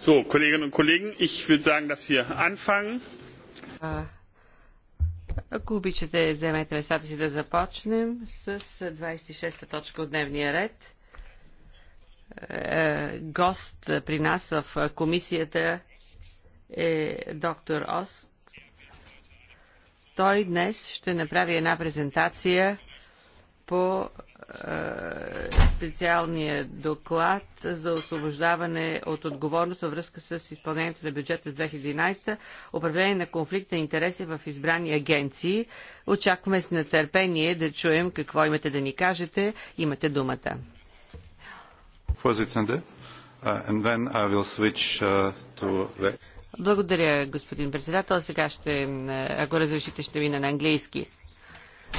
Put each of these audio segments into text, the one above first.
So, Kolleginnen und Kollegen, ich würde sagen, dass wir anfangen. Ако обичате, вземете местата си да започнем с 26-та точка от дневния ред. Е, гост при нас в комисията е доктор Ост. Той днес ще направи една презентация по е, специалния доклад за освобождаване от отговорност във връзка с изпълнението на бюджета с 2011, управление на конфликта на интереси в избрани агенции. Очакваме с нетърпение да чуем какво имате да ни кажете. Имате думата. Uh, uh, Благодаря, господин председател. Сега ще, uh, ако разрешите, ще мина на английски.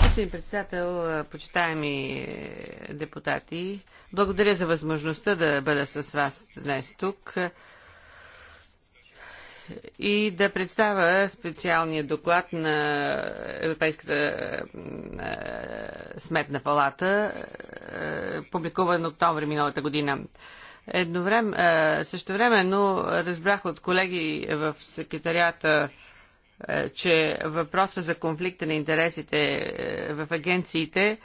Господин председател, почитаеми е, депутати, благодаря за възможността да бъда с вас днес тук е, и да представя специалния доклад на Европейската е, сметна палата, публикуван октомври миналата година. Едновременно също разбрах от колеги в секретарията е, че въпроса за конфликта на интересите е, в агенциите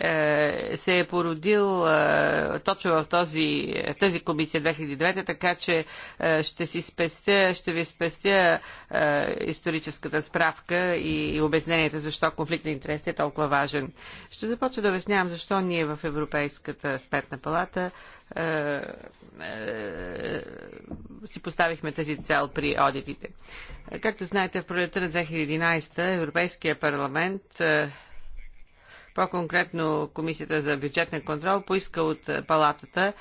е, се е породил е, точно в този, тази комисия 2009, така че е, ще си спестя, ще ви спестя историческата справка и обясненията защо конфликт на интерес е толкова важен. Ще започна да обяснявам защо ние в Европейската спетна палата си поставихме тази цел при одитите. Както знаете, в пролетта на 2011 Европейския парламент по-конкретно Комисията за бюджетен контрол поиска от палатата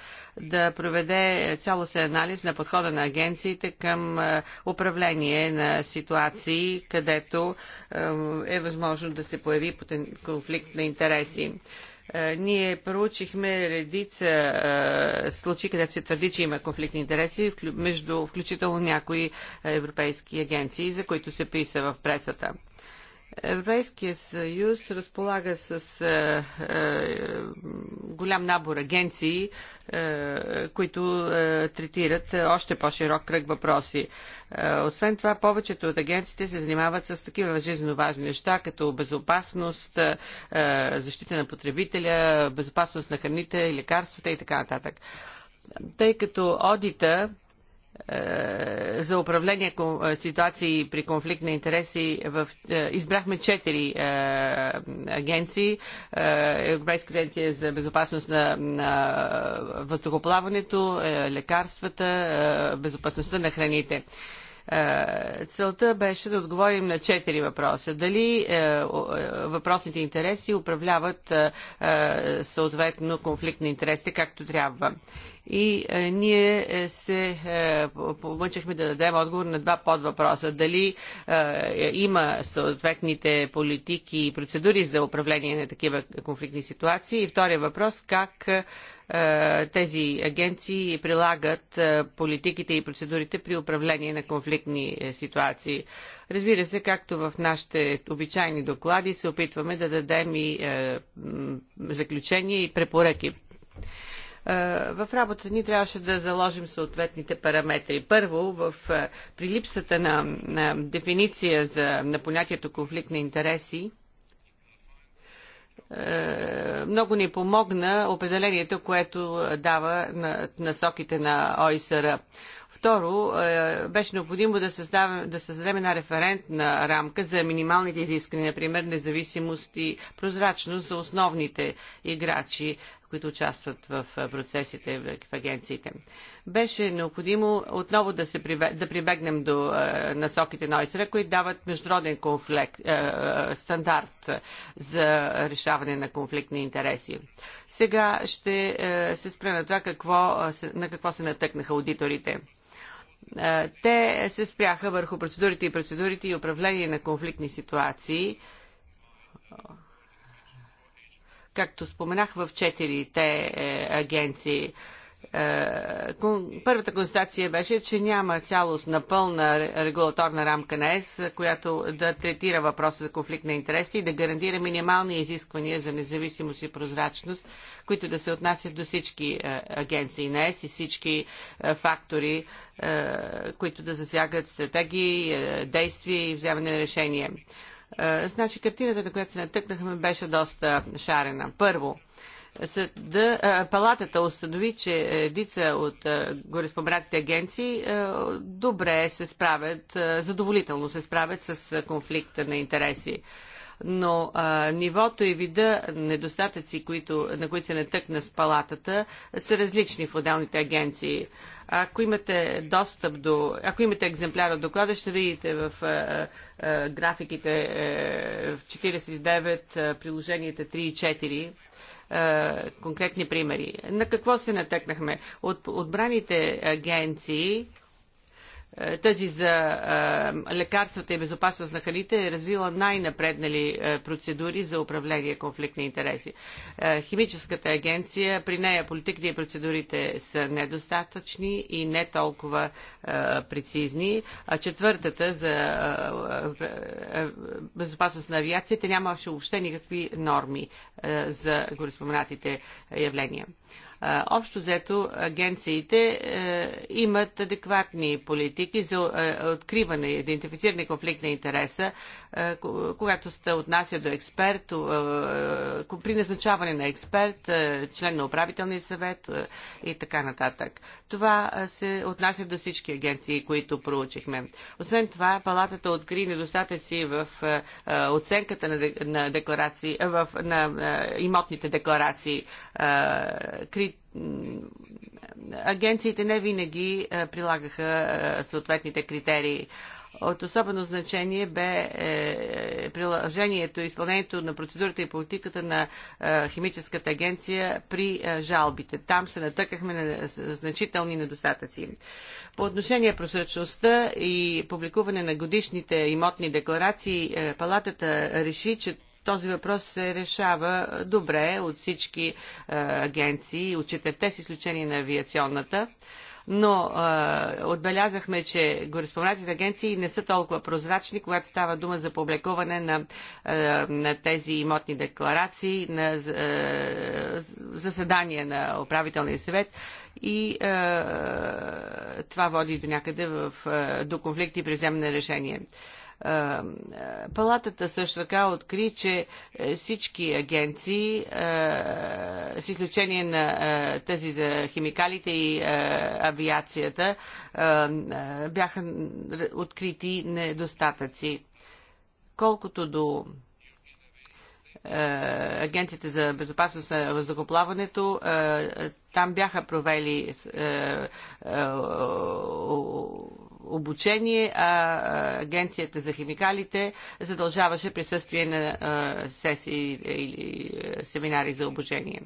да проведе цялостен анализ на подхода на агенциите към е, управление на ситуации, където е, е възможно да се появи конфликт на интереси е, ние проучихме редица случаи, където се твърди, че има конфликтни интереси, между, включително някои европейски агенции, за които се писа в пресата. Европейския съюз разполага с е, е, голям набор агенции, е, които е, третират още по-широк кръг въпроси. Е, освен това, повечето от агенциите се занимават с такива жизненно важни неща, като безопасност, е, е, защита на потребителя, безопасност на храните, лекарствата и така нататък. Тъй като одита е, за управление е, ситуации при конфликт на интереси в, е, избрахме четири агенции. Европейска агенция за безопасност на, на въздухоплаването, лекарствата, безопасността на храните. Е, целта беше да отговорим на четири въпроса. Дали е, е, въпросните интереси управляват съответно конфликт на интересите както трябва. И ние се помъчахме да дадем отговор на два подвъпроса. Дали има съответните политики и процедури за управление на такива конфликтни ситуации? И втория въпрос, как е, тези агенции прилагат е, политиките и процедурите при управление на конфликтни е, ситуации. Разбира се, както в нашите обичайни доклади, се опитваме да дадем и заключения и препоръки в работата ни трябваше да заложим съответните параметри. Първо, в, при липсата на, на дефиниция за, на понятието конфликт на интереси, е, много ни помогна определението, което е, дава на насоките на ОИСР. Второ, е, беше необходимо да, създавам, да създадем една референтна рамка за минималните изисквания, например независимост и прозрачност за основните играчи които участват в процесите в агенциите. Беше необходимо отново да, се прибег, да прибегнем до насоките на ОСР, които дават международен конфликт, стандарт за решаване на конфликтни интереси. Сега ще се спра на това какво, на какво се натъкнаха аудиторите те се спряха върху процедурите и процедурите и управление на конфликтни ситуации както споменах, в четирите е, агенции. Е, първата констатация беше, че няма цялост на пълна регулаторна рамка на ЕС, която да третира въпроса за конфликт на интереси и да гарантира минимални изисквания за независимост и прозрачност, които да се отнасят до всички е, агенции на ЕС и всички фактори, които да засягат стратегии, действия и вземане на решения. Е, значи картината, на която се натъкнахме, беше доста шарена. Първо, Съда, е, палатата установи, че дица от е, гореспоменатите агенции добре се справят, задоволително се справят с конфликта на интереси но а, нивото и вида недостатъци, които, на които се натъкна с палатата, са различни в отделните агенции. Ако имате достъп до, ако имате екземпляр от доклада, ще видите в а, а, графиките а, е, в 49, а, приложенията 3 и 4 конкретни примери. На какво се натъкнахме? От отбраните агенции е, тази за е, лекарствата и безопасност на храните е развила най-напреднали е, процедури за управление конфликт на интереси. Химическата агенция, при нея политиките и процедурите са недостатъчни и не толкова прецизни. А четвъртата за безопасност на авиацията нямаше въобще никакви норми за гореспоменатите явления. Общо взето агенциите е, имат адекватни политики за е, откриване и идентифициране конфликт на интереса, е, когато се отнася до експерт, при назначаване на експерт, член на управителния съвет и така нататък. Това се отнася до всички агенции, които проучихме. Освен това, палатата откри недостатъци в оценката на, декларации, в, на имотните декларации, агенциите не винаги е, прилагаха е, съответните критерии. От особено значение бе е, приложението и изпълнението на процедурата и политиката на Химическата агенция при жалбите. Там се натъкахме на значителни недостатъци. По отношение просрочността и публикуване на годишните имотни декларации, палатата реши, че този въпрос се решава добре от всички е, агенции, от четирте с изключение на авиационната но е, отбелязахме, че гореспоменатите агенции не са толкова прозрачни, когато става дума за публикуване на, е, на тези имотни декларации, на е, заседания на управителния съвет и е, това води до някъде в, е, до конфликти при вземане решение. Палатата също така откри, че е, всички агенции, с изключение на тези за химикалите и авиацията, бяха открити недостатъци. Колкото до Агенцията за безопасност на въздухоплаването, там бяха провели обучение, а Агенцията за химикалите задължаваше присъствие на сесии или семинари за обучение.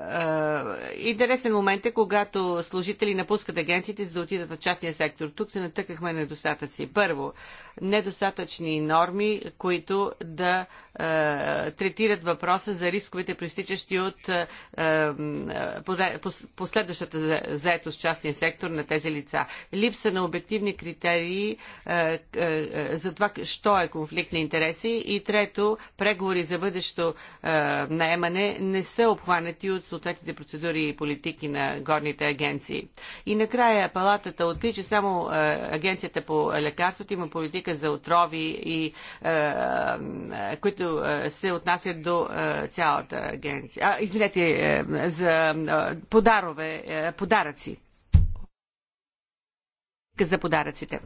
Е, интересен момент е, когато служители напускат агенциите, за да отидат в частния сектор. Тук се натъкахме недостатъци. Първо, недостатъчни норми, които да е, третират въпроса за рисковете, проистичащи от е, е последващата заетост частния сектор на тези лица. Липса на обективни критерии е, е, е, за това, що е конфликт на интереси. И трето, преговори за бъдещо е, наемане не са обхванати от съответните процедури и политики на горните агенции. И накрая палатата отлича че само е, агенцията по лекарството има политика за отрови, и, е, е, които се отнасят до цялата агенция. А, извинете, за подарове, подаръци. За подаръците.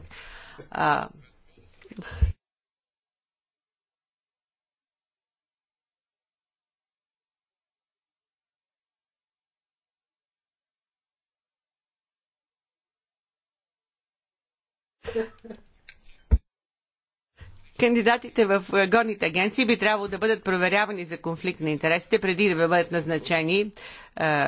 Кандидатите в е, горните агенции би трябвало да бъдат проверявани за конфликт на интересите преди да бъдат назначени е,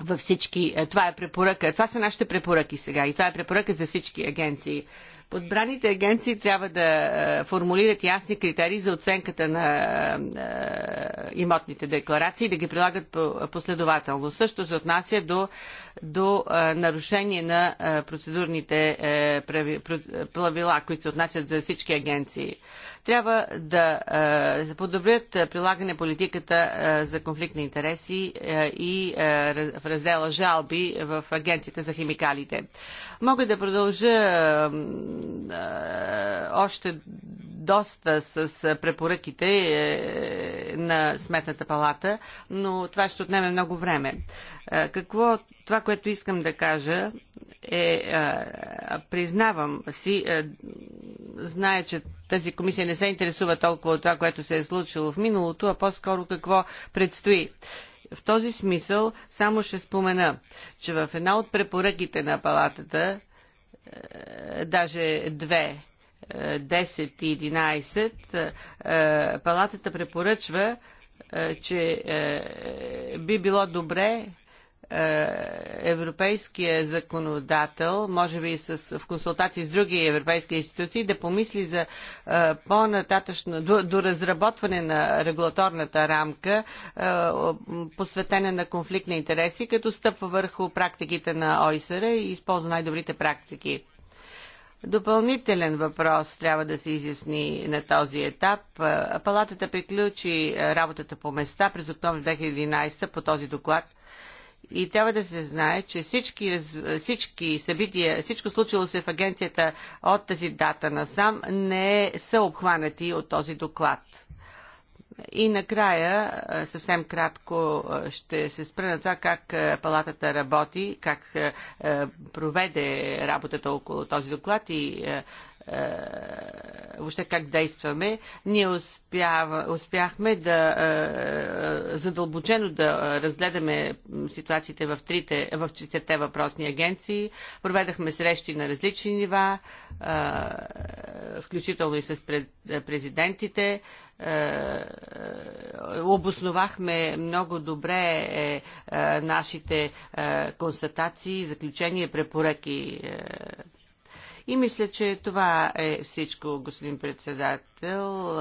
във всички. Е, това е препоръка. Това са нашите препоръки сега и това е препоръка за всички агенции. Подбраните агенции трябва да формулират ясни критерии за оценката на имотните декларации и да ги прилагат последователно. Също се отнася до до нарушение на процедурните правила, които се отнасят за всички агенции. Трябва да подобрят прилагане политиката за конфликт на интереси и в раздела жалби в агенцията за химикалите. Мога да продължа още доста с препоръките е, на Сметната палата, но това ще отнеме много време. Е, какво, това, което искам да кажа е, е признавам си, е, знае, че тази комисия не се интересува толкова от това, което се е случило в миналото, а по-скоро какво предстои. В този смисъл само ще спомена, че в една от препоръките на палатата, даже две, 10 и 11, палатата препоръчва, че би било добре е, европейския законодател, може би с, в консултации с други европейски институции, да помисли за е, по-нататъчно, до, до разработване на регулаторната рамка, е, посветена на конфликт на интереси, като стъпва върху практиките на ОИСР и използва най-добрите практики. Допълнителен въпрос трябва да се изясни на този етап. Палатата приключи работата по места през октомври 2011 по този доклад. И трябва да се знае, че всички, всички събития, всичко случило се в агенцията от тази дата насам, не са обхванати от този доклад. И накрая, съвсем кратко, ще се спра на това как палатата работи, как проведе работата около този доклад и е, въобще как действаме, ние успява, успяхме да е, е, задълбочено да разгледаме ситуациите в, трите, в четирите въпросни агенции. Проведахме срещи на различни нива, включително и с президентите обосновахме много добре нашите констатации, заключения, препоръки и мисля, че това е всичко, господин председател.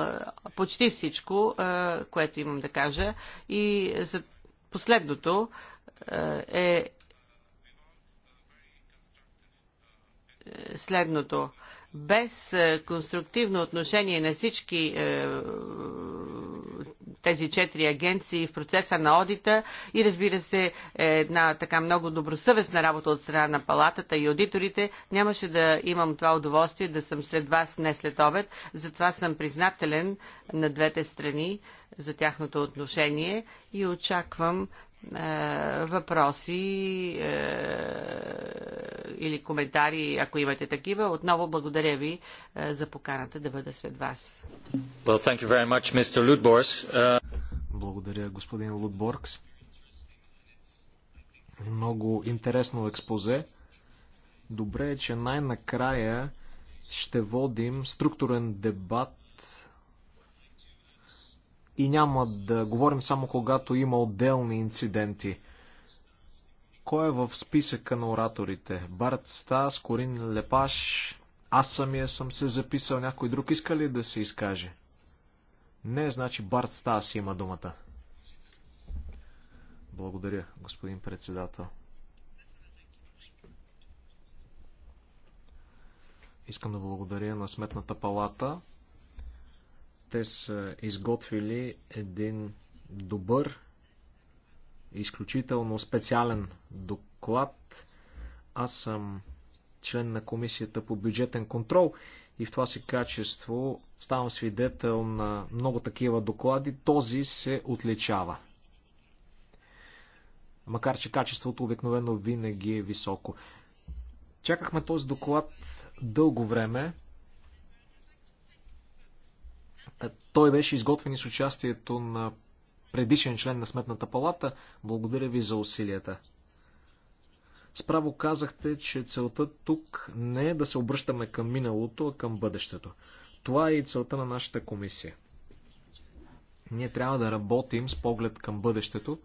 Почти всичко, е, което имам да кажа. И за последното е, е следното без е, конструктивно отношение на всички тези четири агенции в процеса на одита и разбира се една така много добросъвестна работа от страна на палатата и аудиторите, нямаше да имам това удоволствие да съм сред вас не след обед. Затова съм признателен на двете страни за тяхното отношение и очаквам е, въпроси е, или коментари, ако имате такива. Отново благодаря ви е, за поканата да бъда сред вас. Well, thank you very much, Mr. Uh... Благодаря, господин Лудборгс. Много интересно експозе. Добре е, че най-накрая ще водим структурен дебат и няма да говорим само когато има отделни инциденти. Кой е в списъка на ораторите? Барт Стас, Корин Лепаш, аз самия съм се записал, някой друг иска ли да се изкаже? Не, значи Барт Стас има думата. Благодаря, господин председател. Искам да благодаря на Сметната палата те са изготвили един добър, изключително специален доклад. Аз съм член на Комисията по бюджетен контрол и в това си качество ставам свидетел на много такива доклади. Този се отличава. Макар, че качеството обикновено винаги е високо. Чакахме този доклад дълго време. Е, той беше изготвен и с участието на предишен член на Сметната палата. Благодаря ви за усилията. Справо казахте, че целта тук не е да се обръщаме към миналото, а към бъдещето. Това е и целта на нашата комисия. Ние трябва да работим с поглед към бъдещето,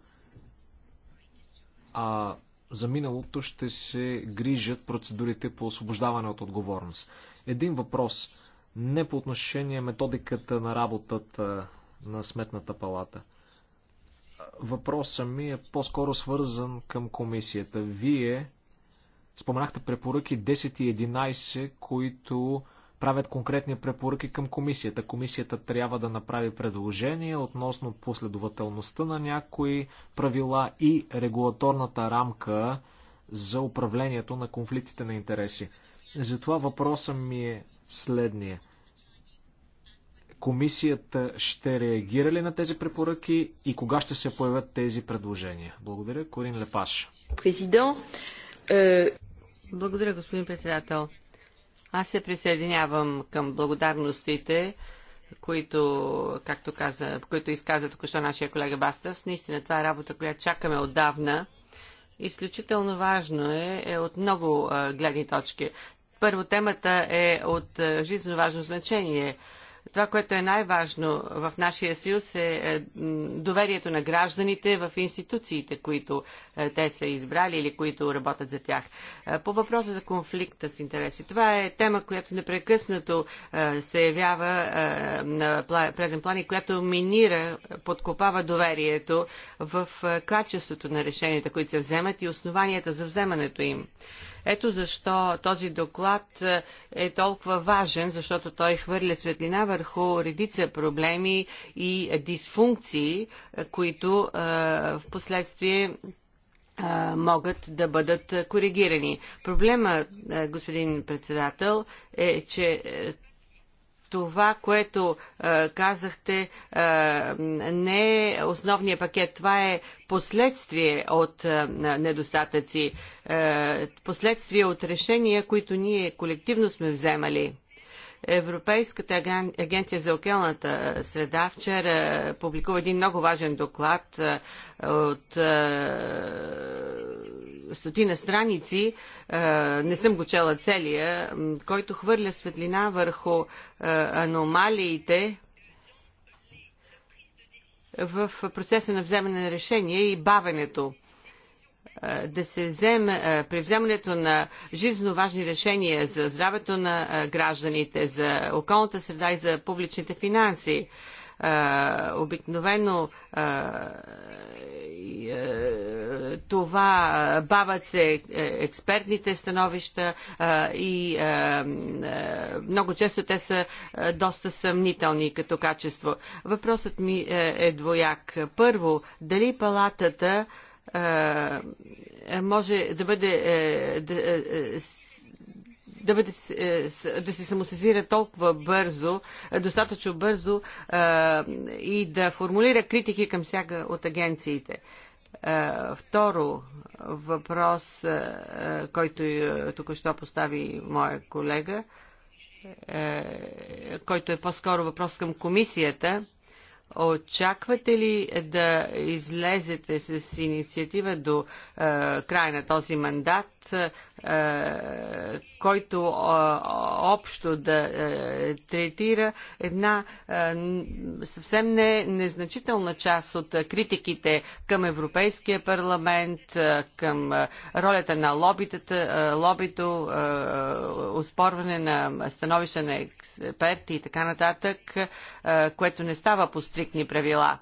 а за миналото ще се грижат процедурите по освобождаване от отговорност. Един въпрос не по отношение методиката на работата на Сметната палата. Въпросът ми е по-скоро свързан към комисията. Вие споменахте препоръки 10 и 11, които правят конкретни препоръки към комисията. Комисията трябва да направи предложение относно последователността на някои правила и регулаторната рамка за управлението на конфликтите на интереси. Затова въпросът ми е следния. Комисията ще реагира ли на тези препоръки и кога ще се появят тези предложения? Благодаря, Корин Лепаш. Президент. Е... Благодаря, господин председател. Аз се присъединявам към благодарностите, които, както каза, които изказа току-що нашия колега Бастас. Наистина, това е работа, която чакаме отдавна. Изключително важно е, е от много а, е, гледни точки. Първо, темата е от е, жизненно важно значение. Това, което е най-важно в нашия съюз е, е доверието на гражданите в институциите, които е, те са избрали или които работят за тях. По въпроса за конфликта с интереси, това е тема, която непрекъснато се явява на преден план и която минира, подкопава доверието в качеството на решенията, които се вземат и основанията за вземането им. Ето защо този доклад е, е толкова важен, защото той хвърля светлина върху редица проблеми и дисфункции, е, които е, в последствие могат да бъдат коригирани. Проблема, господин председател, е, че това, което казахте, не е основния пакет. Това е последствие от недостатъци, последствие от решения, които ние колективно сме вземали. Европейската агенция за океалната среда вчера публикува един много важен доклад от стотина страници, е, не съм го чела целия, който хвърля светлина върху е, аномалиите в процеса на вземане на решение и бавенето е, да се вземе, при вземането на жизненно важни решения за здравето на гражданите, за околната среда и за публичните финанси, обикновено това бават се е, експертните становища и много често те са доста съмнителни като качество. Въпросът ми е, е двояк. Първо, дали палатата е, може да бъде да, бъде, да се самосезира толкова бързо, достатъчно бързо и да формулира критики към всяка от агенциите. Е, второ, въпрос, е, който е, току-що постави моя колега, който е по-скоро въпрос към комисията. Очаквате ли да излезете с инициатива до края на този мандат е, който е, общо да е, третира една съвсем не, незначителна част от критиките към Европейския парламент, към ролята на лобитата, лобито, успорване на становища на експерти и така нататък, което не става по стриктни правила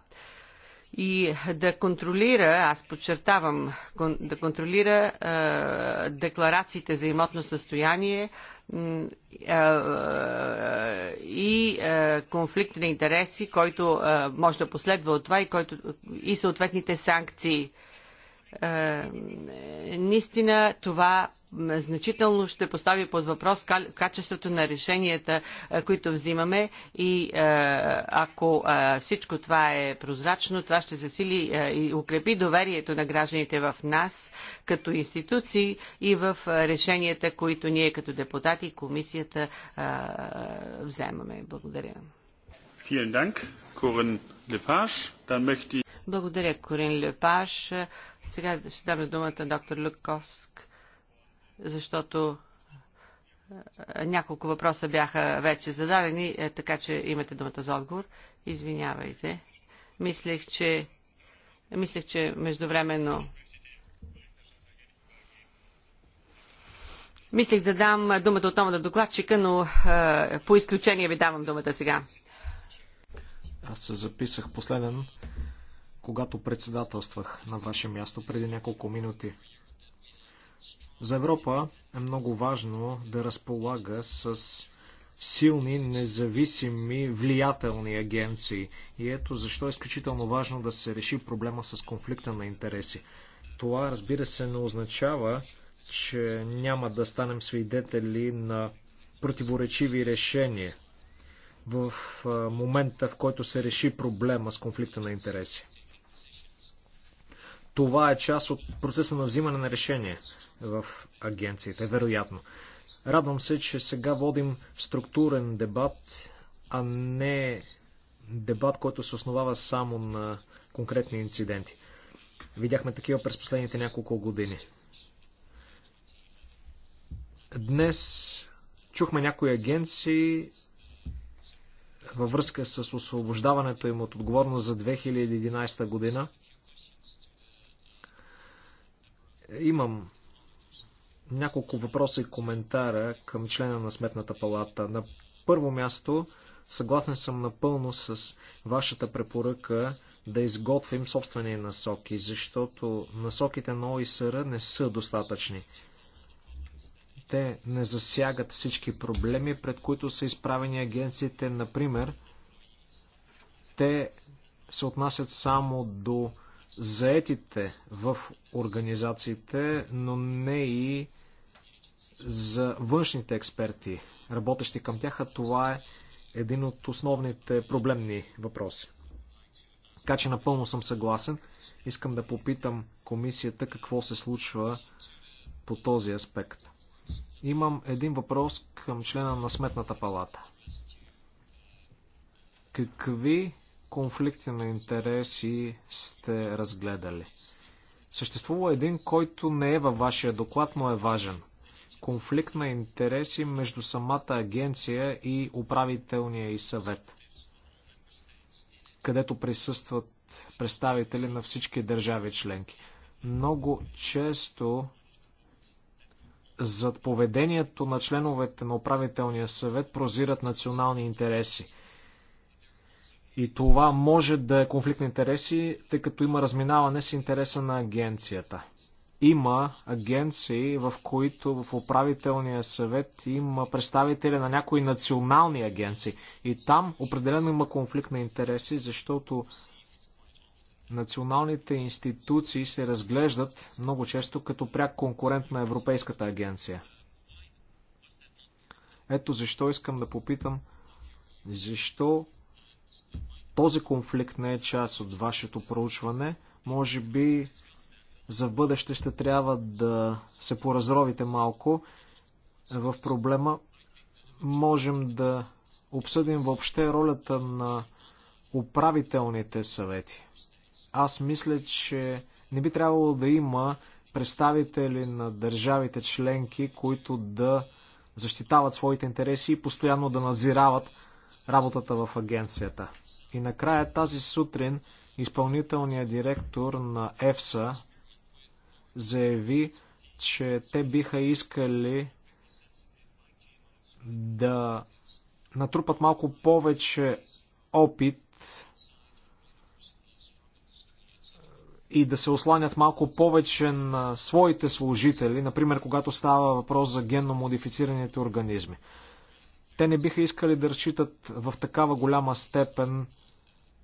и да контролира, аз подчертавам, да контролира е, декларациите за имотно състояние е, е, и е, конфликт на интереси, който е, може да последва от това и, който, и съответните санкции. Е, наистина това е, значително ще постави под въпрос качеството на решенията, е, които взимаме и е, ако всичко това е прозрачно, това ще засили и укрепи доверието на гражданите в нас като институции и в решенията, които ние като депутати и комисията вземаме. Благодаря. Благодаря, Корин Лепаш. Сега ще даме думата на доктор Люковск защото е, няколко въпроса бяха вече зададени, е, така че имате думата за отговор. Извинявайте. Мислех, че, мислех, че междувременно Мислех да дам думата отново на докладчика, но е, по изключение ви давам думата сега. Аз се записах последен, когато председателствах на ваше място преди няколко минути. За Европа е много важно да разполага с силни, независими, влиятелни агенции. И ето защо е изключително важно да се реши проблема с конфликта на интереси. Това, разбира се, не означава, че няма да станем свидетели на противоречиви решения в момента, в който се реши проблема с конфликта на интереси. Това е част от процеса на взимане на решение в агенциите, вероятно. Радвам се, че сега водим структурен дебат, а не дебат, който се основава само на конкретни инциденти. Видяхме такива през последните няколко години. Днес чухме някои агенции във връзка с освобождаването им от отговорност за 2011 година – Имам няколко въпроса и коментара към члена на Сметната палата. На първо място, съгласен съм напълно с вашата препоръка да изготвим собствени насоки, защото насоките на ОИСР не са достатъчни. Те не засягат всички проблеми, пред които са изправени агенциите. Например, те се отнасят само до заетите в организациите, но не и за външните експерти, работещи към тях, а това е един от основните проблемни въпроси. Така че напълно съм съгласен. Искам да попитам комисията какво се случва по този аспект. Имам един въпрос към члена на Сметната палата. Какви конфликти на интереси сте разгледали? Съществува един, който не е във вашия доклад, но е важен. Конфликт на интереси между самата агенция и управителния и съвет, където присъстват представители на всички държави членки. Много често зад поведението на членовете на управителния съвет прозират национални интереси. И това може да е конфликт на интереси, тъй като има разминаване с интереса на агенцията. Има агенции, в които в управителния съвет има представители на някои национални агенции. И там определено има конфликт на интереси, защото националните институции се разглеждат много често като пряк конкурент на Европейската агенция. Ето защо искам да попитам, защо този конфликт не е част от вашето проучване. Може би за бъдеще ще трябва да се поразровите малко в проблема. Можем да обсъдим въобще ролята на управителните съвети. Аз мисля, че не би трябвало да има представители на държавите членки, които да защитават своите интереси и постоянно да надзирават работата в агенцията. И накрая тази сутрин изпълнителният директор на ЕФСА заяви, че те биха искали да натрупат малко повече опит и да се осланят малко повече на своите служители, например, когато става въпрос за генно модифицираните организми. Те не биха искали да разчитат в такава голяма степен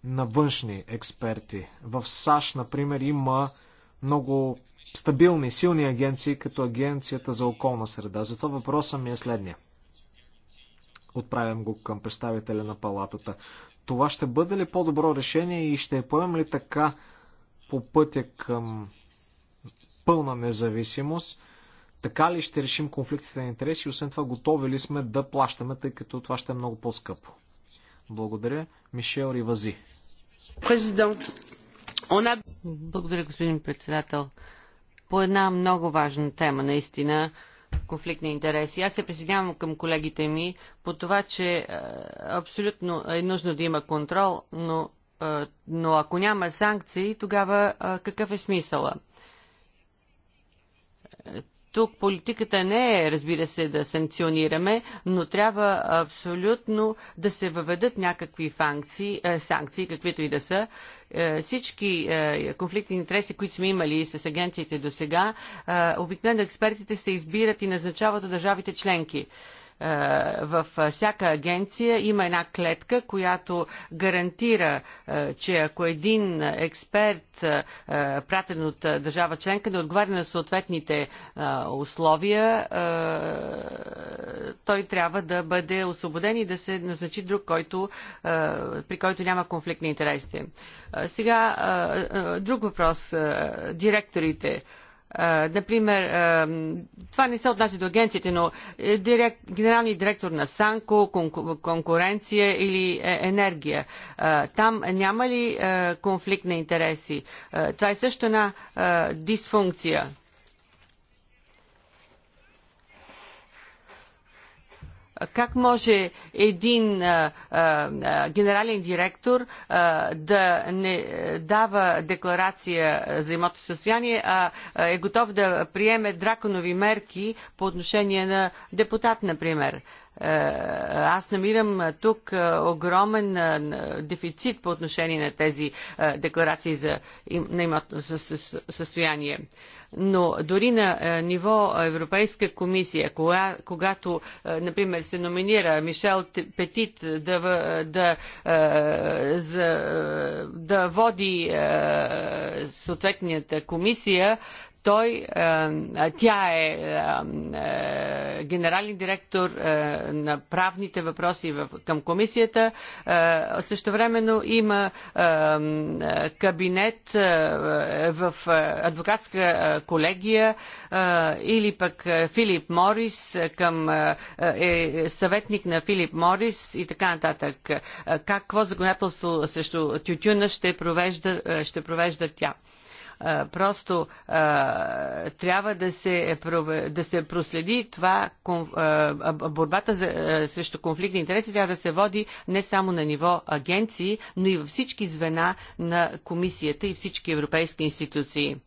на външни експерти. В САЩ, например, има много стабилни, силни агенции, като Агенцията за околна среда. Затова въпросът ми е следния. Отправям го към представителя на палатата. Това ще бъде ли по-добро решение и ще поемем ли така по пътя към пълна независимост? Така ли ще решим конфликтите на интереси и освен това готови ли сме да плащаме, тъй като това ще е много по-скъпо? Благодаря. Мишел Ривази. Президент, она... Е- Благодаря, господин председател. По една много важна тема, наистина, конфликт на интереси. Аз се присъединявам към колегите ми по това, че е, абсолютно е нужно да има контрол, но, е, но ако няма санкции, тогава е, какъв е смисъла? Тук политиката не е, разбира се, да санкционираме, но трябва абсолютно да се въведат някакви фанкции, е, санкции, каквито и да са. Е, всички е, конфликтни интереси, които сме имали с агенциите до сега, обикновено експертите се избират и назначават от държавите членки. Е, в всяка агенция има една клетка, която гарантира, е, че ако един експерт, е, пратен от държава членка, не отговаря на съответните условия, той трябва да бъде освободен и да се назначи друг, който, при който няма конфликт на интересите. Сега друг въпрос. Директорите например, това не се отнася до агенциите, но е, директ, генералният директор на Санко, конкуренция или е, енергия. Там няма ли конфликт на интереси? Това е също една дисфункция. Как може един а, а, генерален директор а, да не дава декларация за имотно състояние, а е готов да приеме драконови мерки по отношение на депутат, например? Е, аз намирам тук огромен дефицит по отношение на тези декларации за, на имотно състояние. Със, със, но дори на е, ниво е, Европейска комисия, кога, когато, е, например, се номинира Мишел Петит да, да, да, да води съответната комисия, той, е, е, тя е, е генерален директор на правните въпроси към комисията. Също времено има кабинет в адвокатска колегия или пък Филип Морис към е съветник на Филип Морис и така нататък. Какво законодателство срещу тютюна ще провежда, ще провежда тя? Просто трябва да се, да се проследи това, борбата за, срещу конфликт на интереси трябва да се води не само на ниво агенции, но и във всички звена на комисията и всички европейски институции.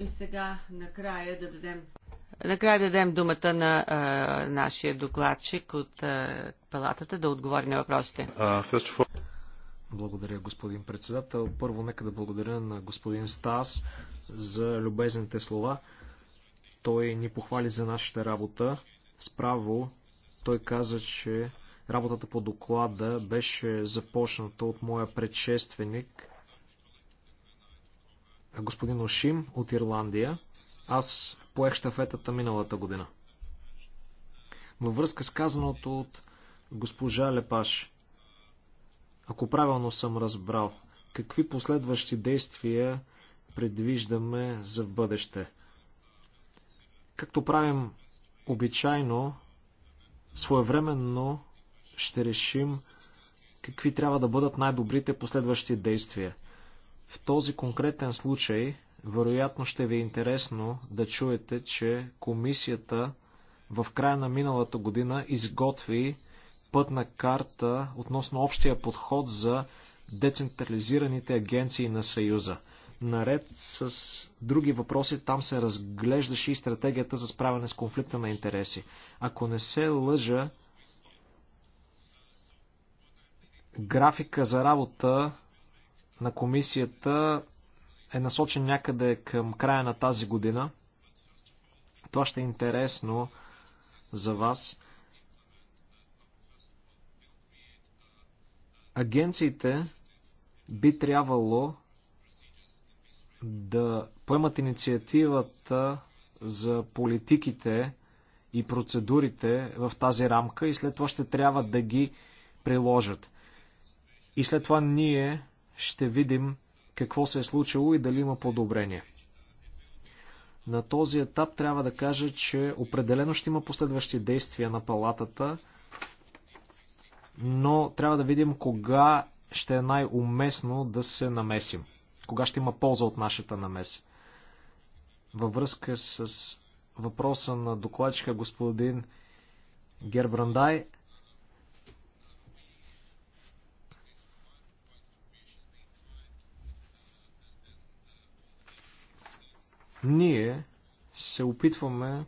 И сега накрая да взем. Накрая да дадем думата на а, нашия докладчик от а, палатата да отговори на въпросите. Uh, благодаря, господин председател. Първо, нека да благодаря на господин Стас за любезните слова. Той ни похвали за нашата работа. Справо той каза, че работата по доклада беше започната от моя предшественик, господин Ошим от Ирландия. Аз поех штафетата миналата година. Във връзка с казаното от госпожа Лепаш, ако правилно съм разбрал. Какви последващи действия предвиждаме за бъдеще? Както правим обичайно, своевременно ще решим какви трябва да бъдат най-добрите последващи действия. В този конкретен случай, вероятно ще ви е интересно да чуете, че комисията в края на миналата година изготви пътна карта относно общия подход за децентрализираните агенции на Съюза. Наред с други въпроси, там се разглеждаше и стратегията за справяне с конфликта на интереси. Ако не се лъжа, графика за работа на комисията е насочен някъде към края на тази година. Това ще е интересно за вас. Агенциите би трябвало да поемат инициативата за политиките и процедурите в тази рамка и след това ще трябва да ги приложат. И след това ние ще видим какво се е случило и дали има подобрение. На този етап трябва да кажа, че определено ще има последващи действия на палатата – но трябва да видим кога ще е най-уместно да се намесим. Кога ще има полза от нашата намеса. Във връзка с въпроса на докладчика господин Гербрандай, ние се опитваме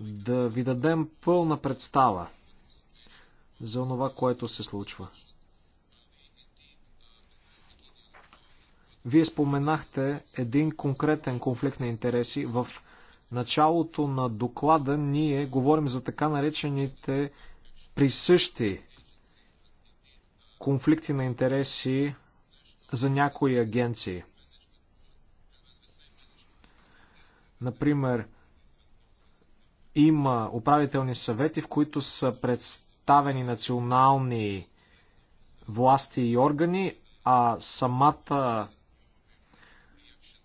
да ви дадем пълна представа за това, което се случва. Вие споменахте един конкретен конфликт на интереси. В началото на доклада ние говорим за така наречените присъщи конфликти на интереси за някои агенции. Например, има управителни съвети, в които са представени национални власти и органи, а самата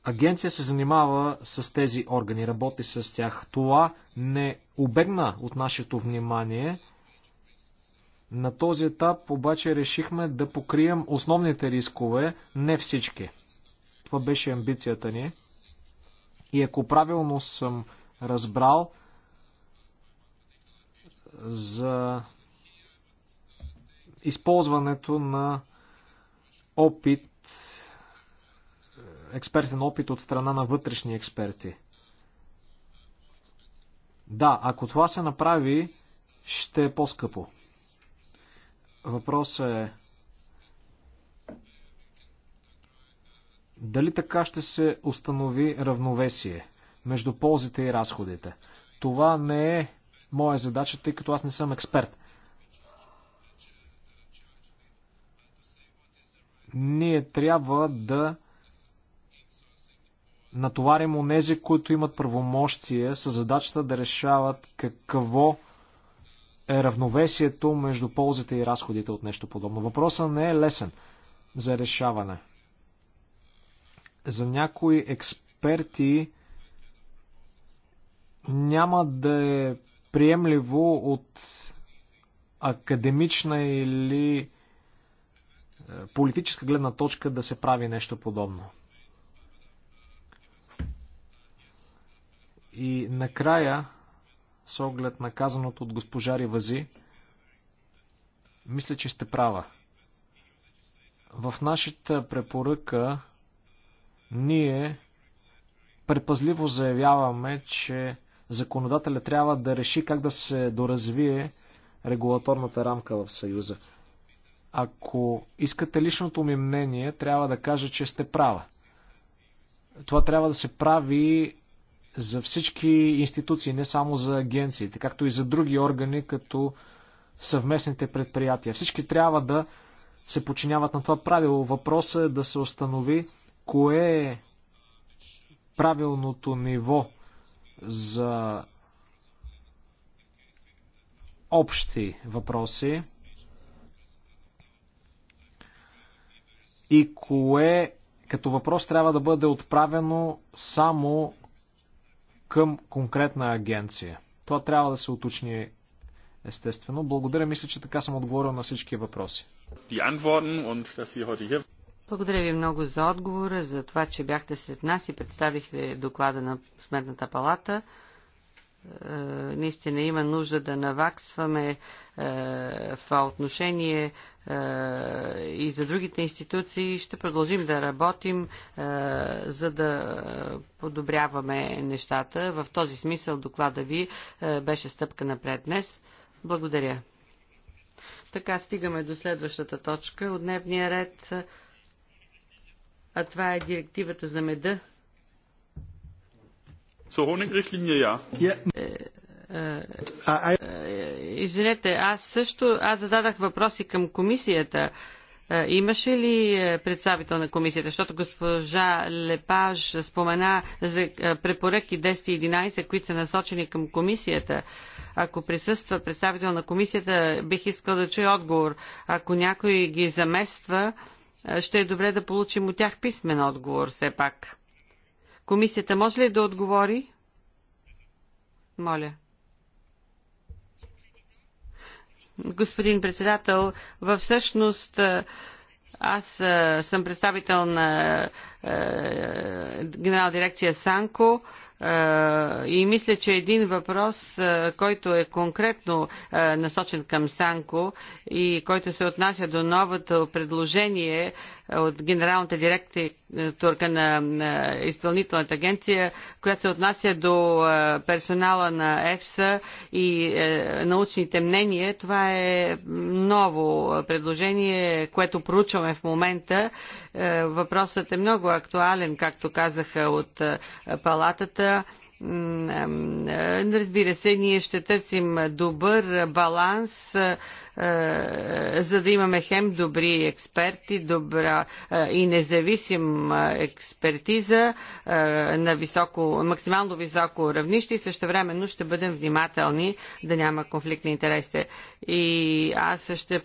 агенция се занимава с тези органи, работи с тях. Това не обегна от нашето внимание. На този етап обаче решихме да покрием основните рискове, не всички. Това беше амбицията ни. И ако правилно съм разбрал, за използването на опит, експертен опит от страна на вътрешни експерти. Да, ако това се направи, ще е по-скъпо. Въпросът е дали така ще се установи равновесие между ползите и разходите. Това не е моя е задача, тъй като аз не съм експерт. Ние трябва да натоварим онези, които имат правомощие с задачата да решават какво е равновесието между ползите и разходите от нещо подобно. Въпросът не е лесен за решаване. За някои експерти няма да е приемливо от академична или е, политическа гледна точка да се прави нещо подобно. И накрая, с оглед на казаното от госпожа Ривази, мисля, че сте права. В нашата препоръка ние предпазливо заявяваме, че законодателя трябва да реши как да се доразвие регулаторната рамка в Съюза. Ако искате личното ми мнение, трябва да кажа, че сте права. Това трябва да се прави за всички институции, не само за агенциите, както и за други органи, като съвместните предприятия. Всички трябва да се подчиняват на това правило. Въпросът е да се установи кое е правилното ниво за общи въпроси и кое като въпрос трябва да бъде отправено само към конкретна агенция. Това трябва да се уточни естествено. Благодаря, мисля, че така съм отговорил на всички въпроси. Благодаря ви много за отговора, за това, че бяхте след нас и представихте доклада на Сметната палата. Е, наистина има нужда да наваксваме е, в отношение е, и за другите институции. Ще продължим да работим, е, за да подобряваме нещата. В този смисъл доклада ви е, беше стъпка напред днес. Благодаря. Така стигаме до следващата точка от дневния ред а това е директивата за меда. Е, е, е, извинете, аз също аз зададах въпроси към комисията. Имаше ли представител на комисията? Защото госпожа Лепаж спомена за препоръки 10 и 11, които са насочени към комисията. Ако присъства представител на комисията, бих искал да чуя отговор. Ако някой ги замества, е, ще е добре да получим от тях писмен отговор все пак. Комисията може ли да отговори? Моля. Господин председател, във всъщност е, аз е, съм представител на генерал дирекция Санко. И мисля, че един въпрос, който е конкретно насочен към Санко и който се отнася до новото предложение от Генералната дирекция директорка на, на изпълнителната агенция, която се отнася до е, персонала на ЕФСА и е, научните мнения. Това е ново предложение, което проучваме в момента. Е, въпросът е много актуален, както казаха от палатата. Разбира се, ние ще търсим добър баланс е, е, за да имаме хем добри експерти, добра е, и независима експертиза на високо, максимално високо равнище и също времено ще бъдем внимателни да няма конфликт на интересите. И аз ще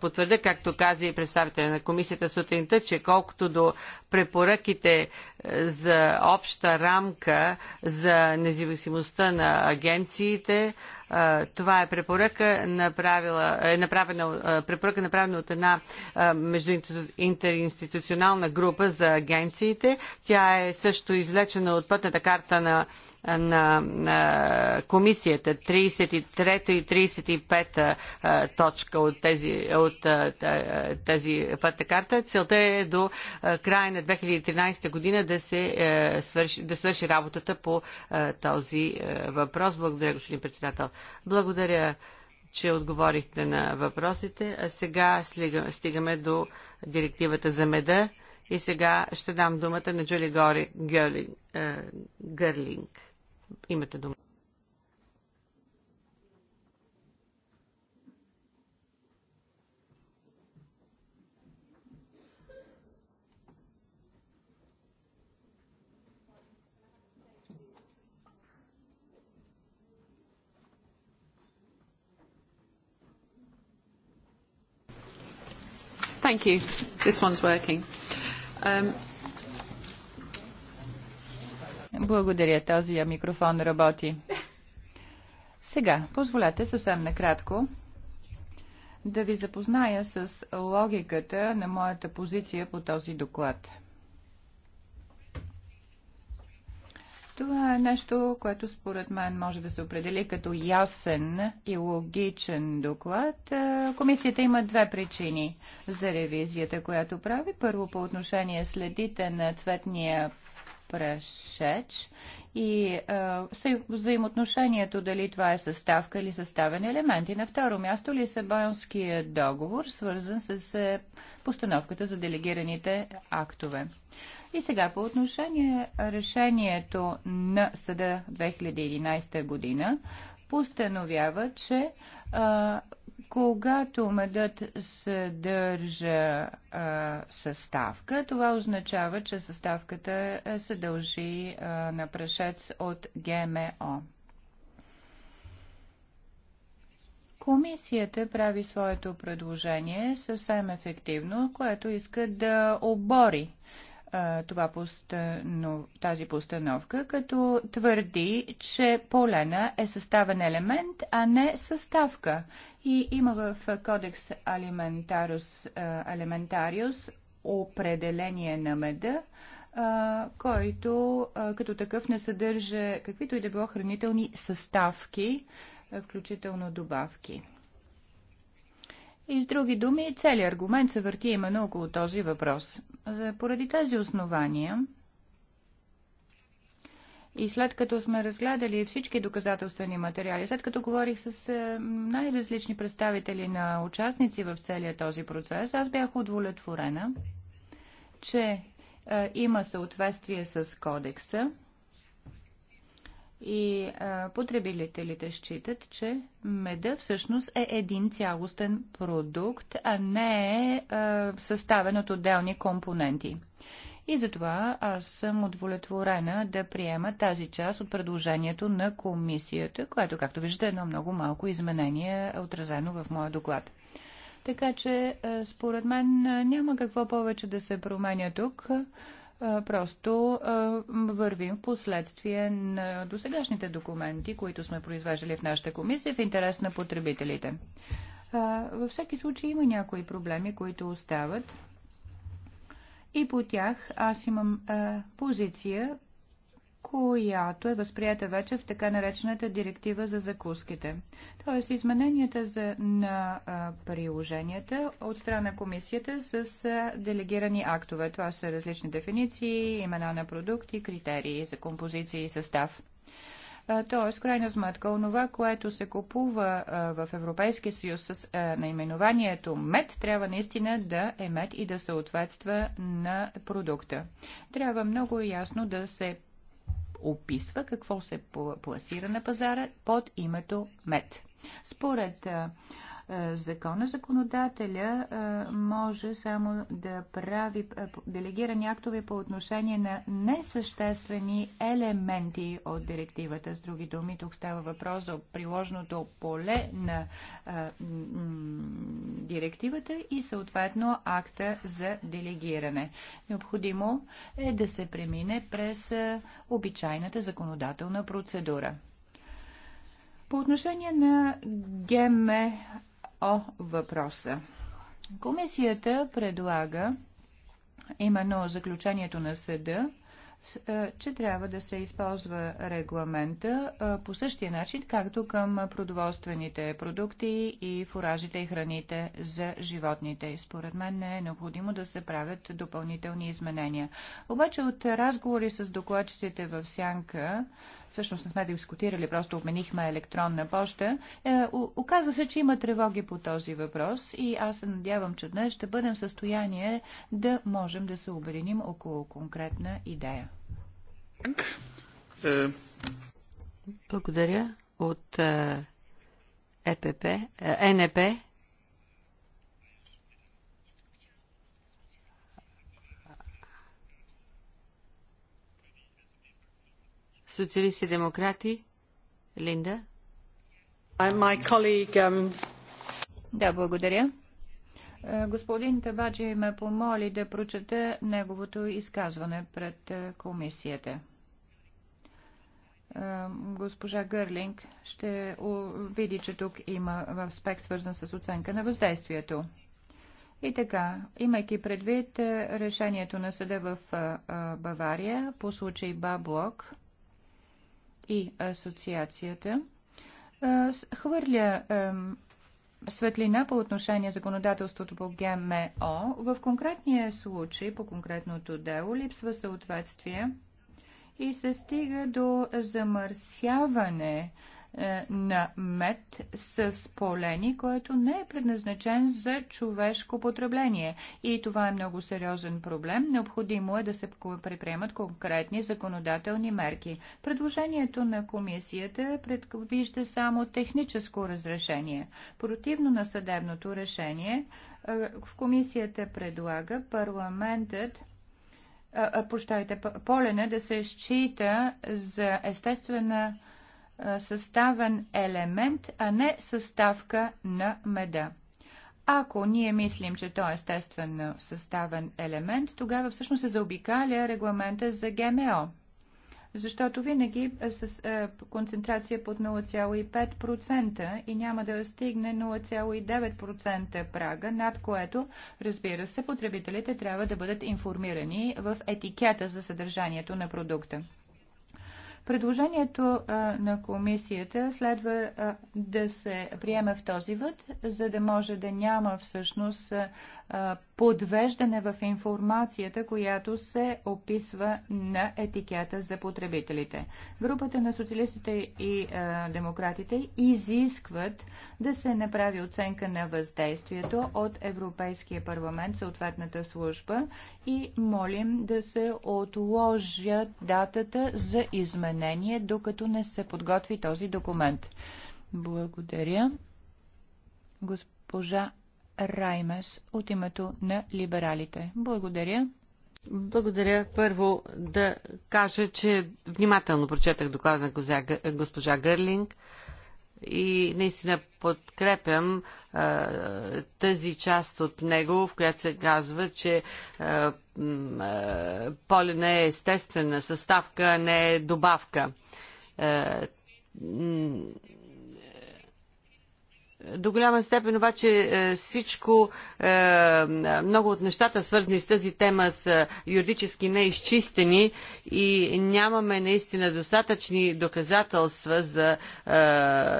потвърда, както каза и представителя на комисията сутринта, че колкото до препоръките за обща рамка за независимостта на агенциите, това е препоръка, направила, е направена, препоръка направена от една междуинтеринституционална група за агенциите. Тя е също извлечена от пътната карта на на, на комисията 33 и 35 точка от тези, от тази пътна карта. Целта е до края на 2013 година да се е, свърши, да свърши работата по е, този е, въпрос. Благодаря, господин председател. Благодаря че отговорихте на въпросите, а сега стигаме до директивата за меда и сега ще дам думата на Джули Гори, Гърлинг. Имате дума. Thank you. This one's working. Um, благодаря, този микрофон работи. Сега, позволете съвсем накратко да ви запозная с логиката на моята позиция по този доклад. Това е нещо, което според мен може да се определи като ясен и логичен доклад. Е, комисията има две причини за ревизията, която прави. Първо по отношение следите на цветния Прешеч и а, взаимоотношението дали това е съставка или съставен елемент. И на второ място Лисабонския договор, свързан с е, постановката за делегираните актове. И сега по отношение решението на съда 2011 година постановява, че а, когато медът съдържа а, съставка, това означава, че съставката е, се дължи а, на прашец от ГМО. Комисията прави своето предложение съвсем ефективно, което иска да обори това постанов... тази постановка, като твърди, че полена е съставен елемент, а не съставка. И има в кодекс Алиментариус, е, Алиментариус определение на меда, е, който е, като такъв не съдържа каквито и да било хранителни съставки, включително добавки. И с други думи, целият аргумент се върти именно около този въпрос. поради тези основания, и след като сме разгледали всички доказателствени материали, след като говорих с е, най-различни представители на участници в целия този процес, аз бях удовлетворена, че е, има съответствие с кодекса и е, потребителите считат, че меда всъщност е един цялостен продукт, а не е, е съставен от отделни компоненти. И затова аз съм удовлетворена да приема тази част от предложението на комисията, което, както виждате, е едно много малко изменение, отразено в моя доклад. Така че, според мен, няма какво повече да се променя тук. Просто вървим в последствие на досегашните документи, които сме произвеждали в нашата комисия в интерес на потребителите. Във всеки случай има някои проблеми, които остават и по тях аз имам а, е, позиция, която е възприята вече в така наречената директива за закуските. Тоест измененията за, на а, е, приложенията от страна на комисията с а, е, делегирани актове. Това са различни дефиниции, имена на продукти, критерии за композиции и състав. Т.е. крайна сметка, онова, което се купува в Европейския съюз с наименованието мед, трябва наистина да е мед и да съответства на продукта. Трябва много ясно да се описва какво се пласира на пазара под името мед. Според е, закона, законодателя е, може само да прави е, делегирани актове по отношение на несъществени елементи от директивата. С други думи, тук става въпрос за приложното поле на директивата и съответно акта за делегиране. Необходимо е да се премине през обичайната законодателна процедура. По отношение на ГМ о въпроса. Комисията предлага именно заключението на съда, е, че трябва да се използва регламента е, по същия начин, както към продоволствените продукти и фуражите и храните за животните. И според мен не е необходимо да се правят допълнителни изменения. Обаче от разговори с докладчиците в Сянка, всъщност не сме дискутирали, просто обменихме електронна почта. Е, оказва се, че има тревоги по този въпрос и аз се надявам, че днес ще бъдем в състояние да можем да се обединим около конкретна идея. Е, Благодаря. От е, ЕПП, е, НП Социалисти и демократи. Линда. Um... Да, благодаря. Е, господин Табаджи ме помоли да прочета неговото изказване пред е, комисията. Е, госпожа Гърлинг ще види, че тук има аспект свързан с оценка на въздействието. И така, имайки предвид решението на съда в Бавария по случай Баблок, и асоциацията хвърля светлина по отношение законодателството по ГМО. В конкретния случай, по конкретното дело, липсва съответствие и се стига до замърсяване е, на мед с полени, който не е предназначен за човешко потребление. И това е много сериозен проблем. Необходимо е да се предприемат конкретни законодателни мерки. Предложението на комисията предвижда само техническо разрешение. Противно на съдебното решение, е, в комисията предлага парламентът е, Прощайте, полена да се счита за естествена е, съставен елемент, а не съставка на меда. Ако ние мислим, че то е естествен съставен елемент, тогава всъщност се заобикаля регламента за ГМО. Защото винаги е с е, концентрация под 0,5% и няма да стигне 0,9% прага, над което, разбира се, потребителите трябва да бъдат информирани в етикета за съдържанието на продукта. Предложението на комисията следва да се приеме в този вид, за да може да няма всъщност подвеждане в информацията, която се описва на етикета за потребителите. Групата на социалистите и а, демократите изискват да се направи оценка на въздействието от Европейския парламент, съответната служба и молим да се отложат датата за изменение, докато не се подготви този документ. Благодаря. Госпожа Раймес от името на либералите. Благодаря. Благодаря. Първо да кажа, че внимателно прочетах доклада на госпожа Гърлинг и наистина подкрепям а, тази част от него, в която се казва, че а, е естествена съставка, а не е добавка. А, до голяма степен обаче е, всичко, е, много от нещата, свързани с тази тема, са юридически неизчистени и нямаме наистина достатъчни доказателства за е,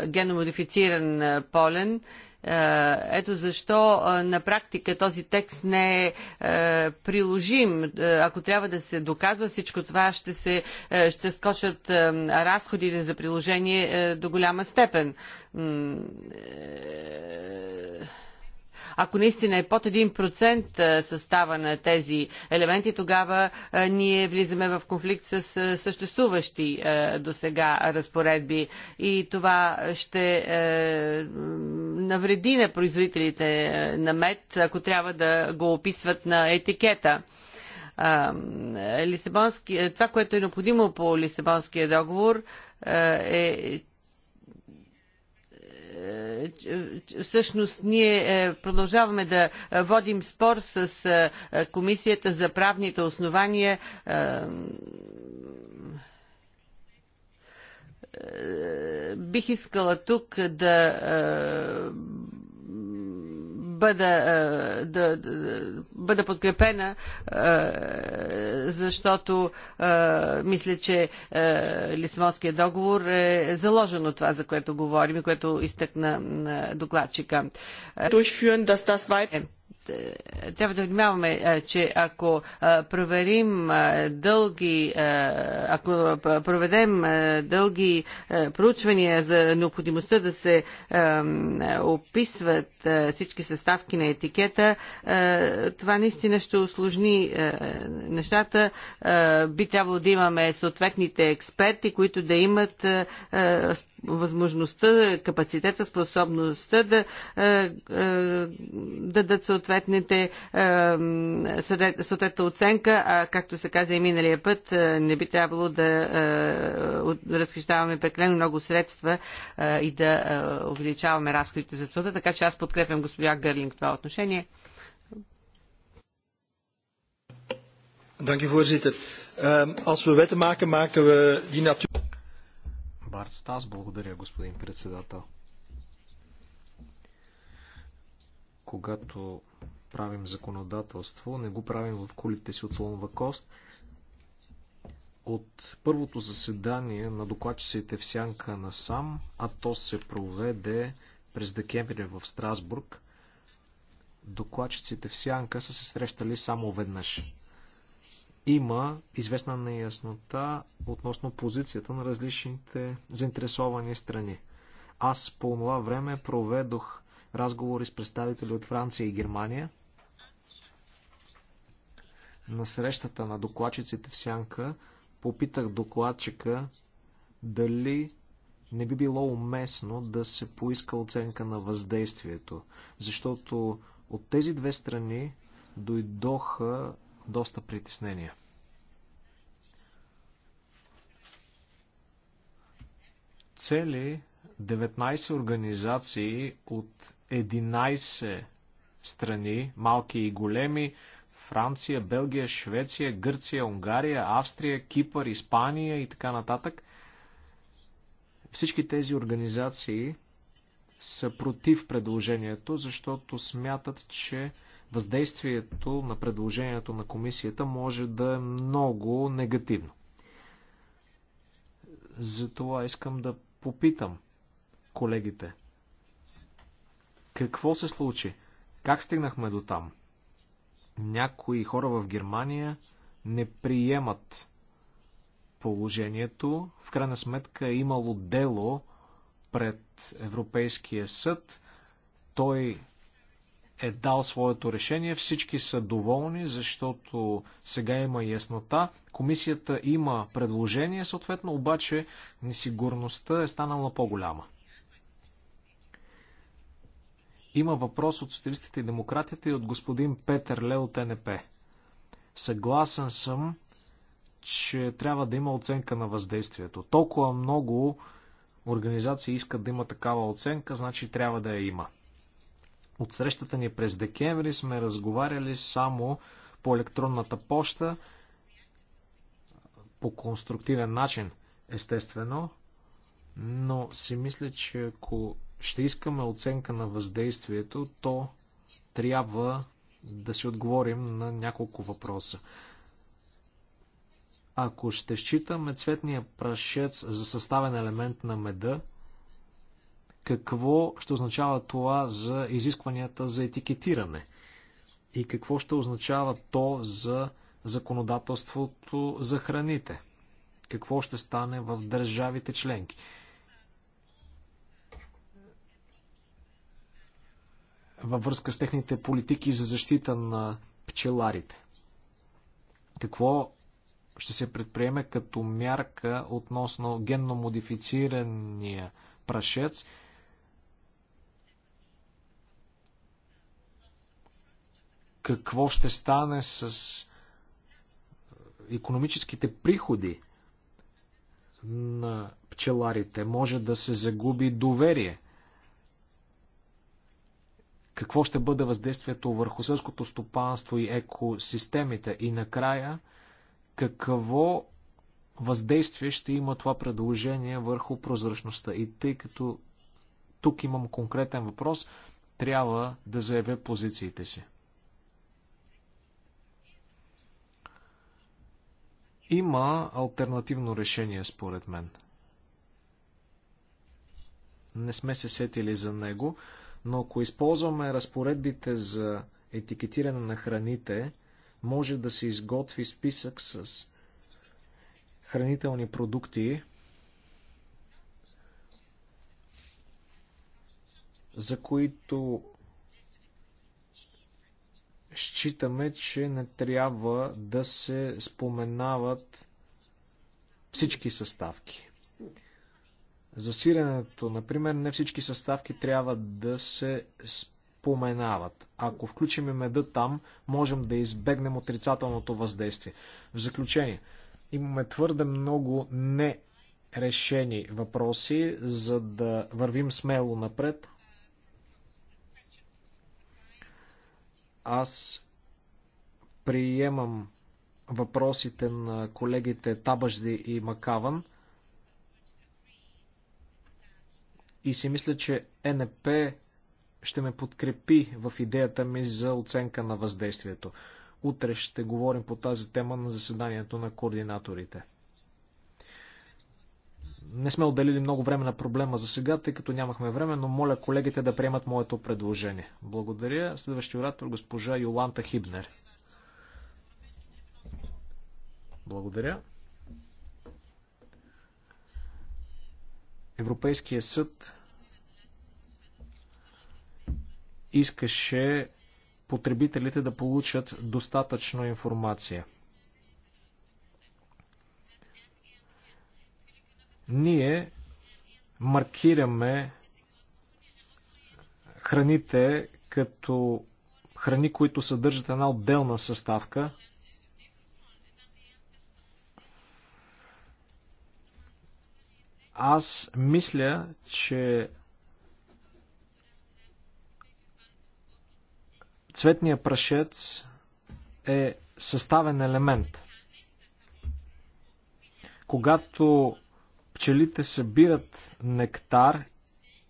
геномодифициран полен е, ето защо е, на практика този текст не е, е приложим. Ако трябва да се доказва всичко това, ще, се, ще скочат разходите за приложение до голяма степен ако наистина е под 1% състава на тези елементи, тогава ние влизаме в конфликт с съществуващи до сега разпоредби и това ще навреди на производителите на мед, ако трябва да го описват на етикета. Лисабонски, това, което е необходимо по Лисабонския договор, е, е, всъщност ние е, продължаваме да е, водим спор с Комисията за правните основания бих искала тук да бъда, да, да, бъда подкрепена, защото мисля, че Лисмонския договор е заложено това, за което говорим и което изтъкна докладчика. Durchführen, dass das е. weiter е, трябва да внимаваме, е, че ако е, проверим дълги, ако проведем дълги проучвания за необходимостта да се описват всички съставки на етикета, това наистина ще усложни нещата. Би трябвало да имаме съответните експерти, които да имат възможността, капацитета, способността да е, е, дадат съответните е, съответната оценка, а както се каза и миналия път, не би трябвало да разхищаваме преклено много средства и да увеличаваме разходите за целта, така че аз подкрепям господя Гърлинг в това отношение. Dank u voorzitter. Um, als we wetten maken, maken we die natuurlijk. Барт Стас. Благодаря, господин председател. Когато правим законодателство, не го правим в кулите си от слонова кост. От първото заседание на докладчиците в Сянка на сам, а то се проведе през декември в Страсбург, докладчиците в Сянка са се срещали само веднъж има известна неяснота относно позицията на различните заинтересовани страни. Аз по това време проведох разговори с представители от Франция и Германия. На срещата на докладчиците в Сянка попитах докладчика дали не би било уместно да се поиска оценка на въздействието, защото от тези две страни дойдоха доста притеснения. Цели 19 организации от 11 страни, малки и големи, Франция, Белгия, Швеция, Гърция, Унгария, Австрия, Кипър, Испания и така нататък. Всички тези организации са против предложението, защото смятат, че въздействието на предложението на комисията може да е много негативно. Затова искам да попитам колегите. Какво се случи? Как стигнахме до там? Някои хора в Германия не приемат положението. В крайна сметка е имало дело пред Европейския съд. Той е дал своето решение. Всички са доволни, защото сега има яснота. Комисията има предложение, съответно, обаче несигурността е станала по-голяма. Има въпрос от социалистите и демократите и от господин Петър Лео от НП. Съгласен съм, че трябва да има оценка на въздействието. Толкова много организации искат да има такава оценка, значи трябва да я има. От срещата ни през декември сме разговаряли само по електронната поща, по конструктивен начин, естествено, но си мисля, че ако ще искаме оценка на въздействието, то трябва да си отговорим на няколко въпроса. Ако ще считаме цветния прашец за съставен елемент на меда, какво ще означава това за изискванията за етикетиране и какво ще означава то за законодателството за храните. Какво ще стане в държавите членки. Във връзка с техните политики за защита на пчеларите. Какво ще се предприеме като мярка относно генно модифицирания прашец какво ще стане с економическите приходи на пчеларите. Може да се загуби доверие. Какво ще бъде въздействието върху сълското стопанство и екосистемите? И накрая, какво въздействие ще има това предложение върху прозрачността? И тъй като тук имам конкретен въпрос, трябва да заявя позициите си. Има альтернативно решение, според мен. Не сме се сетили за него, но ако използваме разпоредбите за етикетиране на храните, може да се изготви списък с хранителни продукти, за които считаме, че не трябва да се споменават всички съставки. За сиренето, например, не всички съставки трябва да се споменават. Ако включим меда там, можем да избегнем отрицателното въздействие. В заключение, имаме твърде много не решени въпроси, за да вървим смело напред. Аз приемам въпросите на колегите Табажди и Макаван и си мисля, че НП ще ме подкрепи в идеята ми за оценка на въздействието. Утре ще говорим по тази тема на заседанието на координаторите не сме отделили много време на проблема за сега, тъй като нямахме време, но моля колегите да приемат моето предложение. Благодаря. Следващия оратор госпожа Йоланта Хибнер. Благодаря. Европейския съд искаше потребителите да получат достатъчно информация – Ние маркираме храните като храни, които съдържат една отделна съставка. Аз мисля, че цветния прашец е съставен елемент. Когато пчелите събират нектар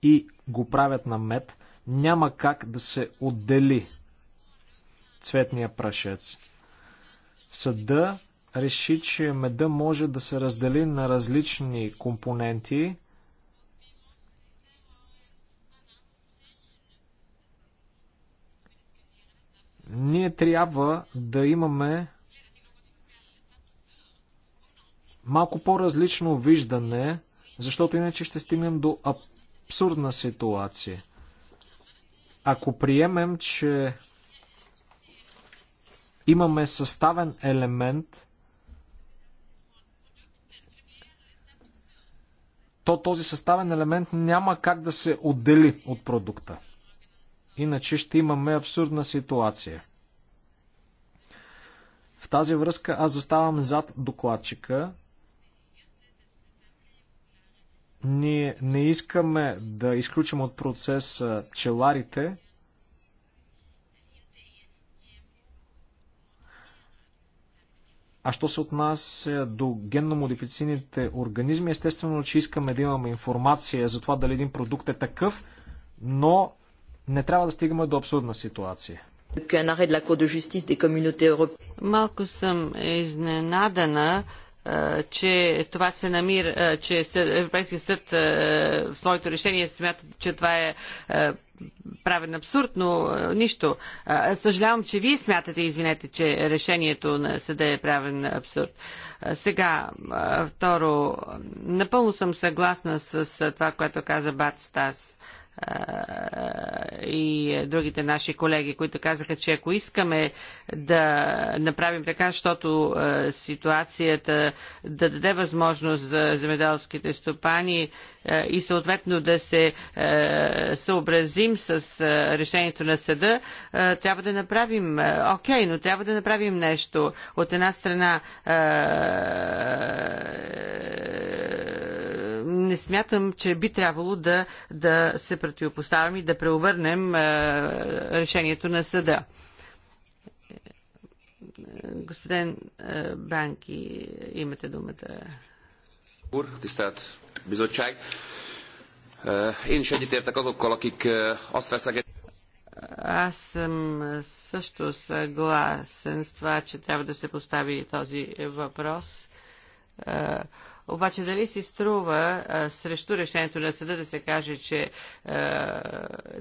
и го правят на мед, няма как да се отдели цветния прашец. Съда реши, че меда може да се раздели на различни компоненти. Ние трябва да имаме малко по-различно виждане, защото иначе ще стигнем до абсурдна ситуация. Ако приемем, че имаме съставен елемент, то този съставен елемент няма как да се отдели от продукта. Иначе ще имаме абсурдна ситуация. В тази връзка аз заставам зад докладчика ние не искаме да изключим от процеса пчеларите. А що се отнася до генно модифицираните организми, естествено, че искаме да имаме информация за това дали един продукт е такъв, но не трябва да стигаме до абсурдна ситуация. Малко съм изненадана, че това се намира, че Европейския съд в своето решение смята, че това е правен абсурд, но нищо. Съжалявам, че вие смятате, извинете, че решението на съда е правен абсурд. Сега, второ, напълно съм съгласна с това, което каза Бат Стас и другите наши колеги, които казаха, че ако искаме да направим така, защото ситуацията да даде възможност за земеделските стопани и съответно да се съобразим с решението на съда, трябва да направим, окей, okay, но трябва да направим нещо. От една страна не смятам, че би трябвало да, да се противопоставим и да преобърнем е, решението на съда. Господин е, Банки, имате думата. Е, е, аз съм също съгласен с това, че трябва да се постави този въпрос. Е, обаче дали си струва а, срещу решението на съда да се каже, че а,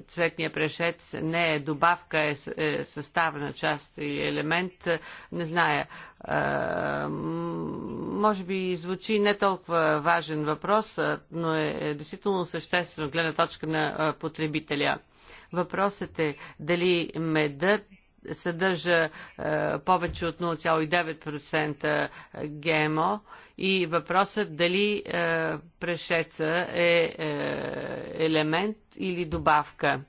цветния прешец не е добавка, е, е съставна част и елемент, не зная. А, може би звучи не толкова важен въпрос, но е, е действително съществено гледна точка на а, потребителя. Въпросът е дали медът съдържа е, повече от 0,9% ГМО и въпросът дали е, прешеца е, е елемент или добавка.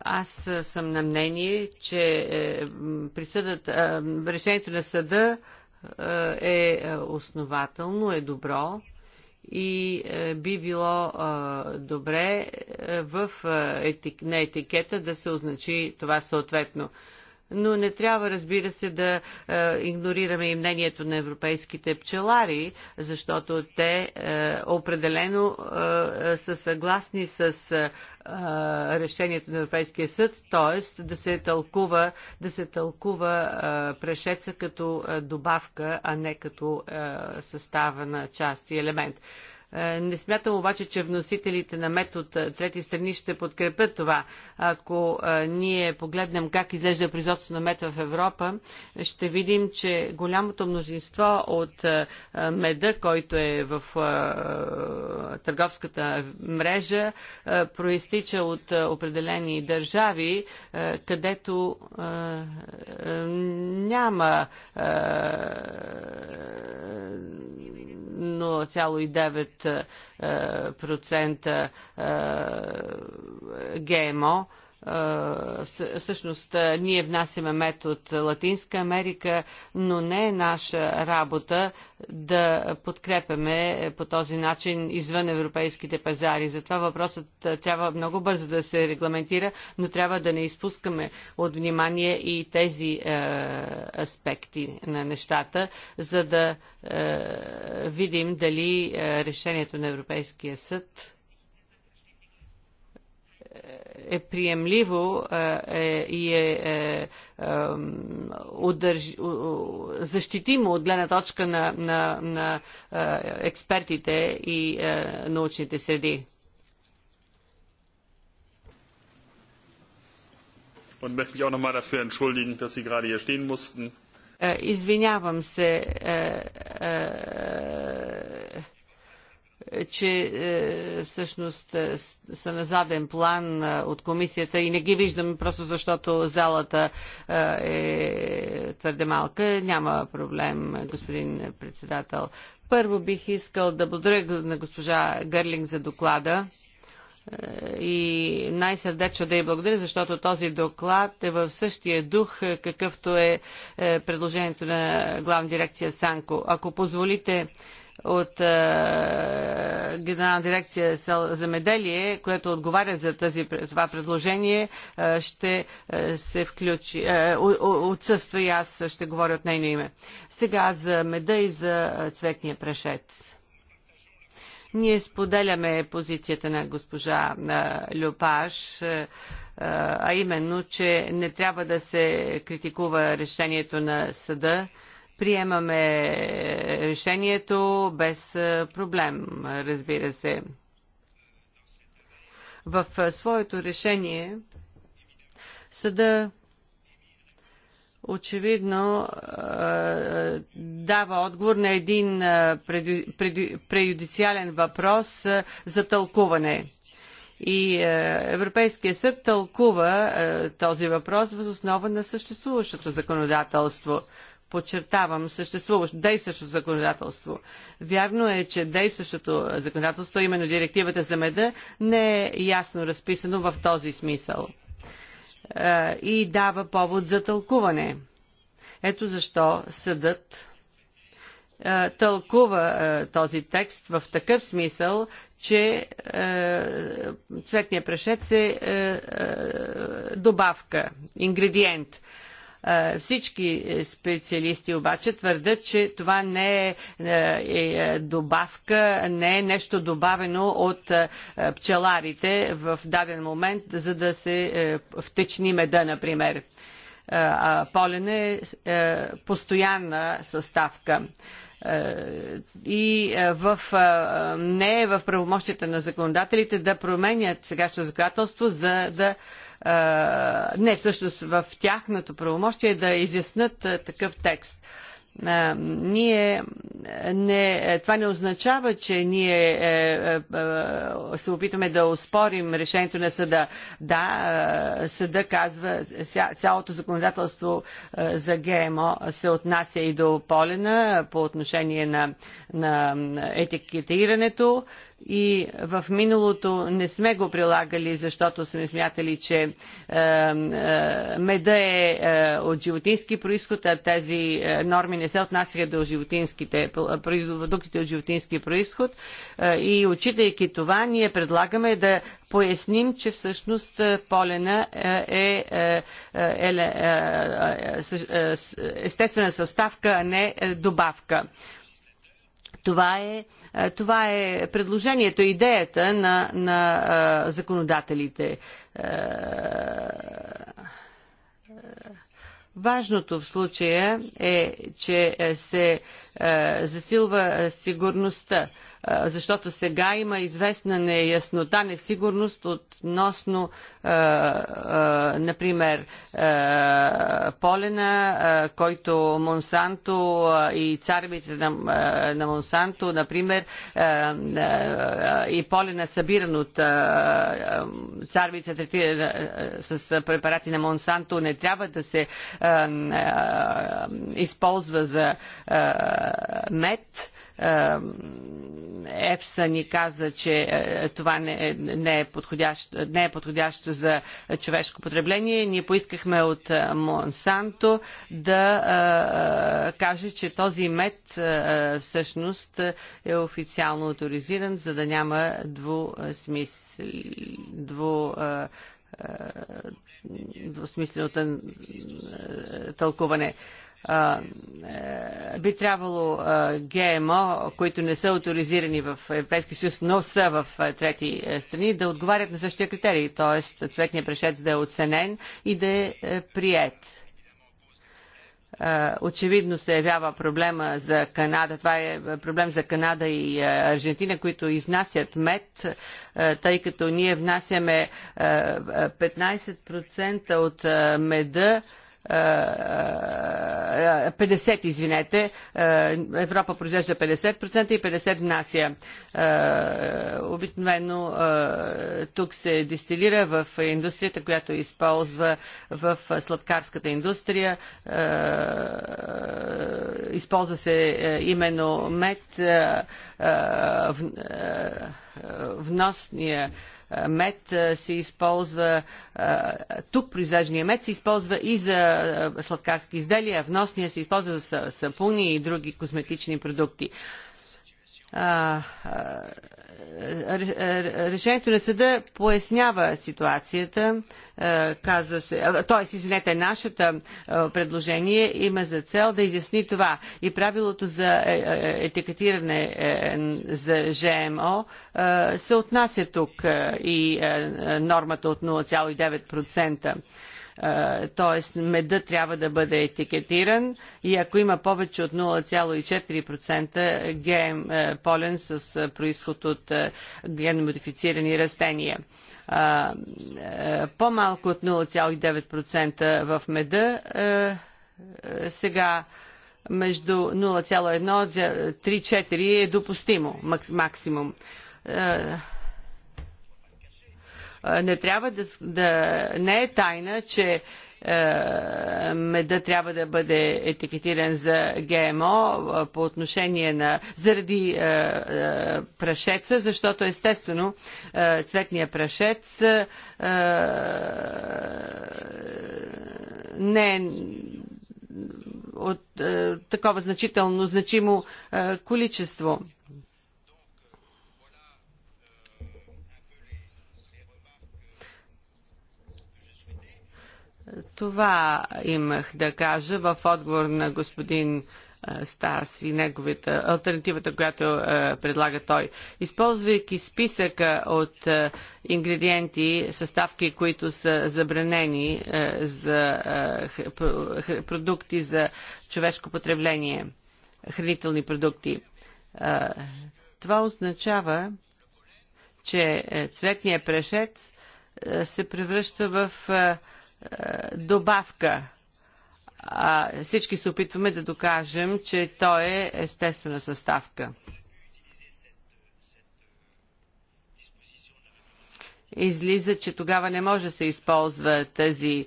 Аз съм на мнение, че присъдът, решението на съда е основателно, е добро и е, би било добре е, в е, етик, на етикета да се означи това съответно но не трябва, разбира се, да е, игнорираме и мнението на европейските пчелари, защото те е, определено е, е са съгласни с е, е, решението на Европейския съд, т.е. да се тълкува, да се тълкува е, прешеца като е, добавка, а не като е, състава на част и елемент. Е, не смятам обаче, че вносителите на метод е, трети страни ще подкрепят това. Ако е, ние погледнем как изглежда производство на мед в Европа, ще видим, че голямото мнозинство от меда, който е в търговската мрежа, проистича от определени държави, където няма 0,9% е, е, ГМО всъщност ние внасяме мед от Латинска Америка, но не е наша работа да подкрепяме е, по този начин извън европейските пазари. Затова въпросът трябва много бързо да се регламентира, но трябва да не изпускаме от внимание и тези е, аспекти на нещата, за да е, видим дали е, решението на Европейския съд е приемливо е, е, и е, е, е удърж, защитимо от гледна точка на, на, на е, експертите и е, научните среди. Извинявам се, че е, всъщност е, са на заден план е, от комисията и не ги виждаме просто защото залата е твърде малка. Няма проблем, господин председател. Първо бих искал да благодаря на госпожа Гърлинг за доклада и най-сърдечно да я благодаря, защото този доклад е в същия дух, какъвто е предложението на главна дирекция Санко. Ако позволите, от е, Генерална дирекция земеделие, което отговаря за тази, това предложение, е, ще е, се включи. отсъства и аз ще говоря от нейно име. Сега за меда и за цветния прешец. Ние споделяме позицията на госпожа Люпаш, а именно, че не трябва да се критикува решението на съда, приемаме решението без проблем, разбира се. В своето решение съда очевидно дава отговор на един преюдициален въпрос за тълкуване. И Европейския съд тълкува този въпрос въз основа на съществуващото законодателство подчертавам, съществуващо, действащо законодателство. Вярно е, че действащото законодателство, именно директивата за меда, не е ясно разписано в този смисъл е, и дава повод за тълкуване. Ето защо съдът е, тълкува е, този текст в такъв смисъл, че цветният прешец е добавка, ингредиент – всички е, специалисти обаче твърдят, че това не е, е, е добавка, не е нещо добавено от пчеларите в даден момент, за да се втечни меда, например. Полен е постоянна съставка и в, не е в правомощията на законодателите да променят сегашното законодателство, за да не всъщност в тяхното правомощие да изяснат такъв текст ние не, това не означава, че ние е, е, е, се опитаме да успорим решението на съда. Да, съда казва, цялото законодателство за ГМО се отнася и до полена по отношение на, на етикетирането и в миналото не сме го прилагали, защото сме смятали, че е, е, меда е, е от животински происход, а тези норми не се отнасяха до животинските продуктите от животински происход. Е, и отчитайки това, ние предлагаме да поясним, че всъщност полена е, е, е, е естествена съставка, а не добавка. Това е, е, това е предложението, идеята на, на е, законодателите. Е, важното в случая е, че се засилва сигурността защото сега има известна неяснота, несигурност относно, например, полена, който Монсанто и царевица на, на Монсанто, например, и полена събиран от царевица с препарати на Монсанто не трябва да се използва за мед е, ЕФСА ни каза, че е, това не, не, е подходящо, не е подходящо за човешко потребление. Ние поискахме от е, Монсанто да каже, че този мед всъщност е официално авторизиран, за да няма двусмис... дву тълкуване. Е, би трябвало ГМО, които не са авторизирани в Европейския съюз, но са в трети е, страни, да отговарят на същия критерий, т.е. цветният пришец да е оценен и да е, е прият очевидно се явява проблема за Канада. Това е проблем за Канада и Аржентина, които изнасят мед, тъй като ние внасяме 15% от меда 50, извинете, е, Европа произвежда 50% и 50% внася. Е, обикновено е, тук се дистилира в индустрията, която използва в сладкарската индустрия. Използва се именно мед, вносния мед се използва, тук произвеждания мед се използва и за сладкарски изделия, вносния се използва за сапуни и други козметични продукти решението на съда пояснява ситуацията, е, казва се, т.е. извинете, нашата е, предложение има за цел да изясни това. И правилото за е, етикетиране за ЖМО се отнася тук и нормата от 0,9% т.е. меда трябва да бъде етикетиран и ако има повече от 0,4% ГМ полен с происход от генмодифицирани растения. По-малко от 0,9% в меда сега между 0,1 3,4 е допустимо максимум не трябва да, да не е тайна, че е, меда трябва да бъде етикетиран за ГМО по отношение на заради е, е, прашеца, защото естествено цветният цветния прашец не е от такова значително, значимо количество. Това имах да кажа в отговор на господин Старс и неговата альтернативата, която предлага той. Използвайки списъка от ингредиенти, съставки, които са забранени за продукти за човешко потребление, хранителни продукти, това означава, че е, цветният прешец се превръща в е, добавка. А, всички се опитваме да докажем, че то е естествена съставка. излиза, че тогава не може да се използва тази е,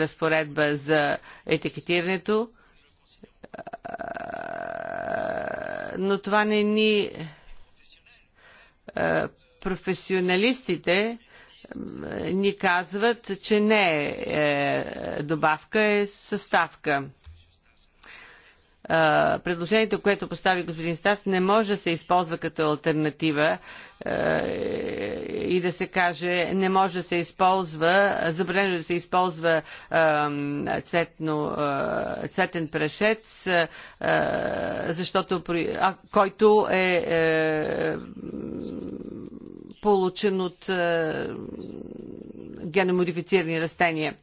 разпоредба за етикетирането, е, но това не ни. Е, професионалистите ни казват, че не е, е добавка, е съставка. Е, предложението, което постави господин Стас, не може да се използва като альтернатива е, и да се каже, не може да се използва, забранено да се използва цветно, цветен прешец, защото, който е получен от е, геномодифицирани растения.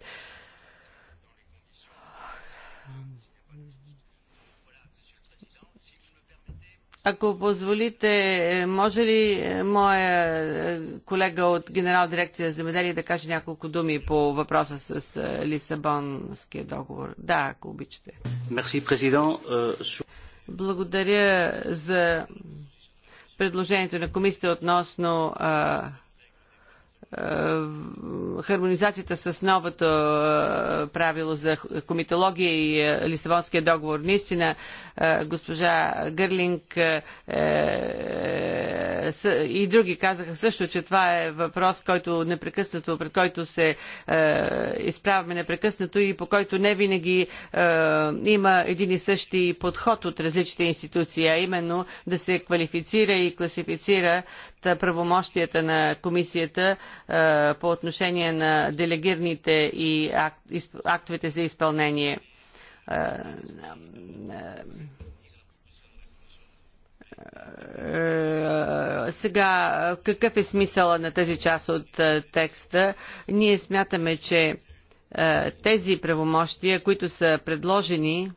Ако позволите, е, може ли е, моя е, колега от Генерал дирекция за земеделие да каже няколко думи по въпроса с Лисабонския договор? Да, ако обичате. Благодаря за предложението на комисията относно е, хармонизацията с новото е, правило за комитология и е, Лисабонския договор. Наистина, госпожа Гърлинг и други казаха също, че това е въпрос, който непрекъснато, пред който се изправяме непрекъснато и по който не винаги има един и същи подход от различните институции, а именно да се квалифицира и класифицира правомощията на комисията по отношение на делегираните и актовете за изпълнение сега, какъв е смисъла на тази част от текста? Ние смятаме, че тези правомощия, които са предложени,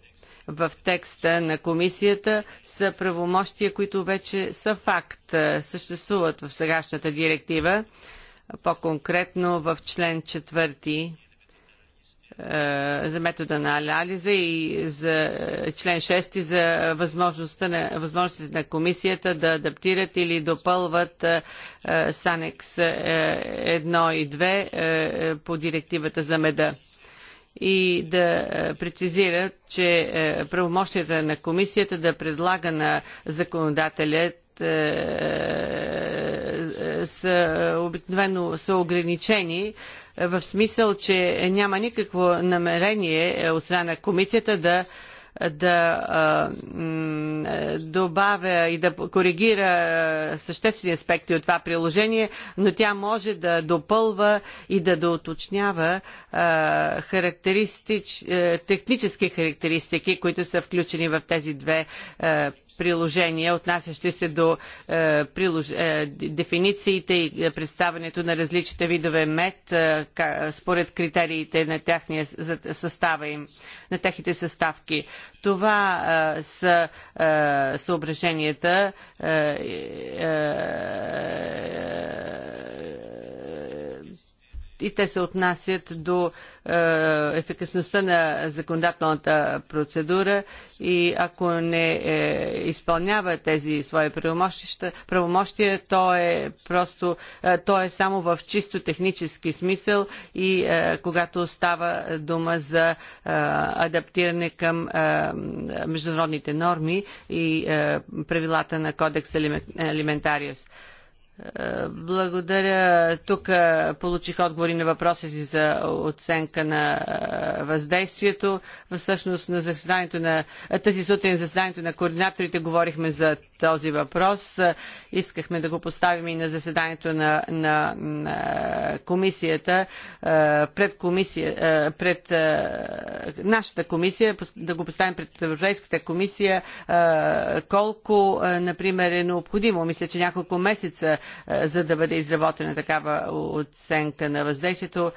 в текста на комисията са правомощия, които вече са факт, е, съществуват в сегашната директива, по-конкретно в член 4 е, за метода на анализа и за е, член 6 за възможността на, възможностите на комисията да адаптират или допълват Санекс 1 и 2 по директивата за меда и да е, прецизира, че е, правомощията на комисията да предлага на законодателят е, са обикновено са ограничени в смисъл, че няма никакво намерение от страна на комисията да да е, добавя и да коригира е, съществени аспекти от това приложение, но тя може да допълва и да доуточнява е, характеристич, технически характеристики, които са включени в тези две приложения, отнасящи се до прилож... дефинициите и представането на различните видове мед според критериите на тяхния състава им, на техните съставки. Това а, са а, съображенията. А, а, и те се отнасят до е, ефикасността на законодателната процедура и ако не е, изпълнява тези свои правомощия, то е просто, е, то е само в чисто технически смисъл и е, когато става дума за е, адаптиране към е, международните норми и е, правилата на кодекс алиментариус. Елемент, благодаря. Тук получих отговори на въпроса си за оценка на въздействието. Всъщност на заседанието на тази сутрин заседанието на координаторите говорихме за този въпрос. Искахме да го поставим и на заседанието на, на, на комисията, е, пред, комисия, е, пред е, нашата комисия, да го поставим пред Европейската комисия, колко, например, е необходимо. Мисля, че няколко месеца, за да бъде изработена такава оценка на въздействието,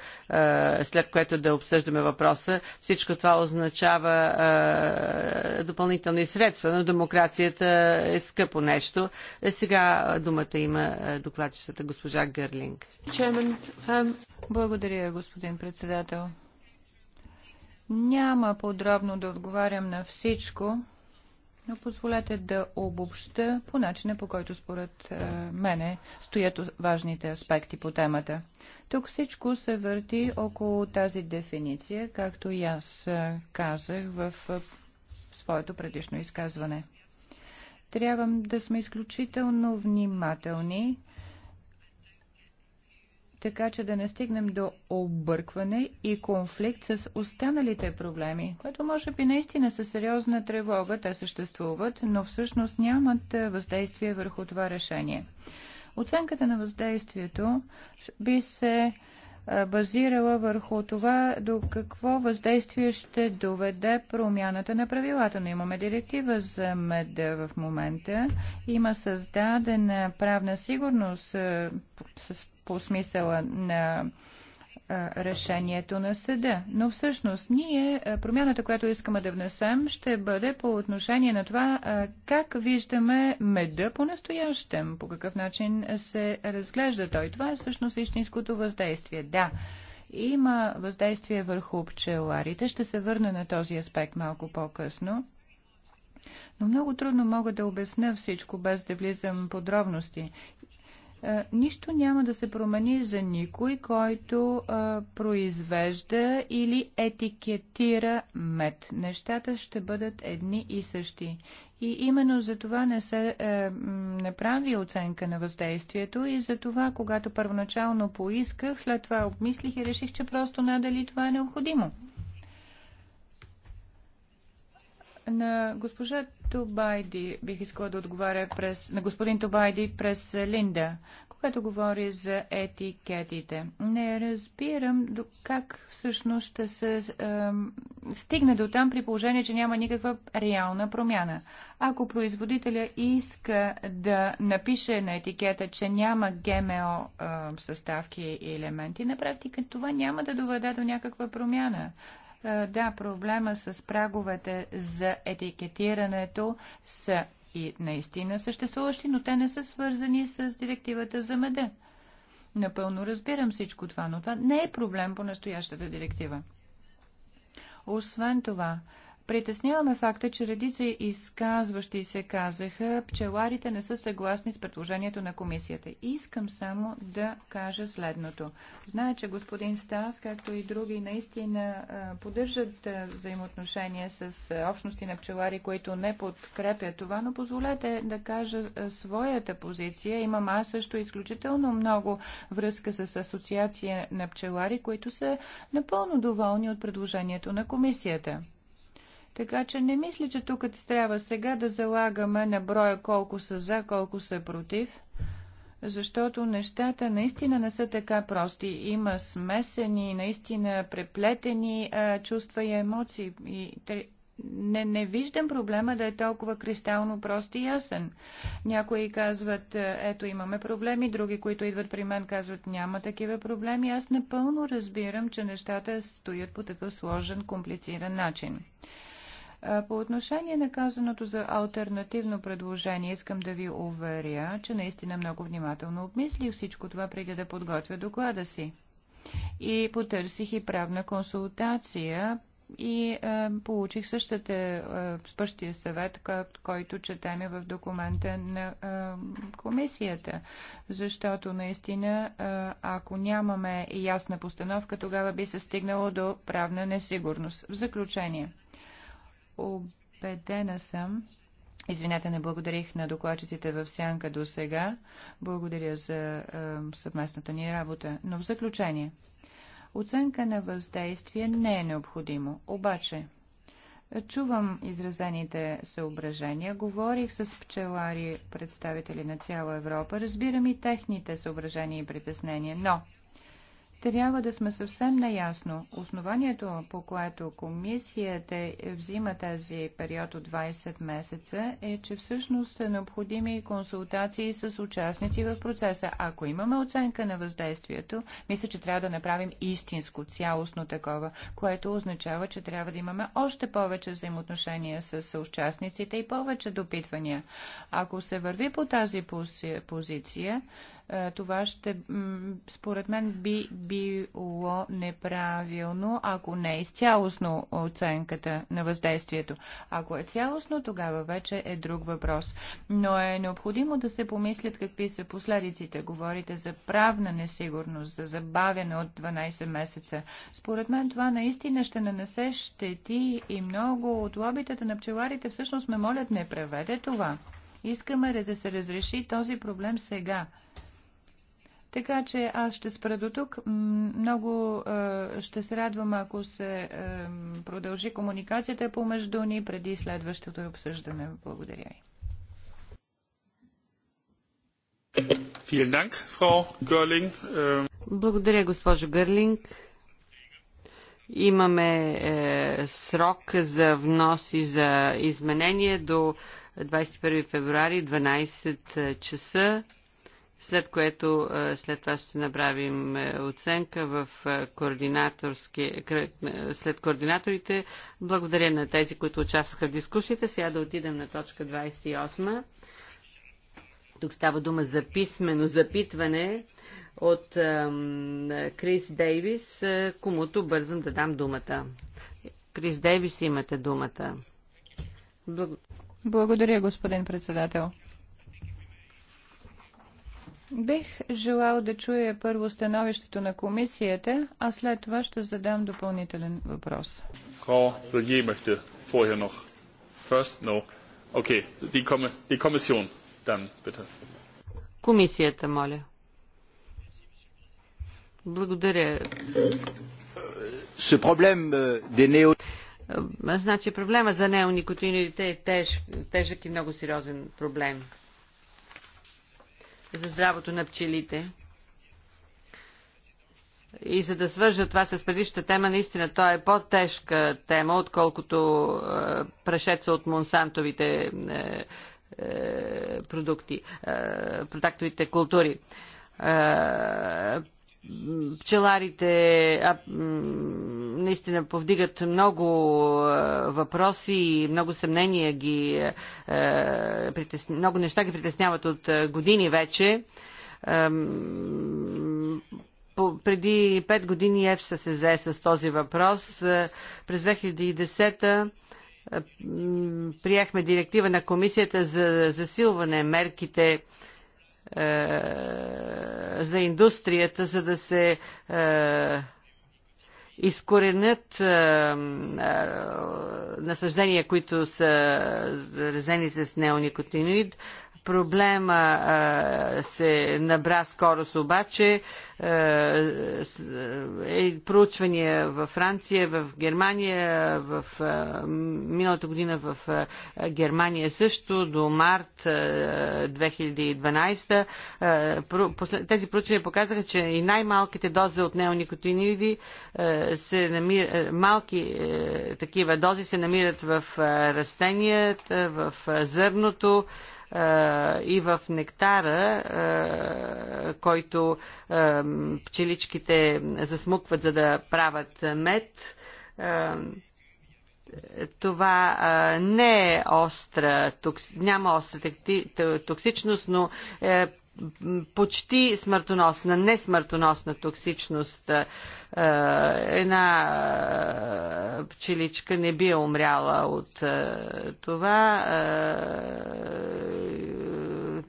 след което да обсъждаме въпроса. Всичко това означава допълнителни средства, но демокрацията е скъпо нещо. Е, сега думата има докладчицата госпожа Гърлинг. Um, Благодаря, господин председател. Няма подробно да отговарям на всичко, но позволете да обобща по начина, по който според е, мене стоят важните аспекти по темата. Тук всичко се върти около тази дефиниция, както и аз е, казах в своето предишно изказване трябва да сме изключително внимателни, така че да не стигнем до объркване и конфликт с останалите проблеми, което може би наистина са сериозна тревога те съществуват, но всъщност нямат е, въздействие върху това решение. Оценката на въздействието би се базирала върху това до какво въздействие ще доведе промяната на правилата. Но имаме директива за мед в момента. Има създадена правна сигурност по смисъла на решението на съда. Но всъщност ние промяната, която искаме да внесем, ще бъде по отношение на това как виждаме меда по-настоящем, по какъв начин се разглежда той. Това е всъщност истинското въздействие. Да, има въздействие върху пчеларите. Ще се върна на този аспект малко по-късно. Но много трудно мога да обясня всичко, без да влизам подробности. Е, нищо няма да се промени за никой, който а, е, произвежда или етикетира мед. Нещата ще бъдат едни и същи. И именно за това не се е, прави оценка на въздействието и за това, когато първоначално поисках, след това обмислих и реших, че просто надали това е необходимо. На госпожа Тобайди бих искала да отговаря през, на господин Тобайди през Линда, когато говори за етикетите. Не разбирам до как всъщност ще се е, стигне до там при положение, че няма никаква реална промяна. Ако производителя иска да напише на етикета, че няма ГМО е, съставки и елементи, на практика това няма да доведе до някаква промяна. Е, да, проблема с праговете за етикетирането са и наистина съществуващи, но те не са свързани с директивата за меда. Напълно разбирам всичко това, но това не е проблем по настоящата директива. Освен това, Притесняваме факта, че редица изказващи се казаха, пчеларите не са съгласни с предложението на комисията. Искам само да кажа следното. Зная, че господин Стас, както и други, наистина поддържат взаимоотношения с общности на пчелари, които не подкрепят това, но позволете да кажа своята позиция. Имам аз също изключително много връзка с Асоциация на пчелари, които са напълно доволни от предложението на комисията. Така че не мисля, че тук трябва сега да залагаме на броя колко са за, колко са против, защото нещата наистина не са така прости. Има смесени, наистина преплетени а, чувства и емоции. И не, не виждам проблема да е толкова кристално прост и ясен. Някои казват, ето имаме проблеми, други, които идват при мен, казват, няма такива проблеми. Аз напълно разбирам, че нещата стоят по такъв сложен, комплициран начин. По отношение на казаното за альтернативно предложение, искам да ви уверя, че наистина много внимателно обмислих всичко това преди да подготвя доклада си. И потърсих и правна консултация и е, получих същата е, спъщия съвет, който четаме в документа на е, комисията. Защото наистина, е, ако нямаме ясна постановка, тогава би се стигнало до правна несигурност. В заключение. Обедена съм, Извинете, не благодарих на докладчиците в Сянка до сега. Благодаря за е, съвместната ни работа. Но в заключение, оценка на въздействие не е необходимо. Обаче, чувам изразените съображения, говорих с пчелари, представители на цяла Европа, разбирам и техните съображения и притеснения, но трябва да сме съвсем наясно. Основанието, по което комисията взима тази период от 20 месеца, е, че всъщност са необходими консултации с участници в процеса. Ако имаме оценка на въздействието, мисля, че трябва да направим истинско, цялостно такова, което означава, че трябва да имаме още повече взаимоотношения с участниците и повече допитвания. Ако се върви по тази пози позиция, е, това ще, според мен, би било неправилно, ако не е изцялостно оценката на въздействието. Ако е цялостно, тогава вече е друг въпрос. Но е необходимо да се помислят какви са последиците. Говорите за правна несигурност, за забавяне от 12 месеца. Според мен това наистина ще нанесе щети и много от лобитата на пчеларите всъщност ме молят не преведе това. Искаме да се разреши този проблем сега. Така че аз ще спра до тук. Много е, ще се радвам, ако се е, продължи комуникацията помежду ни преди следващото обсъждане. Благодаря ви. Е, Благодаря, госпожо Гърлинг. Имаме е, срок за внос и за изменение до 21 февруари 12 часа след което след това ще направим е, оценка в е, координаторски, е, след координаторите. Благодаря на тези, които участваха в дискусията. Сега да отидем на точка 28. Тук става дума за писмено запитване от Крис Дейвис, комуто бързам да дам думата. Крис Дейвис, имате думата. Благ... Благодаря, господин председател. Бих желал да чуя първо становището на комисията, а след това ще задам допълнителен въпрос. Комисията, моля. Благодаря. Euh, значи проблема за неоникотиноидите е теж, тежък и много сериозен проблем за здравото на пчелите. И за да свържа това с предишната тема, наистина то е по-тежка тема, отколкото е, прашеца от Монсантовите е, е, продукти, е, продуктовите култури. Е, пчеларите а, наистина повдигат много въпроси и много съмнения ги много неща ги притесняват от години вече. по, преди 5 години ЕФСА се взе с този въпрос. през 2010 приехме директива на комисията за засилване мерките е, за индустрията, за да се е, изкоренят е, насъждения, които са заразени с неоникотиноид, Проблема се набра скорост, обаче е, проучвания във Франция, в Германия, в миналата година в Германия също, до март 2012. про, послед, тези проучвания показаха, че и най-малките дози от неоникотиниди се намират малки такива дози се намират в е, растенията, в зърното, и в нектара, който пчеличките засмукват, за да правят мед това а, не е остра, токс, няма остра токсичност, но е, почти смъртоносна, несмъртоносна токсичност. Е, една е, пчеличка не би умряла от е, това.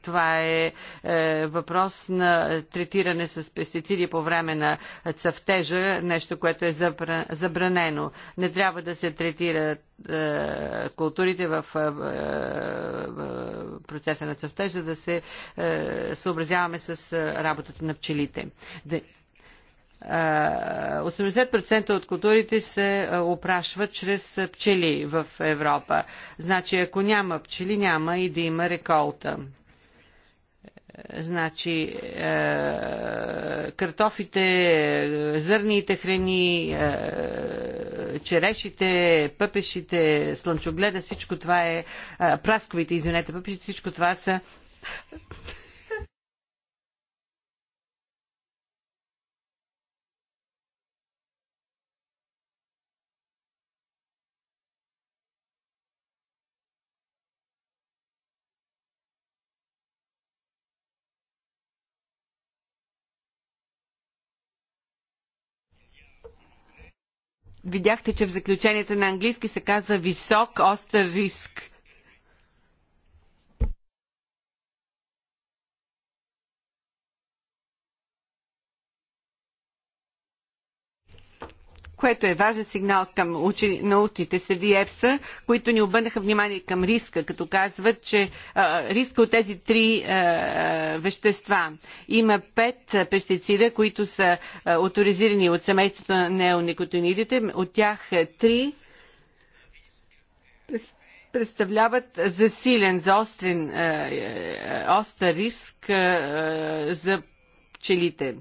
Това е, е въпрос на третиране с пестициди по време на цъфтежа, нещо, което е забранено. Не трябва да се третират е, културите е, е, в процеса на цъфтежа, да се съобразяваме с работата на пчелите. 80% от културите се опрашват чрез пчели в Европа. Значи, ако няма пчели, няма и да има реколта. Значи, е, картофите, зърните храни, е, черешите, пъпешите, слънчогледа, всичко това е, е прасковите, извинете, пъпешите, всичко това са Видяхте, че в заключенията на английски се казва висок, остър риск. което е важен сигнал към учени, научните среди ЕФСА, които ни обърнаха внимание към риска, като казват, че а, риска от тези три а, а, вещества. Има пет пестицида, които са а, авторизирани от семейството на неоникотинидите. От тях е, три представляват засилен, заострен, е, е, остър риск за пчелите.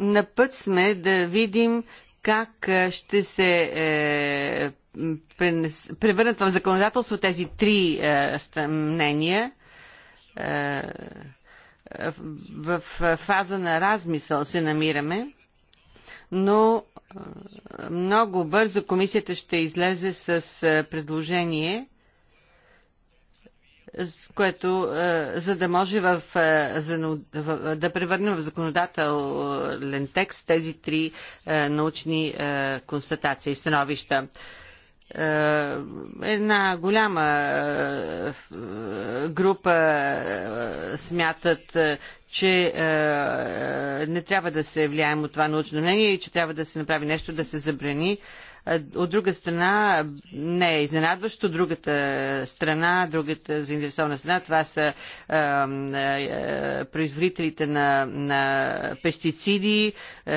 На път сме да видим как е, ще се е, превърнат в законодателство тези три е, мнения е, в, в фаза на размисъл се намираме, но е, много бързо комисията ще излезе с е, предложение което, е, за да може е, в, да превърнем в законодателен текст тези три е, научни констатации и становища една голяма група смятат, че не трябва да се влияем от това научно мнение и че трябва да се направи нещо да се забрани от друга страна, не е изненадващо, другата страна, другата заинтересована страна, това са е, е, производителите на, на пестициди е, е,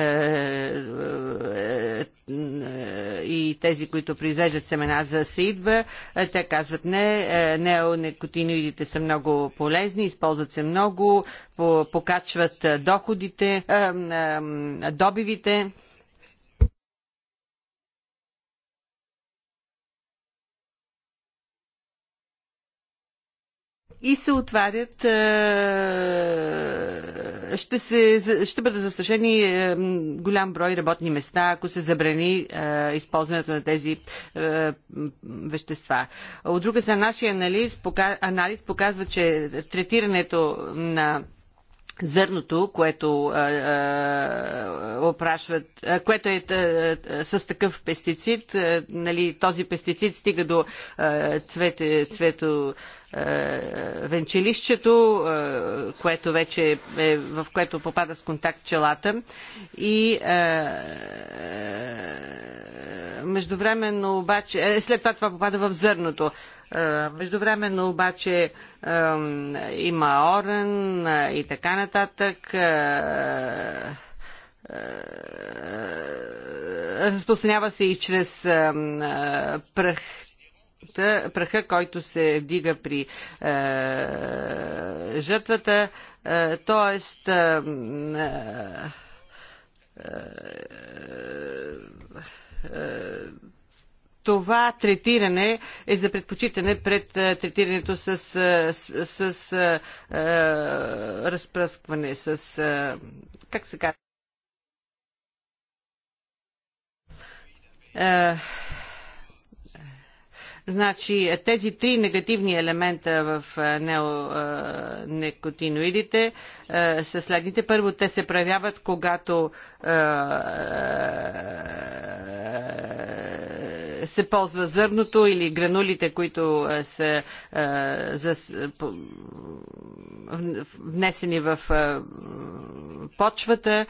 е, и тези, които произвеждат семена за сейдба, е, Те казват не, неонекотиноидите са много полезни, използват се много, покачват доходите, добивите. и се отварят, е, ще, се, ще бъдат застрашени е, голям брой работни места, ако се забрани е, използването на тези вещества. От друга страна, нашия анализ, анализ показва, че третирането на зърното, което опрашват, което е а, с такъв пестицид, а, нали, този пестицид стига до а, цвете, цвето е, венчелището, е, което вече е, в което попада с контакт челата, И е, междувременно обаче, след това това попада в зърното. Междувременно обаче има орен и така нататък разпространява се и чрез пръх та, праха, който се вдига при е, жътвата, е, т.е. Е, е, това третиране е за предпочитане пред е, третирането с, с, с, с е, разпръскване, с. Е, как се казва? Е, Значи е, тези три негативни елемента в е, неонекотиноидите е, са следните. Първо, те се проявяват, когато се ползва зърното или гранулите, които е, са е, за, внесени в е, почвата.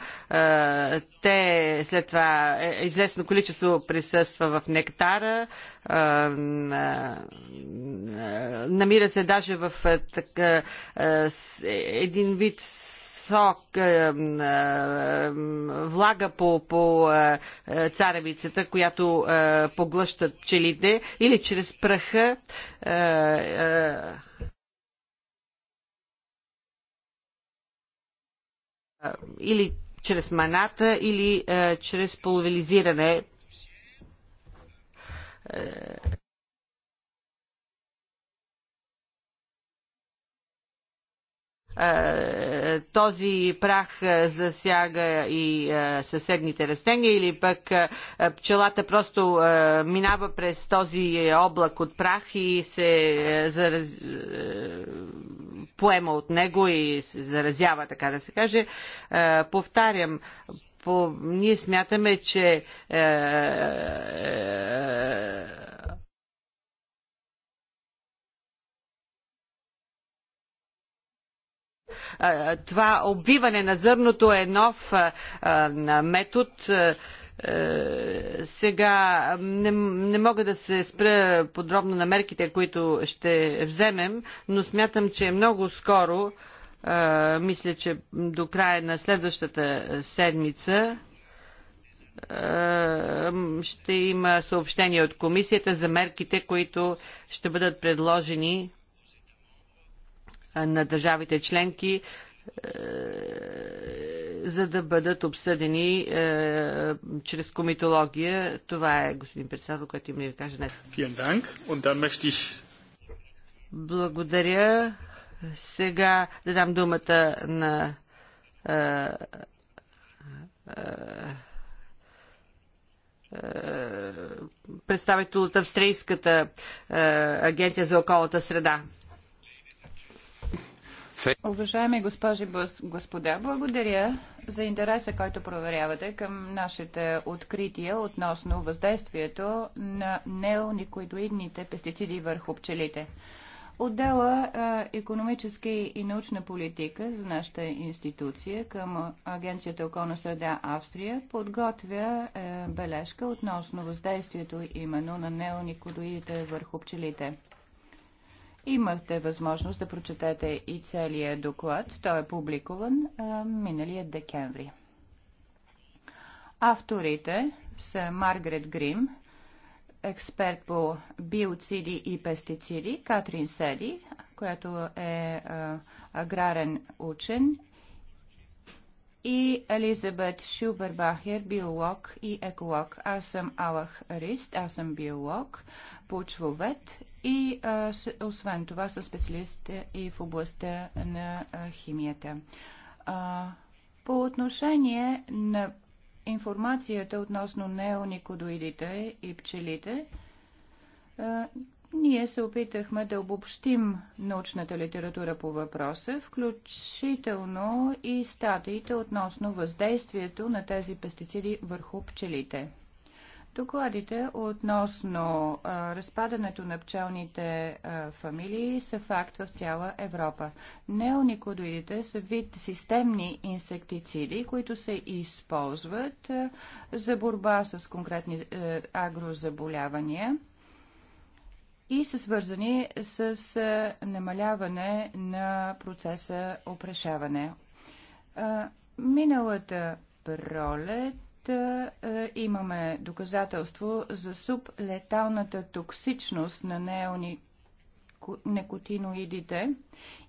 Те след това известно количество присъства в нектара. Намира се даже в така, един вид висок е, е, влага по, по е, е царевицата, която е, поглъщат пчелите, или чрез пръха. Е, е, или чрез маната, или е, чрез половелизиране. Е, Е, този прах е, засяга и е, съседните растения или пък пчелата просто минава през този облак от прах и се зараз... поема от него и се заразява, така да се каже. Повтарям, по... ние смятаме, че Това обвиване на зърното е нов метод. Сега не, не мога да се спра подробно на мерките, които ще вземем, но смятам, че много скоро, мисля, че до края на следващата седмица, ще има съобщение от комисията за мерките, които ще бъдат предложени на държавите членки, е, за да бъдат обсъдени е, чрез комитология. Това е, господин председател, което има да ви каже днес. Благодаря. Сега да дам думата на е, е, представител от Австрийската агенция за околната среда. Уважаеми госпожи господа, благодаря за интереса, който проверявате към нашите открития относно въздействието на неоникоидоидните пестициди върху пчелите. Отдела економически и научна политика за нашата институция към Агенцията околна среда Австрия подготвя бележка относно въздействието именно на неоникодоидите върху пчелите. Имахте възможност да прочетете и целия доклад. Той е публикуван а, миналия декември. Авторите са Маргарет Грим, експерт по биоциди и пестициди, Катрин Седи, която е а, аграрен учен, и Елизабет Шубербахер, биолог и еколог. Аз съм Алах Рист, аз съм биолог, почвовед и а, с, освен това са специалисти и в областта на а, химията. А, по отношение на информацията относно неоникодоидите и пчелите, а, ние се опитахме да обобщим научната литература по въпроса, включително и статиите относно въздействието на тези пестициди върху пчелите. Докладите относно разпадането на пчелните фамилии са факт в цяла Европа. Неоникодоидите са вид системни инсектициди, които се използват за борба с конкретни е, агрозаболявания и са свързани с намаляване на процеса опрешаване. миналата пролет е, имаме доказателство за сублеталната токсичност на неони некотиноидите.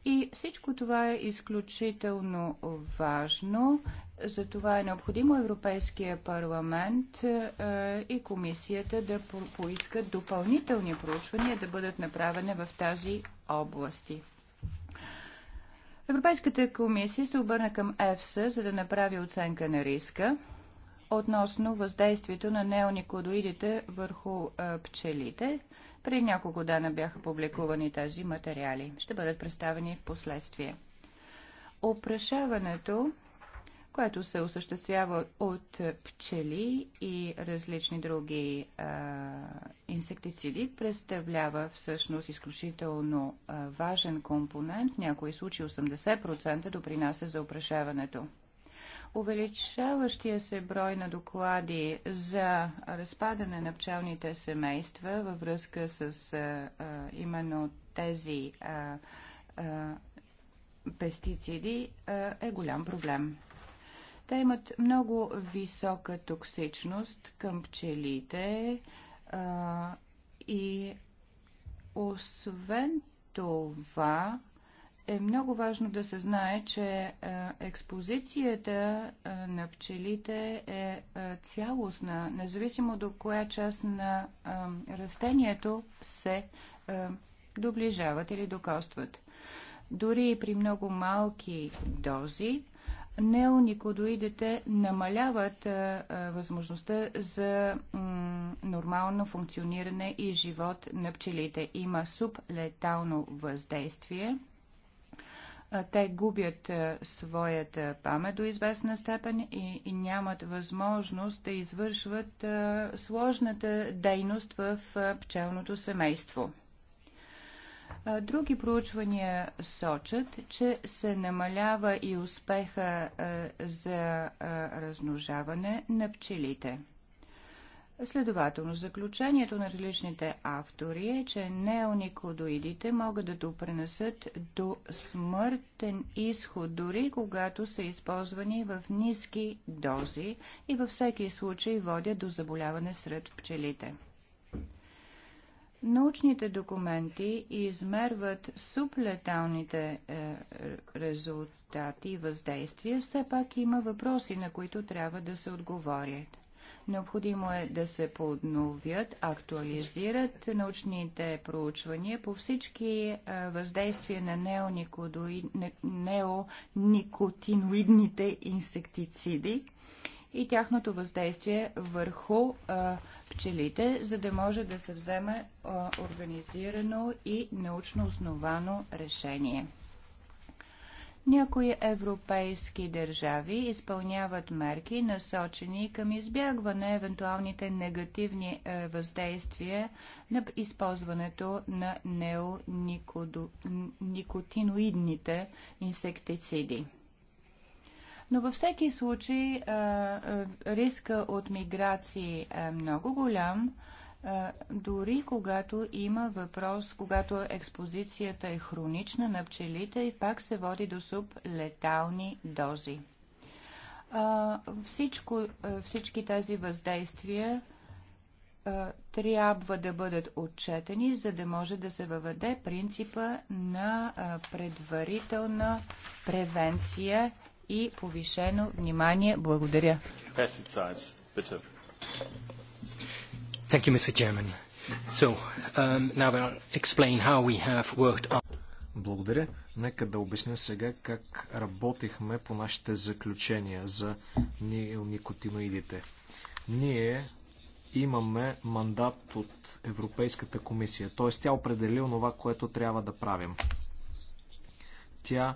И всичко това е изключително важно. За това е необходимо Европейския парламент е, и комисията да поискат допълнителни проучвания да бъдат направени в тази области. Европейската комисия се обърна към ЕФСА, за да направи оценка на риска относно въздействието на неоникодоидите върху пчелите. При няколко дена бяха публикувани тези материали. Ще бъдат представени в последствие. Опрашаването, което се осъществява от пчели и различни други а, инсектициди, представлява всъщност изключително а, важен компонент, в някои случаи 80% допринася за опрашаването. Увеличаващия се брой на доклади за разпадане на пчелните семейства във връзка с а, а, именно тези а, а, пестициди а, е голям проблем. Те имат много висока токсичност към пчелите а, и освен това е много важно да се знае, че е, експозицията е, на пчелите е, е цялостна, независимо до коя част на растението се доближават или докосват. Дори и при много малки дози, неоникодоидите намаляват възможността за нормално функциониране и живот на пчелите. Има сублетално въздействие те губят своята памет до известна степен и, и нямат възможност да извършват сложната дейност в пчелното семейство. Други проучвания сочат, че се намалява и успеха за размножаване на пчелите. Следователно, заключението на различните автори е, че неоникодоидите могат да допренесат до смъртен изход, дори когато са използвани в ниски дози и във всеки случай водят до заболяване сред пчелите. Научните документи измерват суплеталните е, резултати и въздействия, все пак има въпроси, на които трябва да се отговорят. Необходимо е да се подновят, актуализират научните проучвания по всички е, въздействия на неоникотиноидните инсектициди и тяхното въздействие върху е, пчелите, за да може да се вземе е, организирано и научно основано решение. Някои европейски държави изпълняват мерки, насочени към избягване евентуалните негативни е, въздействия на използването на неоникотиноидните инсектициди. Но във всеки случай е, е, риска от миграции е много голям дори когато има въпрос, когато експозицията е хронична на пчелите и пак се води до сублетални дози. Всичко, всички тези въздействия трябва да бъдат отчетени, за да може да се въведе принципа на предварителна превенция и повишено внимание. Благодаря. Thank you, Mr. Chairman. So, um, now I'll explain how we have worked on... Благодаря. Нека да обясня сега как работихме по нашите заключения за никотиноидите. Ние имаме мандат от Европейската комисия, т.е. тя определи това, което трябва да правим. Тя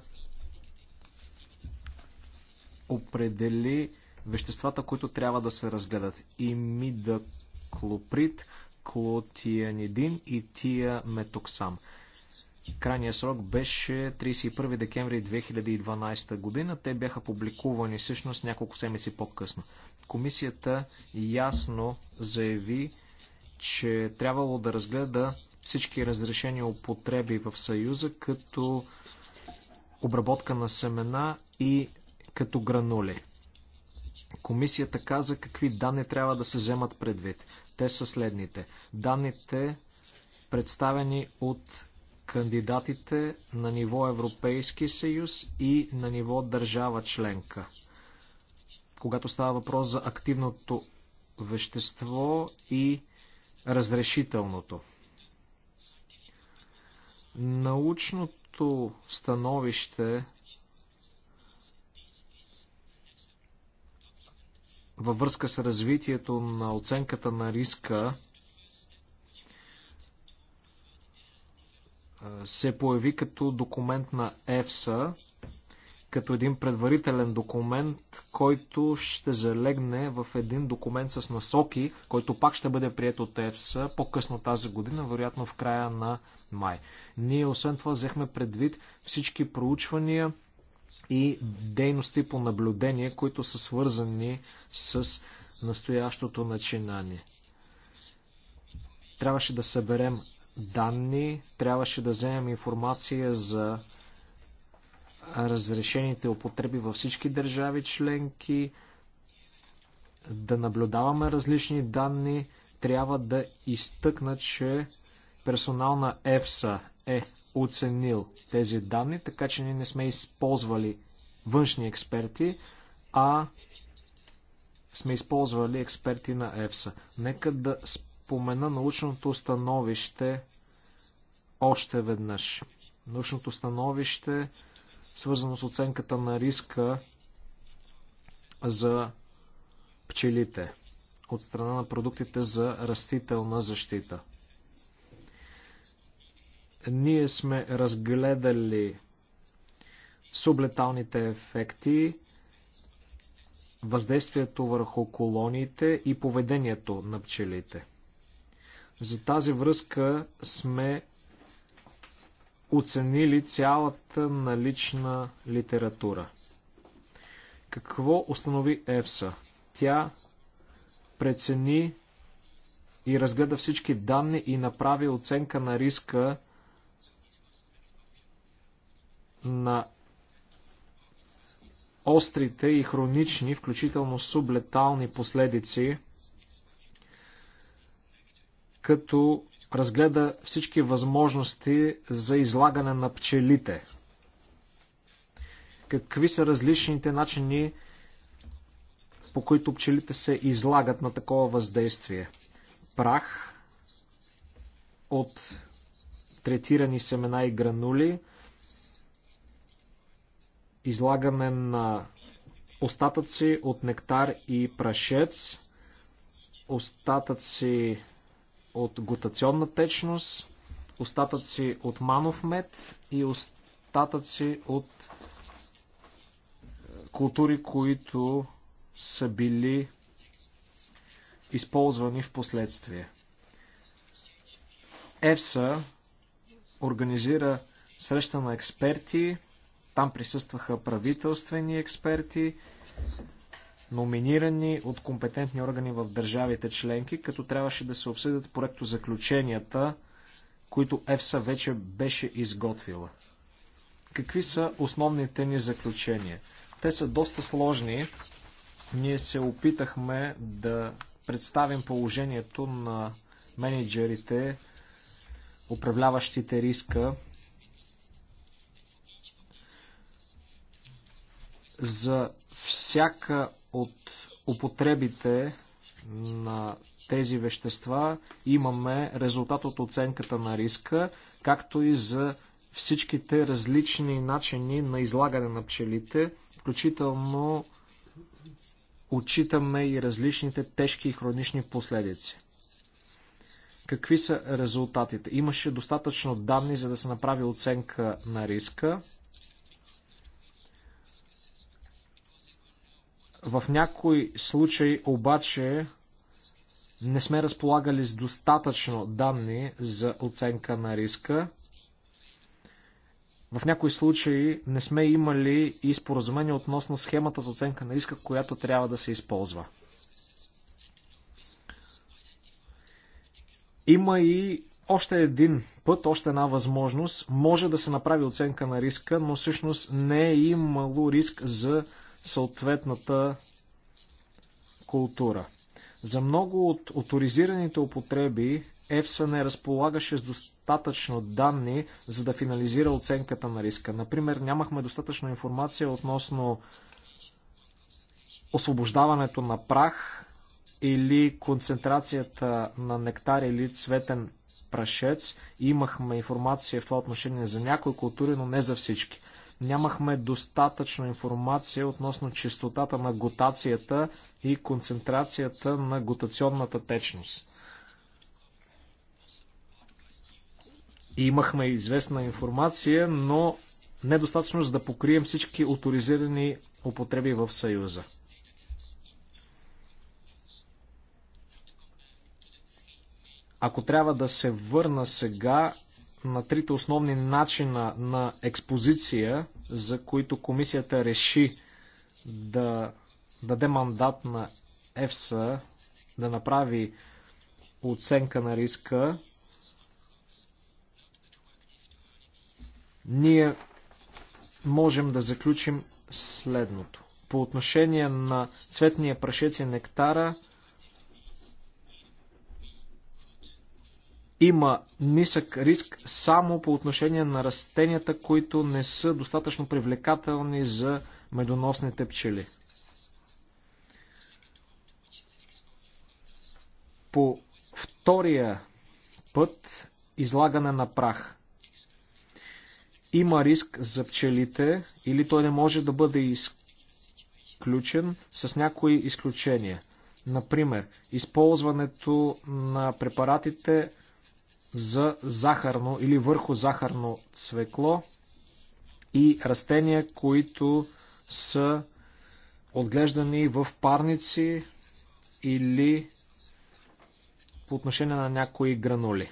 определи веществата, които трябва да се разгледат. и ми да клоприт, клотианидин и тия метоксам. Крайният срок беше 31 декември 2012 година. Те бяха публикувани всъщност няколко седмици по-късно. Комисията ясно заяви, че трябвало да разгледа всички разрешени употреби в Съюза като обработка на семена и като гранули. Комисията каза какви данни трябва да се вземат предвид. Те са следните. Данните, представени от кандидатите на ниво Европейски съюз и на ниво държава членка. Когато става въпрос за активното вещество и разрешителното. Научното становище във връзка с развитието на оценката на риска се появи като документ на ЕФСА, като един предварителен документ, който ще залегне в един документ с насоки, който пак ще бъде прият от ЕФСА по-късно тази година, вероятно в края на май. Ние освен това взехме предвид всички проучвания, и дейности по наблюдение, които са свързани с настоящото начинание. Трябваше да съберем данни, трябваше да вземем информация за разрешените употреби във всички държави членки, да наблюдаваме различни данни, трябва да изтъкна, че персонал на ЕФСА е оценил тези данни, така че ние не сме използвали външни експерти, а сме използвали експерти на ЕФСА. Нека да спомена научното становище още веднъж. Научното становище, свързано с оценката на риска за пчелите от страна на продуктите за растителна защита. Ние сме разгледали сублеталните ефекти, въздействието върху колониите и поведението на пчелите. За тази връзка сме оценили цялата налична литература. Какво установи ЕФСА? Тя прецени и разгледа всички данни и направи оценка на риска на острите и хронични, включително сублетални последици, като разгледа всички възможности за излагане на пчелите. Какви са различните начини, по които пчелите се излагат на такова въздействие? Прах от третирани семена и гранули, излагане на остатъци от нектар и прашец, остатъци от гутационна течност, остатъци от манов мед и остатъци от е, култури, които са били използвани в последствие. ЕФСА организира среща на експерти, там присъстваха правителствени експерти, номинирани от компетентни органи в държавите членки, като трябваше да се обсъдят проекто заключенията, които ЕФСА вече беше изготвила. Какви са основните ни заключения? Те са доста сложни. Ние се опитахме да представим положението на менеджерите, управляващите риска за всяка от употребите на тези вещества имаме резултат от оценката на риска, както и за всичките различни начини на излагане на пчелите, включително отчитаме и различните тежки и хронични последици. Какви са резултатите? Имаше достатъчно данни, за да се направи оценка на риска. В някои случаи обаче не сме разполагали с достатъчно данни за оценка на риска. В някои случаи не сме имали и споразумение относно схемата за оценка на риска, която трябва да се използва. Има и още един път, още една възможност. Може да се направи оценка на риска, но всъщност не е имало риск за съответната култура. За много от авторизираните употреби ЕФСА не разполагаше с достатъчно данни, за да финализира оценката на риска. Например, нямахме достатъчно информация относно освобождаването на прах или концентрацията на нектар или цветен прашец. Имахме информация в това отношение за някои култури, но не за всички нямахме достатъчно информация относно чистотата на готацията и концентрацията на готационната течност. И имахме известна информация, но недостатъчно за да покрием всички авторизирани употреби в Съюза. Ако трябва да се върна сега на трите основни начина на експозиция, за които комисията реши да даде мандат на ЕФСА да направи оценка на риска, ние можем да заключим следното. По отношение на цветния прашец и нектара, има нисък риск само по отношение на растенията, които не са достатъчно привлекателни за медоносните пчели. По втория път излагане на прах. Има риск за пчелите или той не може да бъде изключен с някои изключения. Например, използването на препаратите за захарно или върху захарно цвекло и растения, които са отглеждани в парници или по отношение на някои гранули.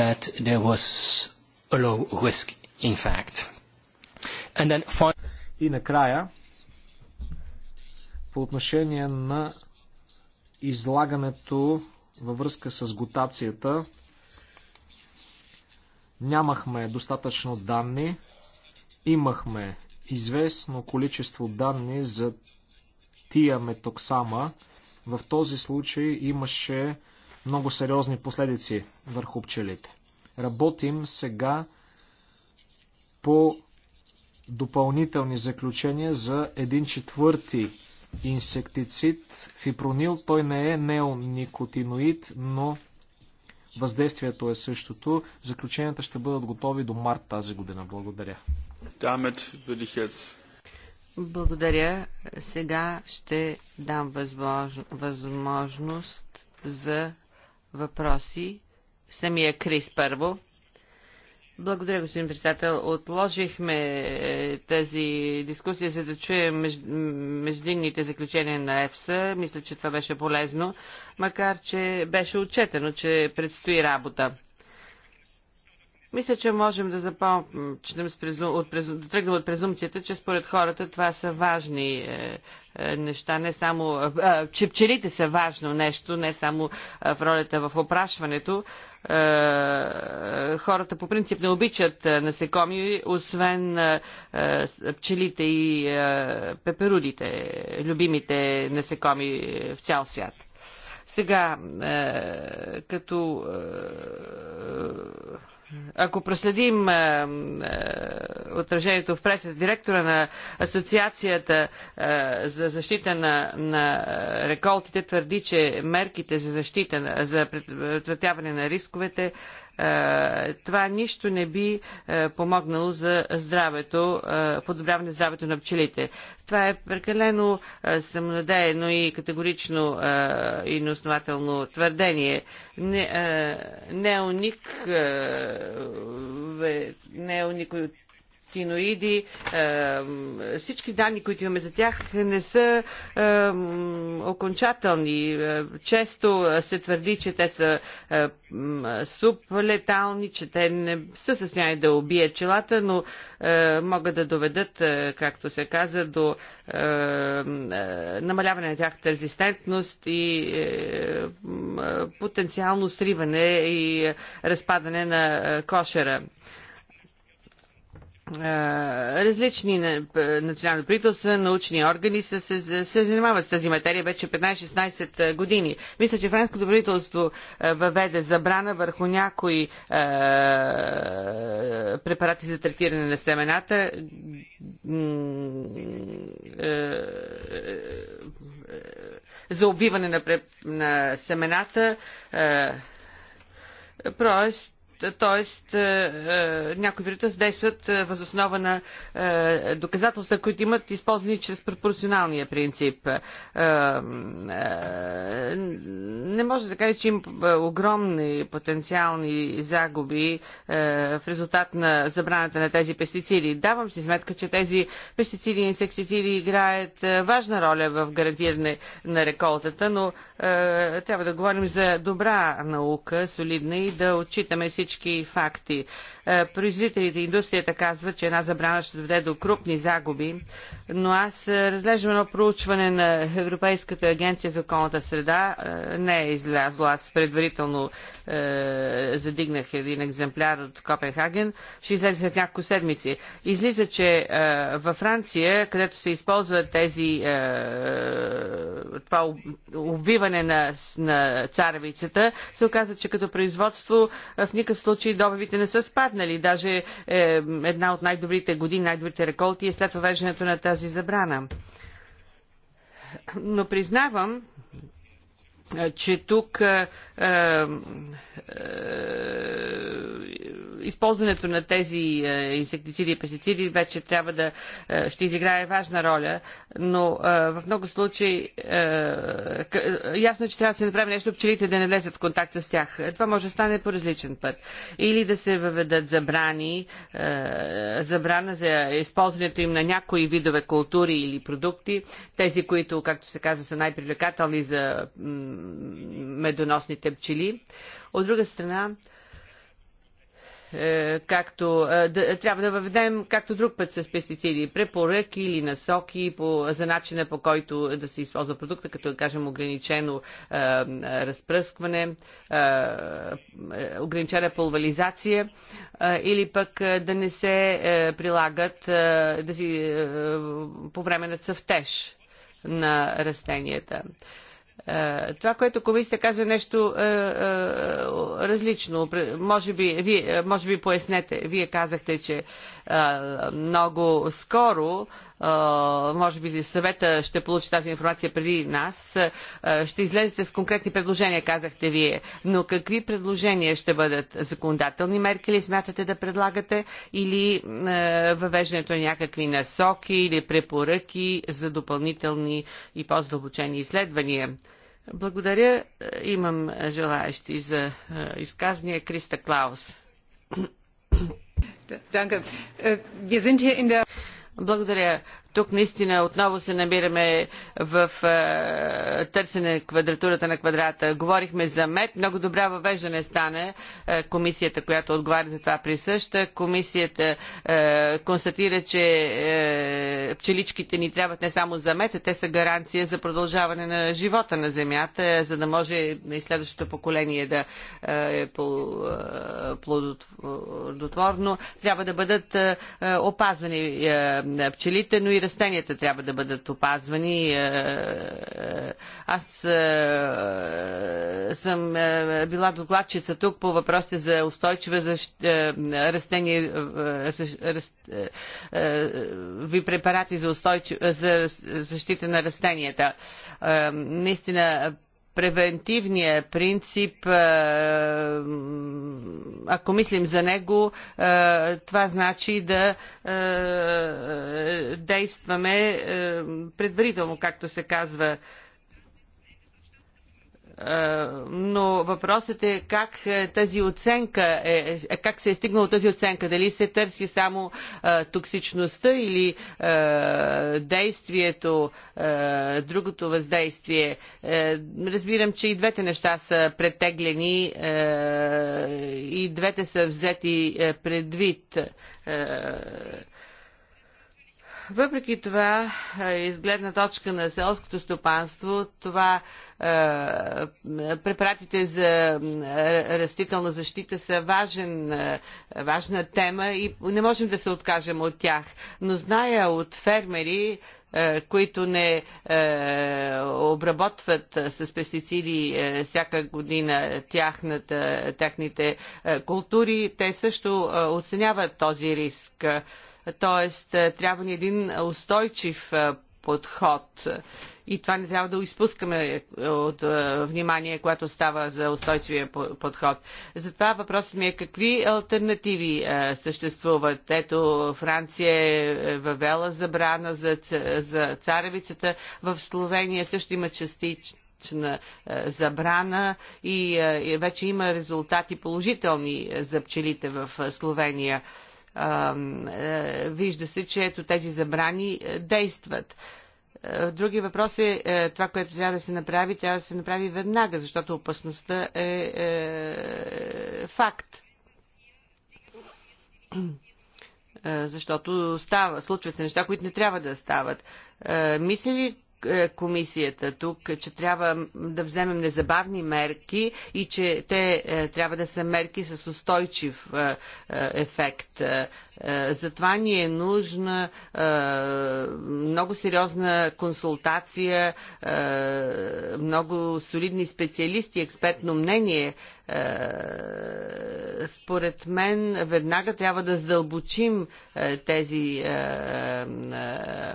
that there was a low risk in fact. And then... И накрая, по отношение на излагането във връзка с готацията. Нямахме достатъчно данни. Имахме известно количество данни за тия метоксама. В този случай имаше много сериозни последици върху пчелите. Работим сега по допълнителни заключения за един четвърти инсектицид фипронил. Той не е неоникотиноид, но въздействието е същото. Заключенията ще бъдат готови до март тази година. Благодаря. Благодаря. Сега ще дам възможност за въпроси. Самия Крис първо. Благодаря, господин председател. Отложихме е, тази дискусия, за да чуем междинните заключения на ЕФСА. Мисля, че това беше полезно, макар че беше отчетено, че предстои работа. Мисля, че можем да започнем с презум... от презум... да тръгнем от презумцията, че според хората това са важни е, е неща, не само... Е, че пчелите са важно нещо, не само е, в ролята в опрашването, е, хората по принцип не обичат е, насекоми, освен е, пчелите и пеперудите, любимите насекоми в цял свят. Сега, като ако проследим е, е, отражението в пресата, директора на Асоциацията е, за защита на, на реколтите твърди, че мерките за защита, за предотвратяване на рисковете е, това нищо не би е, помогнало за здравето, е, подобряване здравето на пчелите. Това е прекалено самонадеяно и категорично и неоснователно твърдение. Не, неоник, неоник синоиди, всички данни, които имаме за тях, не са окончателни. Е, често е, се твърди, че те са е, суплетални, че те не са състояние да убият челата, но могат да доведат, както се каза, до намаляване на тяхната резистентност и потенциално сриване и разпадане на кошера. Е, различни национални правителства, научни органи се, се, се занимават с тази материя вече 15-16 е, години. Мисля, че френското правителство е, въведе забрана върху някои е, препарати за третиране на семената. Е, за убиване на, на семената. Е, Прост, т.е. Е, някои правителства действат е, възоснова на е, доказателства, които имат използвани чрез пропорционалния принцип. Не може да каже, че има огромни потенциални загуби в резултат на забраната на тези пестициди. Давам си сметка, че тези пестициди и инсектициди играят важна роля в гарантиране на реколтата, но трябва да говорим за добра наука, солидна и да отчитаме всички всички факти. Е, производителите и индустрията казват, че една забрана ще доведе до крупни загуби, но аз е, разглеждам едно проучване на Европейската агенция за околната среда. Е, не е излязло. Аз предварително е, задигнах един екземпляр от Копенхаген. Ще излезе след няколко седмици. Излиза, че е, във Франция, където се използват тези е, това обвиване на, на царевицата, се оказва, че като производство в никакъв Случай добивите не са спаднали. Даже е, една от най-добрите години, най-добрите реколти е след въвеждането на тази забрана. Но признавам, е, че тук е, е, използването на тези е, инсектициди и пестициди вече трябва да е, ще изиграе важна роля, но е, в много случаи ясно е, че трябва да се направи нещо пчелите да не влезат в контакт с тях. Това може да стане по различен път. Или да се въведат забрани, забрана за използването им на някои видове култури или продукти, тези, които, както се каза, са най-привлекателни за медоносните пчели. От друга страна, е, както е, да, трябва да въведем, както друг път с пестициди, препоръки или насоки по, за начина по който да се използва продукта, като да кажем ограничено е, разпръскване, е, е ограничена пулвализация е, или пък да не се е, прилагат е, да си, е, по време на цъфтеж на растенията. Е, е, това, което комисията казва е нещо е, е, различно. Може би, вие, може би пояснете. Вие казахте, че много скоро може би съвета ще получи тази информация преди нас. Ще излезете с конкретни предложения, казахте вие. Но какви предложения ще бъдат? Законодателни мерки ли смятате да предлагате? Или въвеждането на някакви насоки или препоръки за допълнителни и по здълбочени изследвания? Благодаря. Имам желаящи за е, изказвания. Криста Клаус. Е, Благодаря. Тук наистина отново се намираме в е, търсене квадратурата на квадрата. Говорихме за мед. Много добра въвеждане стане е, комисията, която отговаря за това присъща. Комисията е, констатира, че е, пчеличките ни трябват не само за мед, а те са гаранция за продължаване на живота на земята, е, за да може и следващото поколение да е, е плодотворно. Трябва да бъдат е, е опазвани е, пчелите, но и растенията трябва да бъдат опазвани. Е, е, аз е, съм била докладчица тук по въпросите за устойчива защ... растение, ви препарати за, устойчив... за защита на растенията. Наистина превентивния принцип, е, ако мислим за него, е, това значи да е, действаме предварително, както се казва е, но въпросът е как е, тази оценка е, е, как се е стигнало тази оценка, дали се търси само е, токсичността или е, действието, е, другото въздействие. Е, разбирам, че и двете неща са претеглени е, и двете са взети предвид. Е, въпреки това, е, изгледна точка на селското стопанство, това е, препаратите препратите за растителна защита са важен, е, важна тема и не можем да се откажем от тях. Но зная от фермери, които не е, обработват с пестициди е, всяка година тяхната, техните е, култури, те също оценяват този риск. Тоест, е, трябва ни един устойчив е, подход. И това не трябва да изпускаме е, от внимание, което става за устойчивия подход. Затова въпросът ми е какви альтернативи съществуват. Ето, Франция е въвела забрана за, за царевицата. В Словения също има частично забрана и вече има резултати положителни за пчелите в Словения. Е, вижда се, че ето тези забрани е, действат. Е, други въпрос е това, което трябва да се направи, трябва да се направи веднага, защото опасността е, е факт. Защото става, случват се неща, които не трябва да стават. Мисли ли е, комисията тук, че трябва да вземем незабавни мерки и че те е, трябва да са мерки с устойчив е, ефект е, затова ни е нужна е, много сериозна консултация, е, много солидни специалисти, експертно мнение. Според мен веднага трябва да задълбочим тези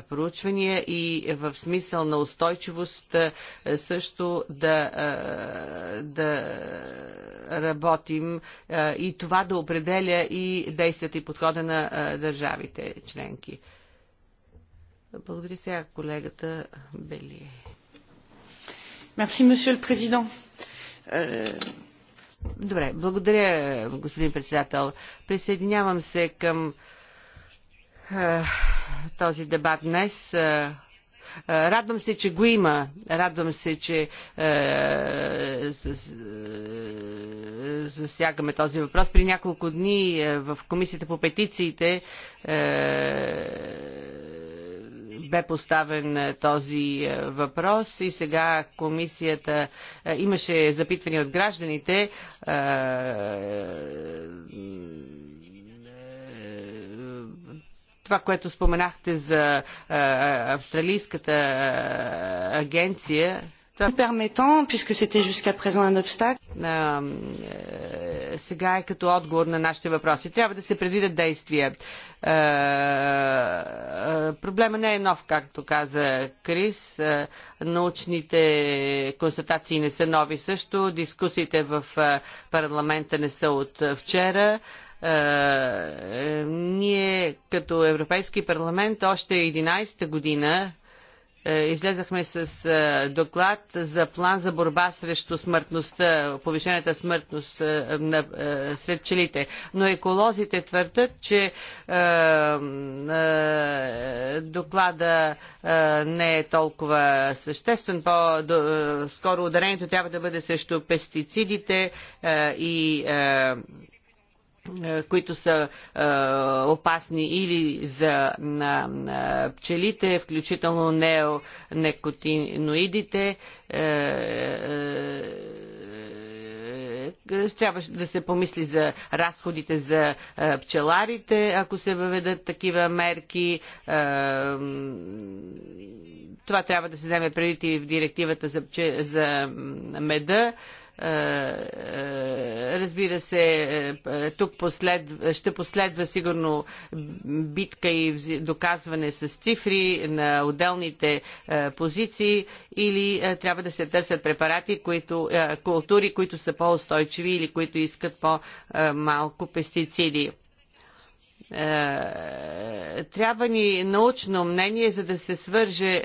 проучвания и в смисъл на устойчивост също да, да работим и това да определя и действията и подхода на на държавите членки. Благодаря сега колегата Бели. Мерси, месье президент. Е, добре, благодаря, господин председател. Присъединявам се към е, този дебат днес. Е, е, радвам се, че го има. Радвам се, че е, е, засягаме този въпрос. При няколко дни в Комисията по петициите бе поставен този въпрос и сега комисията имаше запитвания от гражданите това, което споменахте за австралийската агенция, permettant, puisque c'était jusqu'à présent un obstacle. Е, сега е като отговор на нашите въпроси. Трябва да се предвидят действия. Е, е, проблема не е нов, както каза Крис. научните констатации не са нови също. Дискусиите в парламента не са от вчера. Е, е, ние като Европейски парламент още 11-та година е, излезахме с доклад за план за борба срещу смъртността, повишената смъртност сред пчелите. Но еколозите твърдят, че доклада не е толкова съществен. По-скоро ударението трябва да бъде срещу пестицидите и е, които са е, опасни или за на, на пчелите, включително неонекотиноидите. Е, е, е, трябваше да се помисли за разходите за е, пчеларите, ако се въведат такива мерки. Това трябва да се вземе преди в директивата за, за меда. Е, е, разбира се, е, тук послед, ще последва сигурно битка и доказване с цифри на отделните позиции или трябва да се търсят препарати, които, култури, които са по-устойчиви или които искат по-малко пестициди трябва ни научно мнение, за да се свърже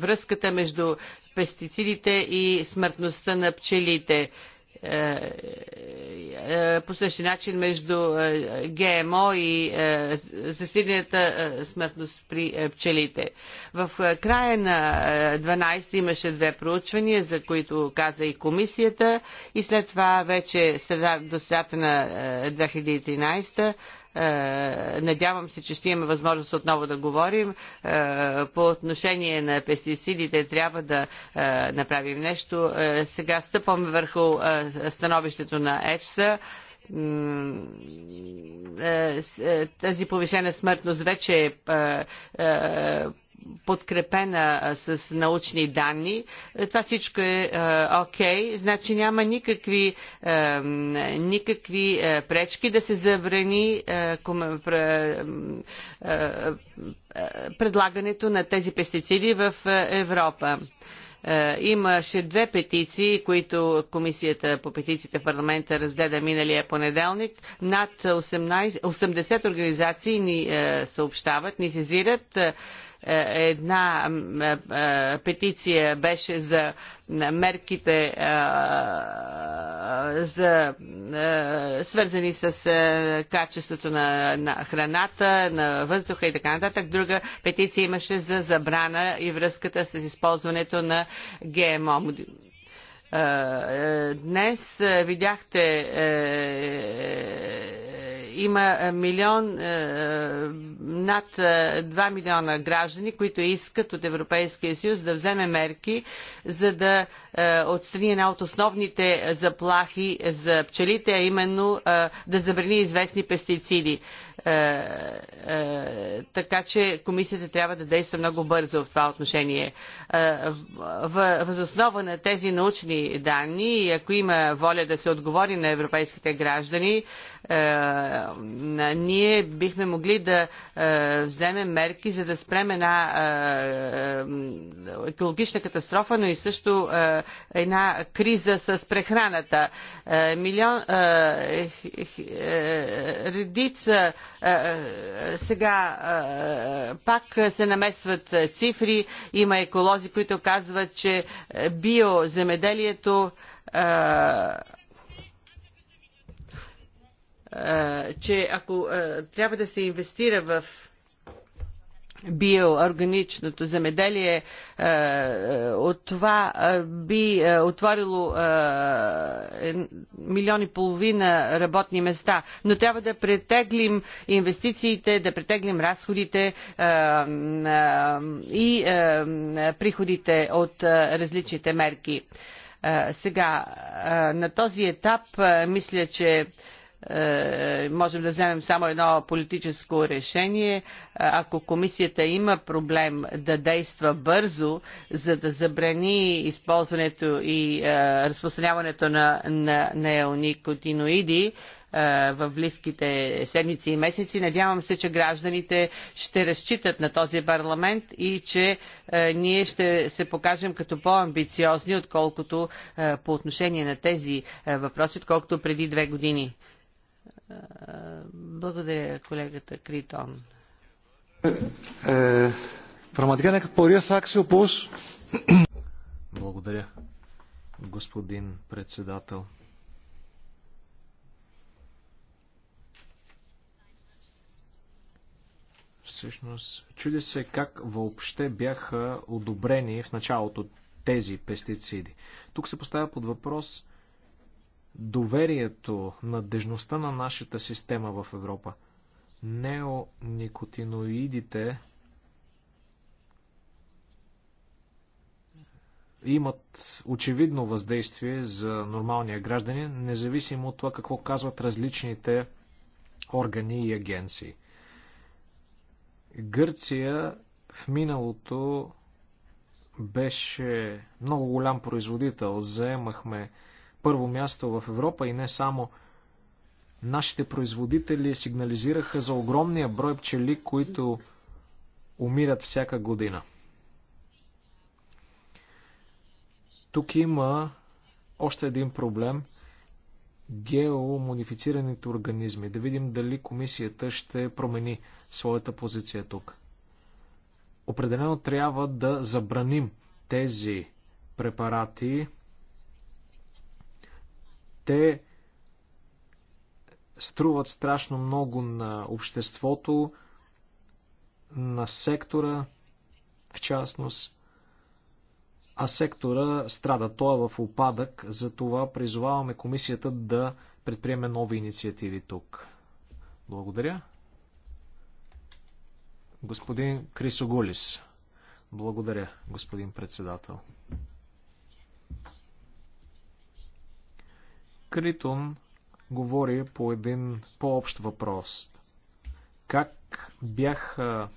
връзката между пестицидите и смъртността на пчелите е, е, е, по същия начин между ГМО и засилената смъртност при пчелите. В края на 12 имаше две проучвания, за които каза и комисията и след това вече до средата на 2013 е, надявам се, че ще имаме възможност отново да говорим. Е, по отношение на пестицидите трябва да е, направим нещо. Сега стъпваме върху становището на ЕФСА тази повишена смъртност вече е подкрепена с научни данни. Е, това всичко е, е окей. Okay. Значи няма никакви, е, никакви пречки да се забрани предлагането на тези пестициди в Европа имаше две петиции, които Комисията по петициите в парламента разгледа миналия понеделник. Над 18, 80 организации ни съобщават, ни сезират е, една е, е, петиция беше за мерките за, свързани с качеството на, на храната, на въздуха и така нататък. Друга петиция имаше за забрана и връзката с използването на ГМО. Днес видяхте има е, милион, е, е, над 2 милиона граждани, които искат от Европейския съюз да вземе мерки, за да отстрани една от основните заплахи за пчелите, а именно да забрани известни пестициди. Така че комисията трябва да действа много бързо в това отношение. Възоснова на тези научни данни, ако има воля да се отговори на европейските граждани, е, ние бихме могли да е, вземем мерки, за да спрем една е, екологична катастрофа, но и също една криза с прехраната. Милион, редица сега пак се намесват цифри. Има еколози, които казват, че биоземеделието е, че ако трябва да се инвестира в биоорганичното земеделие от това би отворило е, милиони и половина работни места. Но трябва да претеглим инвестициите, да претеглим разходите и приходите от различните мерки. Сега, на този етап мисля, че е, можем да вземем само едно политическо решение. Ако комисията има проблем да действа бързо, за да забрани използването и е, разпространяването на, на неоникотиноиди, е, в близките седмици и месеци. Надявам се, че гражданите ще разчитат на този парламент и че ние ще се покажем като по-амбициозни, отколкото по отношение на тези въпроси, отколкото преди две години. Благодаря, колегата Критон. Е, нека пория πορείας άξιο πώς... Благодаря, господин председател. Всъщност, чуди се как въобще бяха одобрени в началото тези пестициди. Тук се поставя под въпрос доверието, надежността на нашата система в Европа. Неоникотиноидите имат очевидно въздействие за нормалния гражданин, независимо от това какво казват различните органи и агенции. Гърция в миналото беше много голям производител. Заемахме първо място в Европа и не само. Нашите производители сигнализираха за огромния брой пчели, които умират всяка година. Тук има още един проблем геомодифицираните организми. Да видим дали комисията ще промени своята позиция тук. Определено трябва да забраним тези препарати, те струват страшно много на обществото, на сектора, в частност, а сектора страда. Той е в опадък, затова призоваваме комисията да предприеме нови инициативи тук. Благодаря. Господин Гулис, Благодаря, господин председател. Критон говори по един по-общ въпрос. Как бяха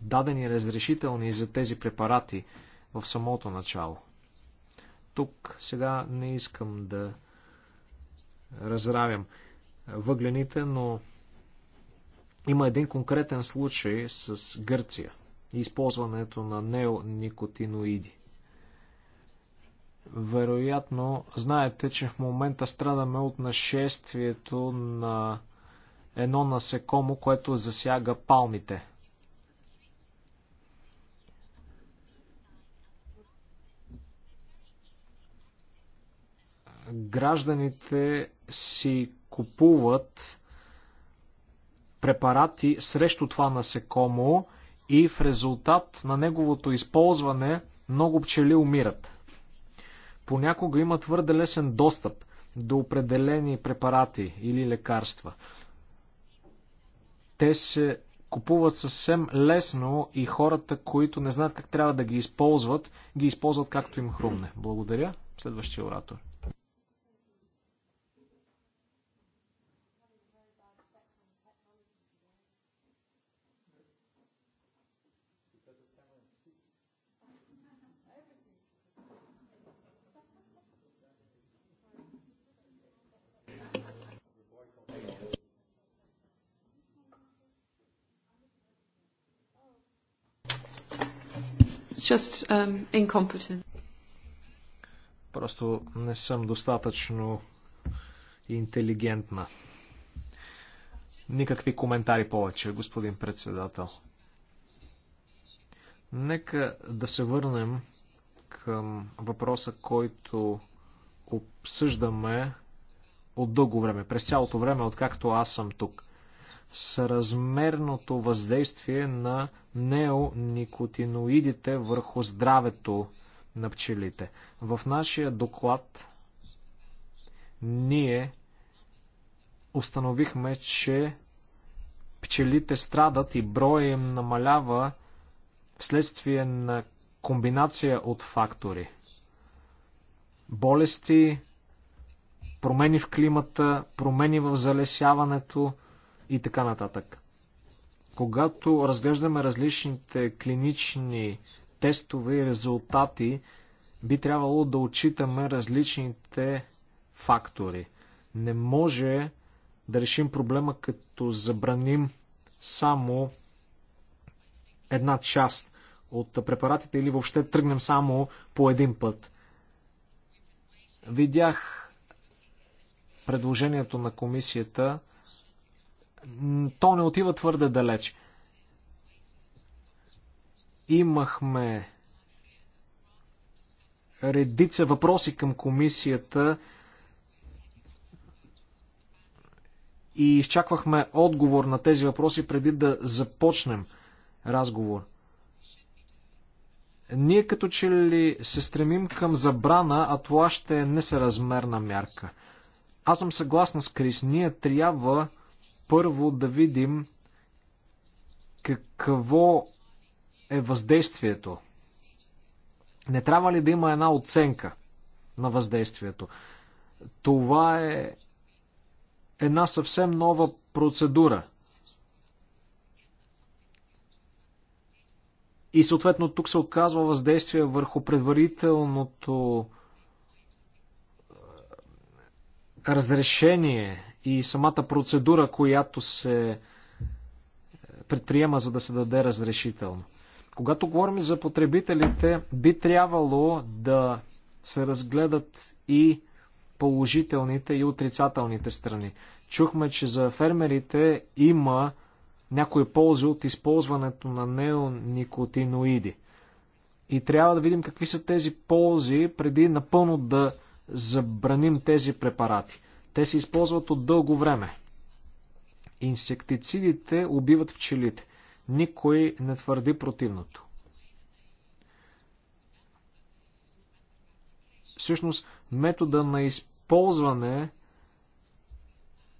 дадени разрешителни за тези препарати в самото начало? Тук сега не искам да разравям въглените, но има един конкретен случай с Гърция и използването на неоникотиноиди. Вероятно, знаете, че в момента страдаме от нашествието на едно насекомо, което засяга палмите. Гражданите си купуват препарати срещу това насекомо и в резултат на неговото използване много пчели умират понякога има твърде лесен достъп до определени препарати или лекарства. Те се купуват съвсем лесно и хората, които не знаят как трябва да ги използват, ги използват както им хрумне. Благодаря. Следващия оратор. just um, incompetent. Просто не съм достатъчно интелигентна. Никакви коментари повече, господин председател. Нека да се върнем към въпроса, който обсъждаме от дълго време, през цялото време, откакто аз съм тук съразмерното въздействие на неоникотиноидите върху здравето на пчелите. В нашия доклад ние установихме, че пчелите страдат и броя им намалява вследствие на комбинация от фактори. Болести, промени в климата, промени в залесяването, и така нататък. Когато разглеждаме различните клинични тестове и резултати, би трябвало да отчитаме различните фактори. Не може да решим проблема като забраним само една част от препаратите или въобще тръгнем само по един път. Видях предложението на комисията то не отива твърде далеч. Имахме редица въпроси към комисията и изчаквахме отговор на тези въпроси преди да започнем разговор. Ние като че ли се стремим към забрана, а това ще е несъразмерна мярка. Аз съм съгласна с Крис. Ние трябва първо да видим какво е въздействието. Не трябва ли да има една оценка на въздействието? Това е една съвсем нова процедура. И съответно тук се оказва въздействие върху предварителното разрешение и самата процедура, която се е, предприема, за да се даде разрешително. Когато говорим за потребителите, би трябвало да се разгледат и положителните и отрицателните страни. Чухме, че за фермерите има някои ползи от използването на неоникотиноиди. И трябва да видим какви са тези ползи, преди напълно да забраним тези препарати. Те се използват от дълго време. Инсектицидите убиват пчелите. Никой не твърди противното. Всъщност, метода на използване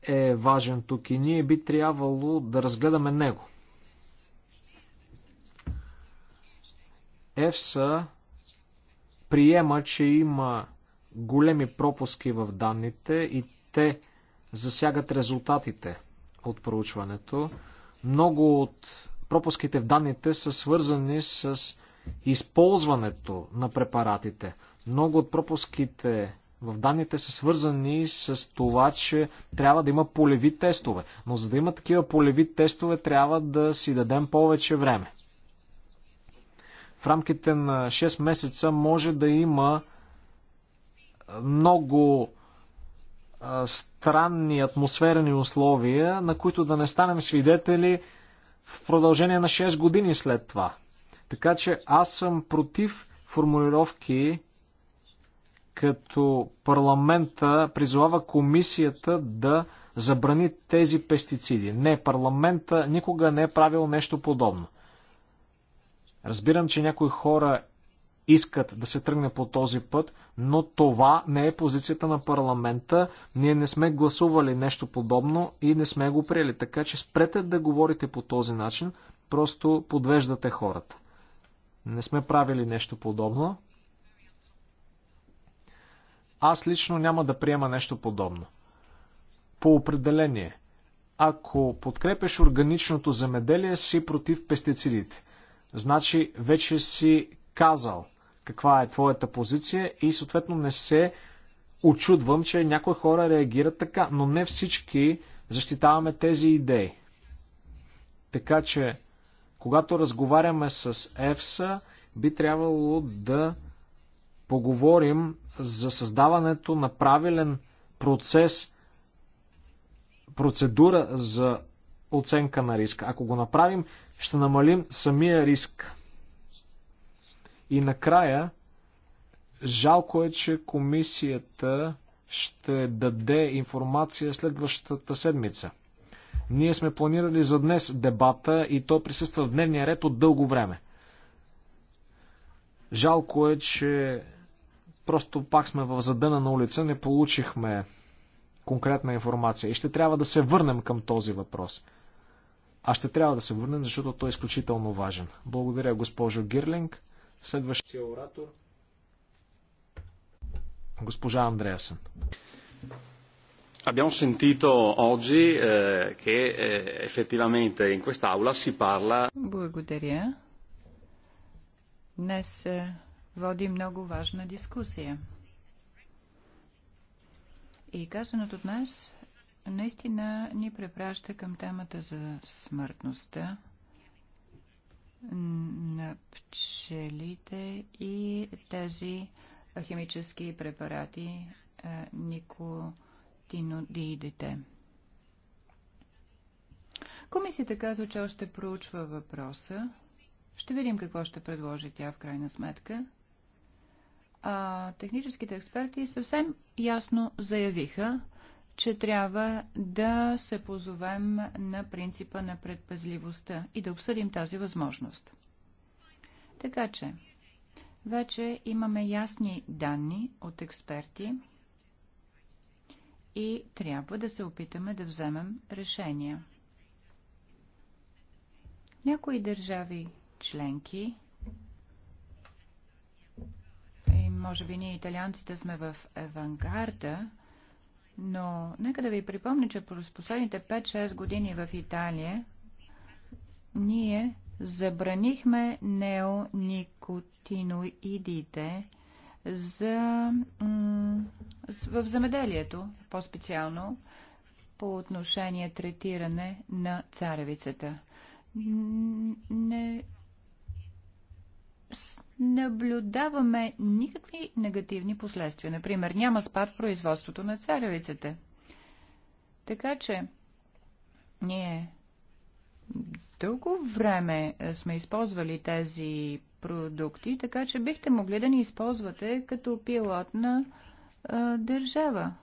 е важен тук и ние би трябвало да разгледаме него. ЕФСА приема, че има големи пропуски в данните и те засягат резултатите от проучването. Много от пропуските в данните са свързани с използването на препаратите. Много от пропуските в данните са свързани с това, че трябва да има полеви тестове. Но за да има такива полеви тестове, трябва да си дадем повече време. В рамките на 6 месеца може да има много странни атмосферни условия, на които да не станем свидетели в продължение на 6 години след това. Така че аз съм против формулировки като парламента призовава комисията да забрани тези пестициди. Не, парламента никога не е правил нещо подобно. Разбирам, че някои хора искат да се тръгне по този път, но това не е позицията на парламента. Ние не сме гласували нещо подобно и не сме го приели. Така че спрете да говорите по този начин, просто подвеждате хората. Не сме правили нещо подобно. Аз лично няма да приема нещо подобно. По определение, ако подкрепеш органичното земеделие, си против пестицидите. Значи вече си казал – каква е твоята позиция и съответно не се очудвам, че някои хора реагират така, но не всички защитаваме тези идеи. Така че, когато разговаряме с ЕФСА, би трябвало да поговорим за създаването на правилен процес, процедура за оценка на риска. Ако го направим, ще намалим самия риск. И накрая, жалко е, че комисията ще даде информация следващата седмица. Ние сме планирали за днес дебата и то присъства в дневния ред от дълго време. Жалко е, че просто пак сме в задъна на улица, не получихме конкретна информация и ще трябва да се върнем към този въпрос. А ще трябва да се върнем, защото той е изключително важен. Благодаря, госпожо Гирлинг. Следващия оратор. Госпожа Андреасен. Abbiamo sentito oggi eh, che eh, effettivamente in quest'Aula si parla. Благодаря. Днес е, води много важна дискусия. И казаното днес наистина ни препраща към темата за смъртността на пчелите и тези химически препарати е, никотинодиидите. Комисията казва, че още проучва въпроса. Ще видим какво ще предложи тя в крайна сметка. А техническите експерти съвсем ясно заявиха, че трябва да се позовем на принципа на предпазливостта и да обсъдим тази възможност. Така че, вече имаме ясни данни от експерти и трябва да се опитаме да вземем решения. Някои държави членки и може би ние италианците сме в авангарда, но нека да ви припомня, че през последните 5-6 години в Италия ние забранихме неоникотиноидите за, в замеделието, по-специално по отношение третиране на царевицата. Не наблюдаваме никакви негативни последствия. Например, няма спад в производството на царевиците. Така че ние дълго време е, сме използвали тези продукти, така че бихте могли да ни използвате като пилотна а, е, държава.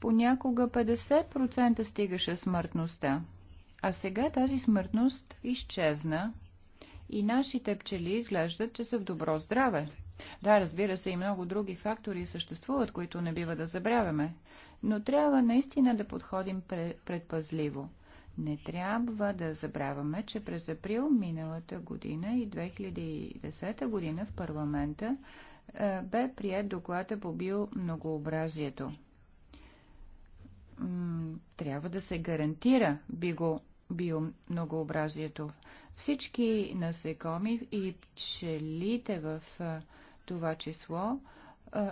Понякога 50% стигаше смъртността, а сега тази смъртност изчезна и нашите пчели изглеждат, че са в добро здраве. Да, разбира се, и много други фактори съществуват, които не бива да забравяме, но трябва наистина да подходим предпазливо. Не трябва да забравяме, че през април миналата година и 2010 година в парламента е, бе прият доклада по биомногообразието. Трябва да се гарантира биго биомногообразието. Всички насекоми и пчелите в това число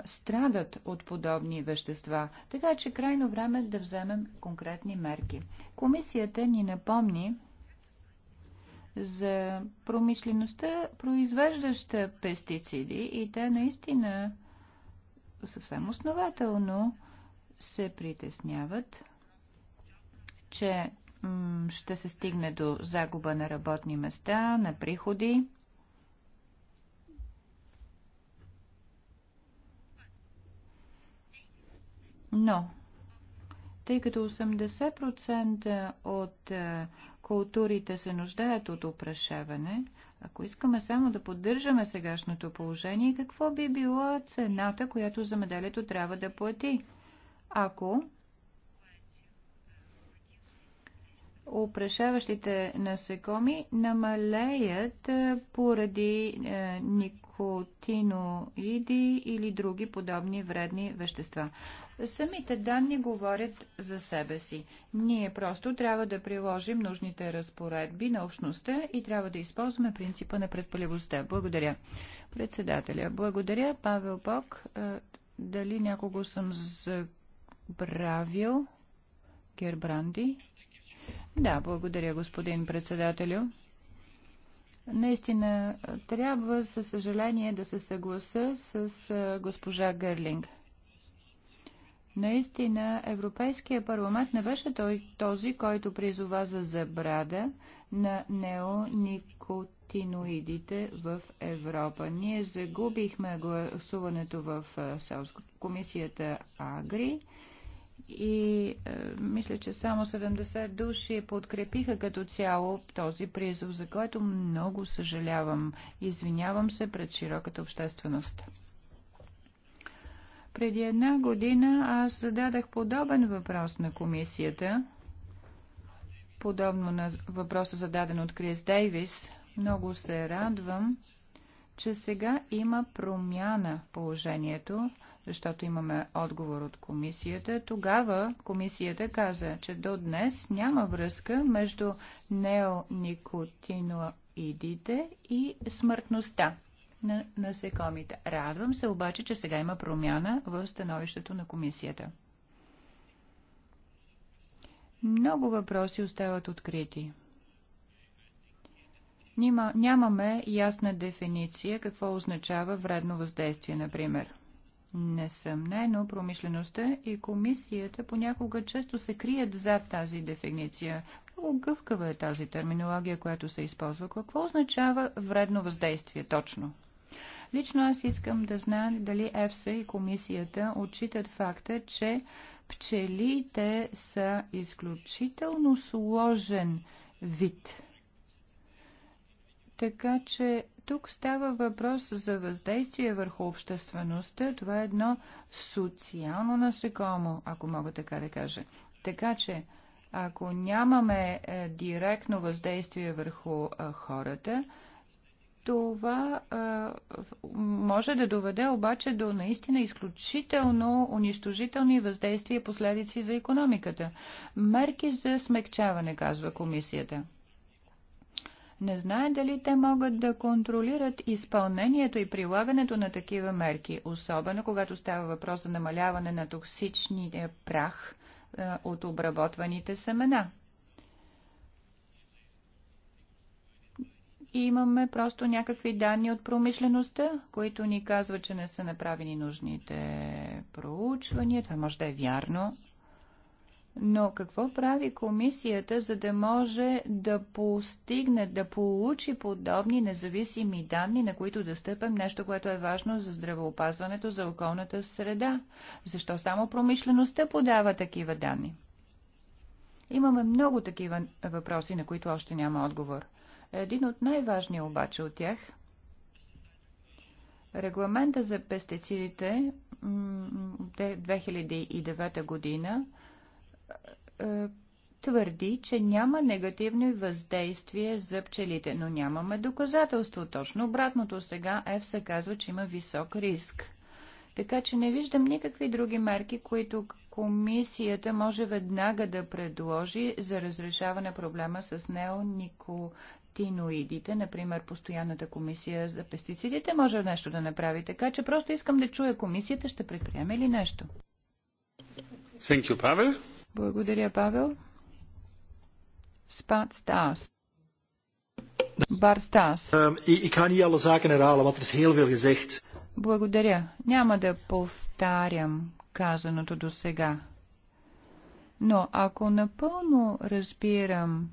страдат от подобни вещества, така че крайно време е да вземем конкретни мерки. Комисията ни напомни за промишлеността, произвеждаща пестициди и те наистина съвсем основателно се притесняват, че ще се стигне до загуба на работни места, на приходи. Но, тъй като 80% от е, културите се нуждаят от упрашаване, ако искаме само да поддържаме сегашното положение, какво би била цената, която замеделието трябва да плати? Ако опрешаващите насекоми намалеят е, поради е, никотиноиди или други подобни вредни вещества. Самите данни говорят за себе си. Ние просто трябва да приложим нужните разпоредби на общността и трябва да използваме принципа на предпаливостта. Благодаря. Председателя, благодаря. Павел Бог, е, дали някого съм забравил? Гербранди? Да, благодаря, господин председателю. Наистина трябва, със съжаление, да се съгласа с госпожа Гърлинг. Наистина Европейския парламент не беше той, този, който призова за забрада на неоникотиноидите в Европа. Ние загубихме гласуването в Комисията Агри и е, мисля, че само 70 души подкрепиха като цяло този призов, за който много съжалявам. Извинявам се пред широката общественост. Преди една година аз зададах подобен въпрос на комисията, подобно на въпроса зададен от Крис Дейвис. Много се радвам, че сега има промяна в положението защото имаме отговор от комисията. Тогава комисията каза, че до днес няма връзка между неоникотиноидите и смъртността на насекомите. Радвам се обаче, че сега има промяна в становището на комисията. Много въпроси остават открити. Нима, нямаме ясна дефиниция какво означава вредно въздействие, например. Несъмнено, промишлеността и комисията понякога често се крият зад тази дефиниция. Много гъвкава е тази терминология, която се използва. Какво означава вредно въздействие точно? Лично аз искам да знам дали ЕФСА и комисията отчитат факта, че пчелите са изключително сложен вид така че тук става въпрос за въздействие върху обществеността. Това е едно социално насекомо, ако мога така да кажа. Така че, ако нямаме е, директно въздействие върху е, хората, това е, може да доведе обаче до наистина изключително унищожителни въздействия и последици за економиката. Мерки за смекчаване, казва комисията не знае дали те могат да контролират изпълнението и прилагането на такива мерки, особено когато става въпрос за намаляване на токсичния прах е, от обработваните семена. И имаме просто някакви данни от промишлеността, които ни казват, че не са направени нужните проучвания. Това може да е вярно, но какво прави комисията, за да може да постигне, да получи подобни независими данни, на които да стъпим нещо, което е важно за здравеопазването, за околната среда? Защо само промишлеността подава такива данни? Имаме много такива въпроси, на които още няма отговор. Един от най-важния обаче от тях – Регламента за пестицидите 2009 година твърди, че няма негативни въздействия за пчелите, но нямаме доказателство. Точно обратното сега ЕФСА казва, че има висок риск. Така че не виждам никакви други мерки, които комисията може веднага да предложи за разрешаване проблема с неоникотиноидите. Например, постоянната комисия за пестицидите може нещо да направи. Така че просто искам да чуя комисията ще предприеме ли нещо. Thank you, Pavel. Благодаря, Павел. Спад Стас. Бар Стас. Er Благодаря. Няма да повтарям казаното до сега. Но ако напълно разбирам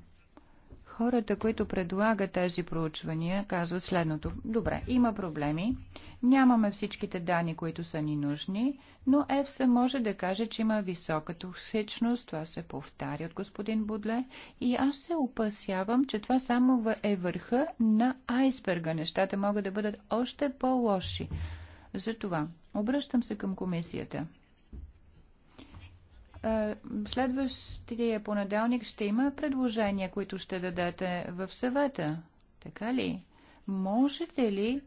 Хората, които предлагат тези проучвания, казват следното. Добре, има проблеми, нямаме всичките данни, които са ни нужни, но ЕФСА може да каже, че има висока токсичност, това се повтаря от господин Будле, и аз се опасявам, че това само е върха на айсберга. Нещата могат да бъдат още по-лоши. Затова обръщам се към комисията. Е, следващия понеделник ще има предложения, които ще дадете в съвета. Така ли? Можете ли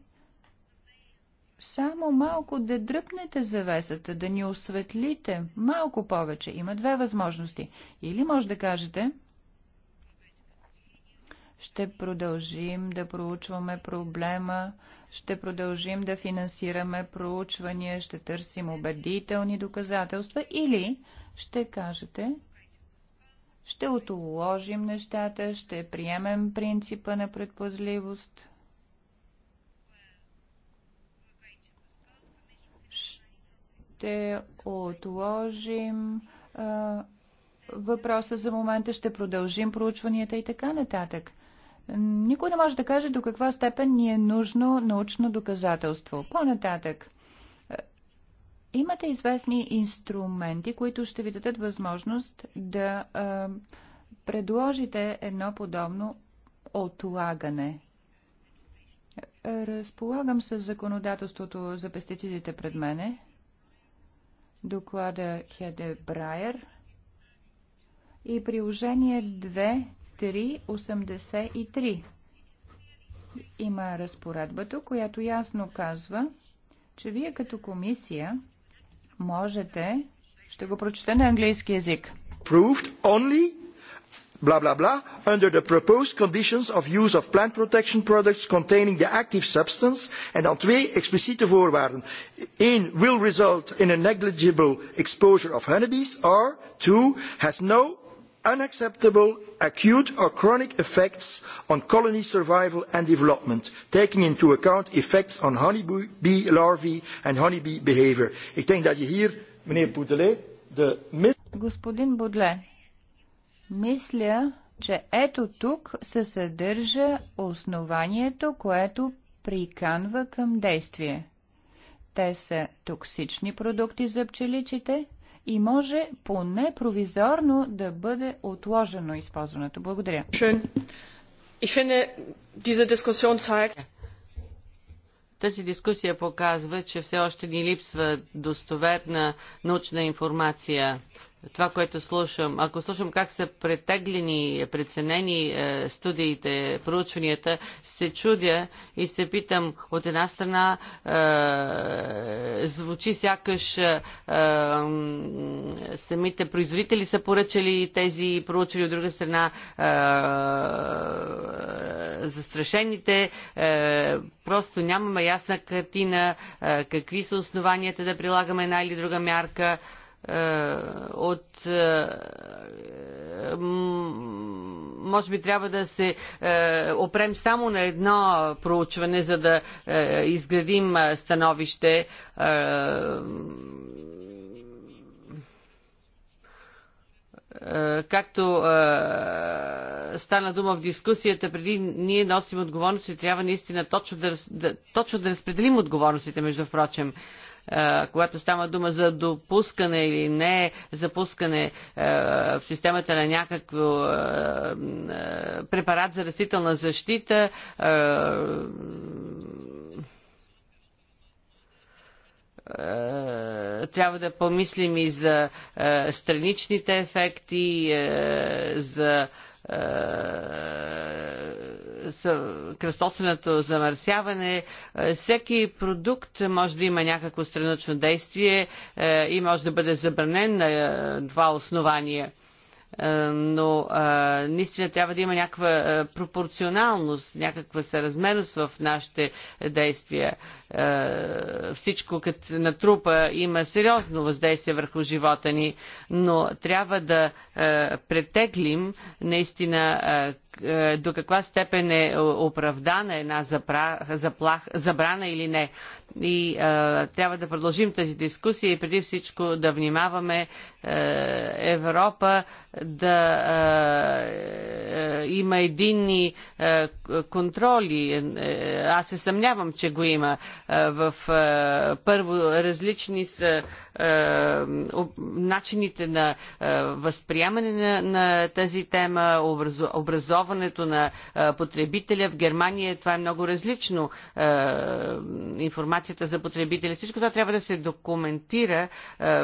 само малко да дръпнете завесата, да ни осветлите малко повече? Има две възможности. Или може да кажете, ще продължим да проучваме проблема, ще продължим да финансираме проучвания, ще търсим убедителни доказателства или ще кажете, ще отложим нещата, ще приемем принципа на предпазливост. Ще отложим а, въпроса за момента, ще продължим проучванията и така нататък. Никой не може да каже до каква степен ни е нужно научно доказателство. По-нататък Имате известни инструменти, които ще ви дадат възможност да а, предложите едно подобно отлагане. Разполагам с законодателството за пестицидите пред мене. Доклада Хеде Брайер и приложение 2, Има разпоредбата, която ясно казва, че вие като комисия можете, ще го прочета на английски язик. Proved only Bla bla bla, under the proposed conditions of use of plant protection products containing the active substance and on twee expliciete voorwaarden Eén will result in a negligible exposure of honeybees or two has no unacceptable acute or chronic effects on colony survival and development, taking into account effects on honeybee larvae and honeybee behavior. Ik denk dat je hier, meneer Boudelet, de... Господин Бодле, мисля, че ето тук се съдържа основанието, което приканва към действие. Те са токсични продукти за пчеличите – и може поне провизорно да бъде отложено използването. Благодаря. Тази дискусия показва, че все още ни липсва достоверна научна информация това, което слушам, ако слушам как са претеглени, преценени е, студиите, проучванията, се чудя и се питам, от една страна е, звучи сякаш е, самите производители са поръчали тези проучвания, от друга страна е, застрашените, е, просто нямаме ясна картина е, какви са основанията да прилагаме една или друга мярка. Е, е, от е, може би трябва да се е, опрем само на едно проучване, за да изградим становище както е, стана дума в дискусията, преди ние носим отговорности, трябва наистина точно да, да, точно да разпределим отговорностите, между прочим. Е, когато става дума за допускане или не запускане в системата на някакво препарат за растителна защита, трябва да помислим и за страничните ефекти, за кръстосаното замърсяване. Е, всеки продукт може да има някакво странично действие е, и може да бъде забранен на това е, основание но наистина трябва да има някаква пропорционалност, някаква съразмерност в нашите действия. Е, всичко като натрупа има сериозно въздействие върху живота ни, но трябва да е, претеглим наистина е, до каква степен е оправдана една забрана или не. И трябва да продължим тази дискусия и преди всичко да внимаваме Европа да има единни контроли. Аз се съмнявам, че го има в първо различни са е, начините на е, възприемане на, на тази тема, образоването на е, потребителя в Германия, това е много различно. Информацията за потребителя, всичко това трябва да се документира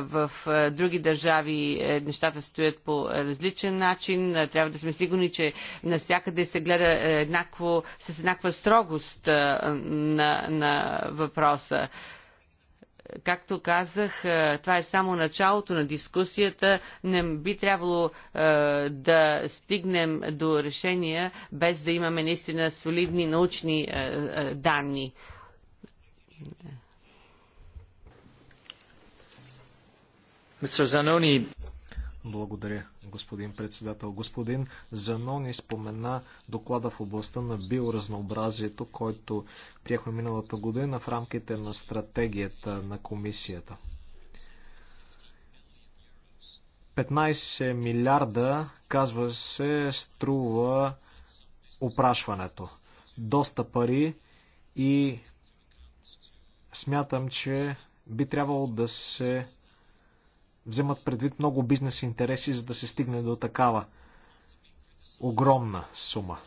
в други държави. Нещата стоят по различен начин. Трябва да сме сигурни, че навсякъде се гледа еднакво, с еднаква строгост на, на въпроса както казах, е, това е само началото на дискусията. Не би трябвало е, да стигнем до решения без да имаме наистина солидни научни е, данни. Благодаря господин председател. Господин Занони спомена доклада в областта на биоразнообразието, който приехме миналата година в рамките на стратегията на комисията. 15 милиарда, казва се, струва опрашването. Доста пари и смятам, че би трябвало да се вземат предвид много бизнес интереси, за да се стигне до такава огромна сума.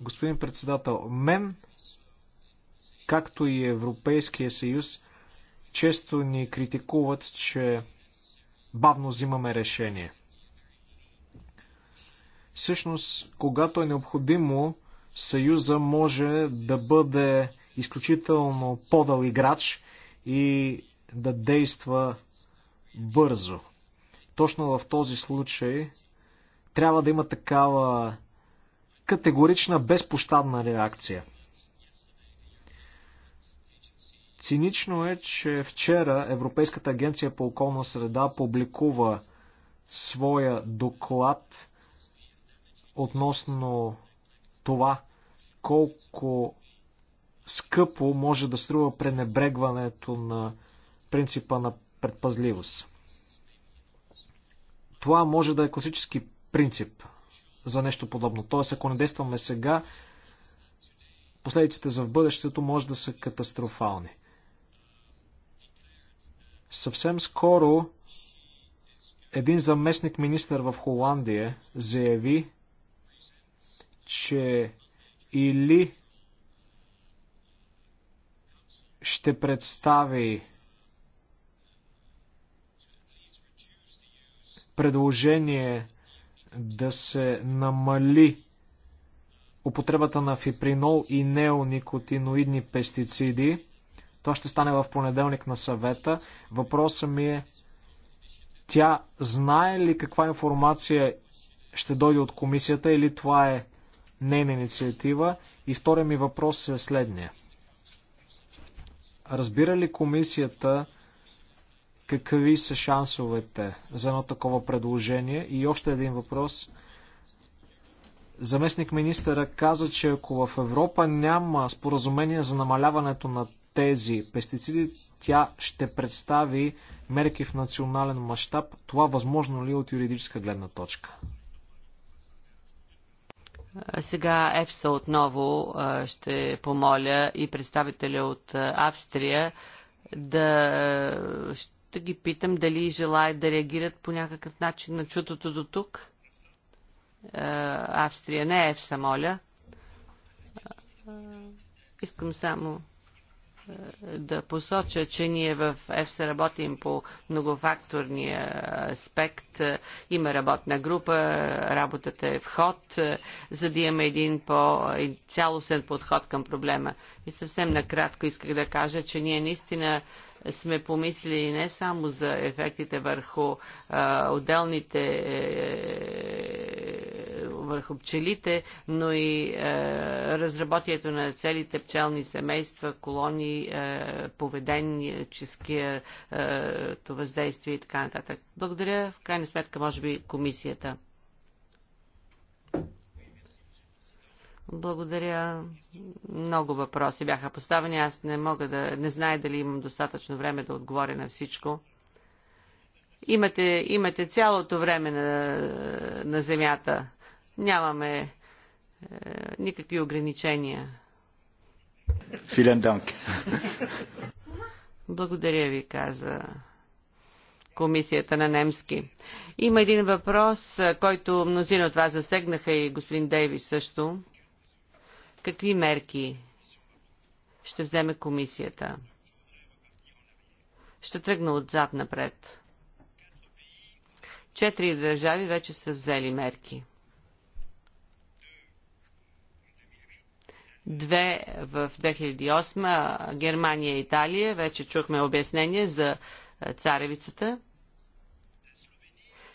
Господин председател, мен, както и Европейския съюз, често ни критикуват, че бавно взимаме решение. Всъщност, когато е необходимо, Съюза може да бъде изключително подал играч и да действа бързо. Точно в този случай трябва да има такава категорична, безпощадна реакция. Цинично е, че вчера Европейската агенция по околна среда публикува своя доклад относно това колко скъпо може да струва пренебрегването на принципа на предпазливост. Това може да е класически принцип за нещо подобно. Тоест, ако не действаме сега, последиците за в бъдещето може да са катастрофални. Съвсем скоро един заместник министър в Холандия заяви, че или ще представи предложение да се намали употребата на фипринол и неоникотиноидни пестициди. Това ще стане в понеделник на съвета. Въпросът ми е, тя знае ли каква информация ще дойде от комисията или това е нейна инициатива? И втория ми въпрос е следния. Разбира ли комисията, Какви са шансовете за едно такова предложение? И още един въпрос. Заместник министъра каза, че ако в Европа няма споразумение за намаляването на тези пестициди, тя ще представи мерки в национален мащаб. Това възможно ли е от юридическа гледна точка? Сега ЕФСА отново ще помоля и представителя от Австрия да да ги питам дали желаят да реагират по някакъв начин на чутото до тук. Е, Австрия не е в Самоля. Е, искам само е, да посоча, че ние в ЕФСА работим по многофакторния аспект. Има работна група, работата е в ход, за да имаме един по-цялостен подход към проблема. И съвсем накратко исках да кажа, че ние наистина сме помислили не само за ефектите върху а, отделните е, върху пчелите, но и е, разработието на целите пчелни семейства, колонии, е, поведенческия е, въздействие и така нататък. Благодаря. В крайна сметка, може би, комисията. Благодаря. Много въпроси бяха поставени. Аз не мога да... Не знае дали имам достатъчно време да отговоря на всичко. Имате, имате цялото време на, на Земята. Нямаме е, никакви ограничения. Филен данк. Благодаря ви, каза комисията на немски. Има един въпрос, който мнозина от вас засегнаха и господин Дейвис също. Какви мерки ще вземе комисията? Ще тръгна отзад напред. Четири държави вече са взели мерки. Две в 2008, Германия и Италия, вече чухме обяснение за царевицата.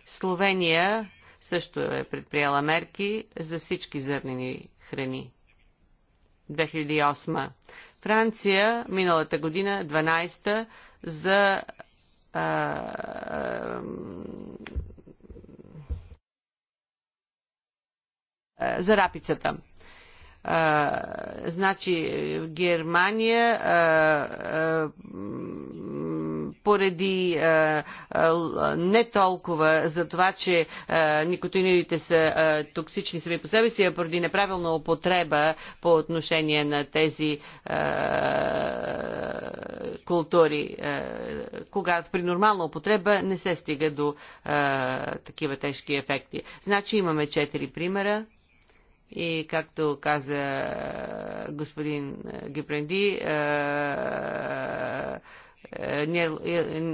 Словения също е предприела мерки за всички зърнени храни. 2008. Франция миналата година, 12-та, за а, за рапицата. А, значи Германия а, а, поради е, е, не толкова за това, че е, никотинидите са токсични сами по себе си, а поради неправилна употреба по отношение на тези култури. Когато при нормална употреба не се стига до такива тежки ефекти. Значи имаме четири примера. И както каза господин Гипренди, е, е,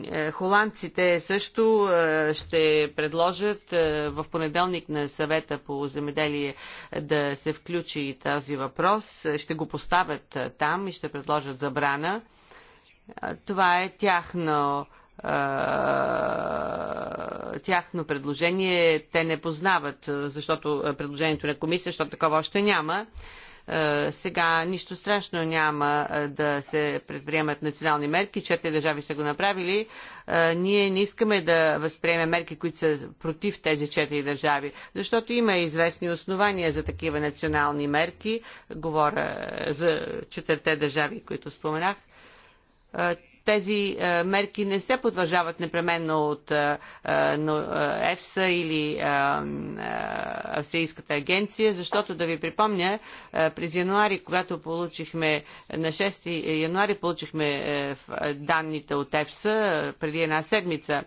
е, холандците също ще предложат в понеделник на съвета по земеделие да се включи този въпрос. Ще го поставят там и ще предложат забрана. Това е тяхно тяхно предложение те не познават, защото предложението на комисия, защото такова още няма. Е, сега нищо страшно няма е, да се предприемат национални мерки, четири държави са го направили. Е, ние не искаме да възприемем мерки, които са против тези четири държави, защото има известни основания за такива национални мерки. Говоря за четирите държави, които споменах тези е, мерки не се подвържават непременно от е, е, ЕФСА или Австрийската агенция, защото да ви припомня, през януари, когато получихме, на 6 януари получихме данните от ЕФСА преди една седмица,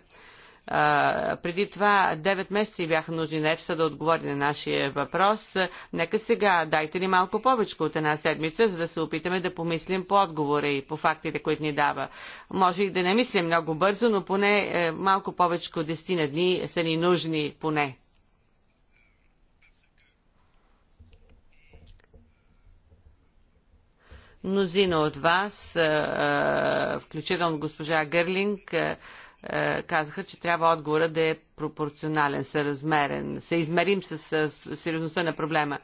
преди това 9 месеца бяха нужни на ЕФСА да отговори на нашия въпрос. Нека сега дайте ни малко повече от една седмица, за да се опитаме да помислим по отговора и по фактите, които ни дава. Може и да не мислим много бързо, но поне е, малко повече от 10 на дни са ни нужни поне. Мнозина от вас, е, е, включително госпожа Гърлинг, е, казаха, че трябва отговора да е пропорционален, съразмерен, Се измерим с, с сериозността на проблема.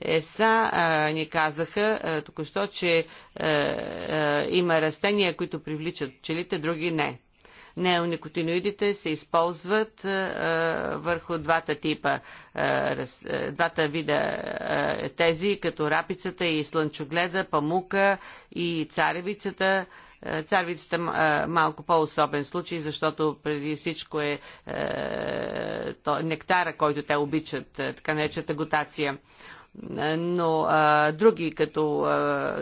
ЕФСА е, ни казаха е, току-що, че е, е, има растения, които привличат пчелите, други не. Неоникотиноидите се използват е, върху двата типа, е, раз, двата вида е, тези, като рапицата и слънчогледа, памука и царевицата. Е, Царвицата малко по-особен случай, защото преди всичко е, е то, нектара, който те обичат, е, така наречената готация. Е, но а, други, като а,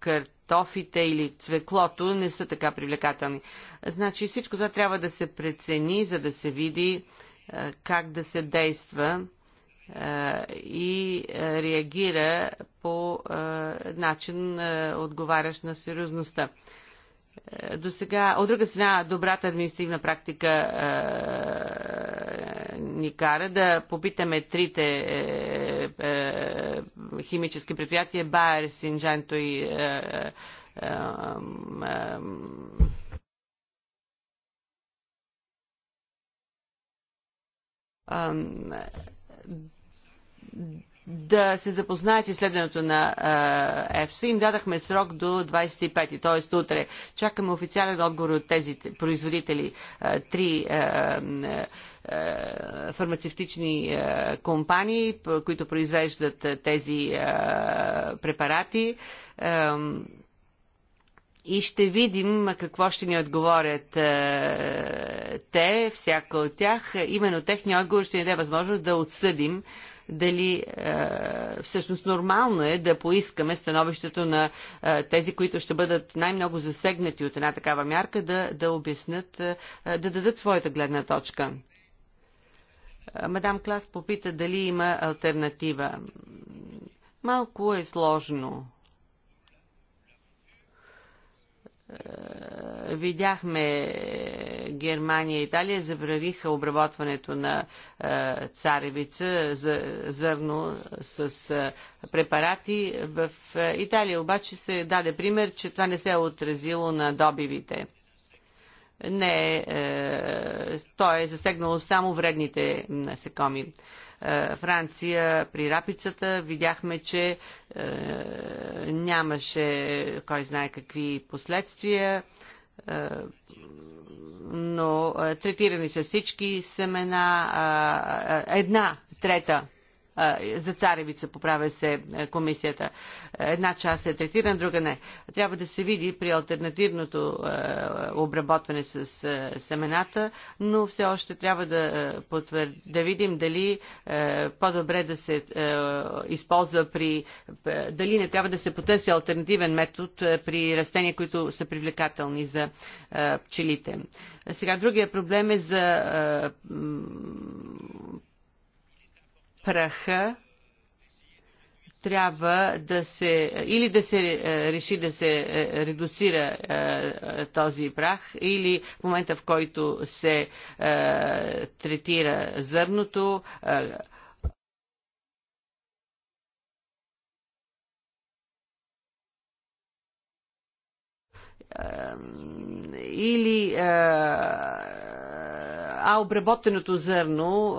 картофите или цвеклото, не са така привлекателни. Значи всичко това трябва да се прецени, за да се види а, как да се действа и реагира по начин, отговарящ на сериозността. Е, до сега, от друга страна, добрата административна практика е, ни кара да попитаме трите е, е, химически предприятия Байер, Синжанто и е, е, е, е, да се запознаят с изследването на ЕФСО. Им дадахме срок до 25, т.е. утре. Чакаме официален отговор от тези производители, три фармацевтични компании, които произвеждат тези препарати и ще видим какво ще ни отговорят е, те, всяка от тях. Именно техния отговор ще ни даде възможност да отсъдим дали е, всъщност нормално е да поискаме становището на е, тези, които ще бъдат най-много засегнати от една такава мярка, да, да обяснат, е, да дадат своята гледна точка. Мадам Клас попита дали има альтернатива. Малко е сложно Е, видяхме Германия и Италия забравиха обработването на е, царевица за зърно с е, препарати. В Италия обаче се даде пример, че това не се е отразило на добивите не е, е, той е засегнал само вредните насекоми. Е, Франция при рапицата видяхме, че е, нямаше кой знае какви последствия, е, но е, третирани са всички семена, е, е една трета за царевица, поправя се е, комисията. Една част е третирана, друга не. Трябва да се види при альтернативното е, обработване с е, семената, но все още трябва да, потвърд, да видим дали по-добре да се използва при... дали не трябва да се потърси альтернативен метод при растения, които са привлекателни за пчелите. Сега другия проблем е за праха трябва да се или да се е, реши да се е, редуцира е, този прах, или в момента в който се третира зърното, или а обработеното зърно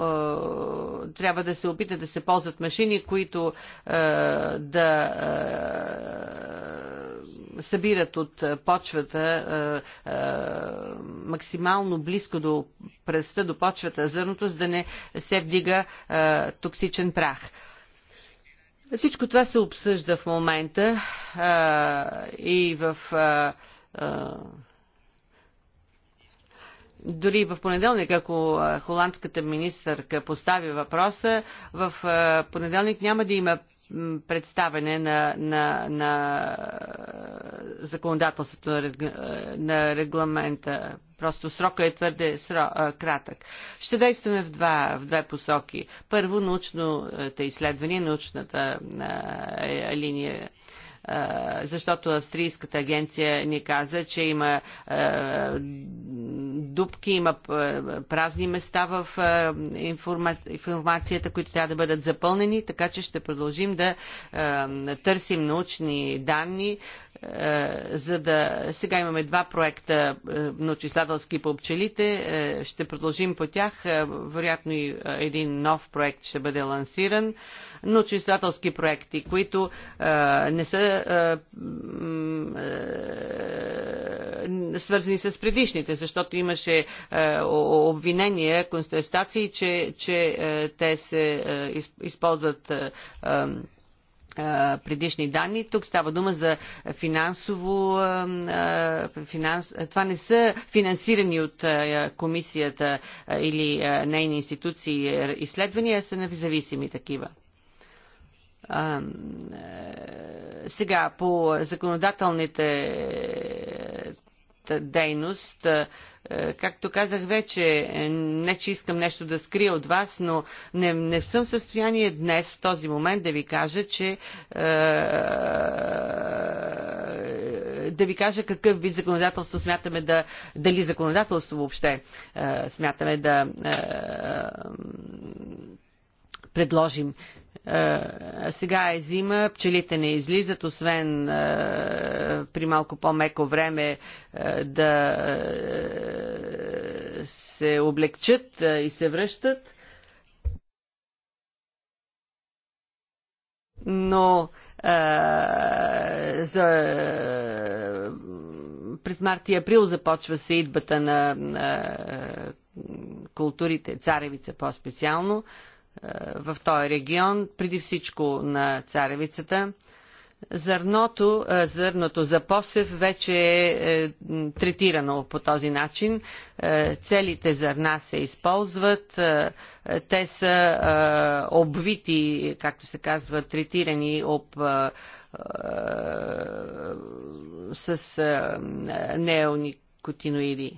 трябва да се опита да се ползват машини, които да събират от почвата максимално близко до пръста, до почвата зърното, за да не се вдига токсичен прах. Всичко това се обсъжда в момента а, и в а, дори в понеделник, ако холандската министърка постави въпроса, в понеделник няма да има представене на, на, на законодателството на регламента. Просто срока е твърде срок, кратък. Ще действаме в, два, в две посоки. Първо, научните изследвания, научната линия защото австрийската агенция ни каза, че има дупки, има празни места в информацията, които трябва да бъдат запълнени, така че ще продължим да търсим научни данни е, за да... Сега имаме два проекта е, научислателски по пчелите. Е, ще продължим по тях. Вероятно и един нов проект ще бъде лансиран. Научислателски проекти, които не са свързани с предишните, защото имаше обвинения, констатации, че, че те се използват предишни данни. Тук става дума за финансово... Финанс... Това не са финансирани от комисията или нейни институции изследвания, са независими такива. Сега, по законодателните дейност, е, както казах вече, е, не че искам нещо да скрия от вас, но не, не съм в състояние днес, в този момент, да ви кажа, че е, да ви кажа какъв вид законодателство смятаме да, дали законодателство въобще е, смятаме да е, предложим а е, сега е зима, пчелите не излизат, освен е, при малко по-меко време е, да се облегчат и се връщат. Но за през март и април започва се идбата на, на културите, царевица по-специално. А, е, в този регион, преди всичко на царевицата. Зърното, е, зърното за посев вече е, е третирано по този начин. Целите зърна се използват. Те са обвити, както се казва, третирани об с неоникотиноиди.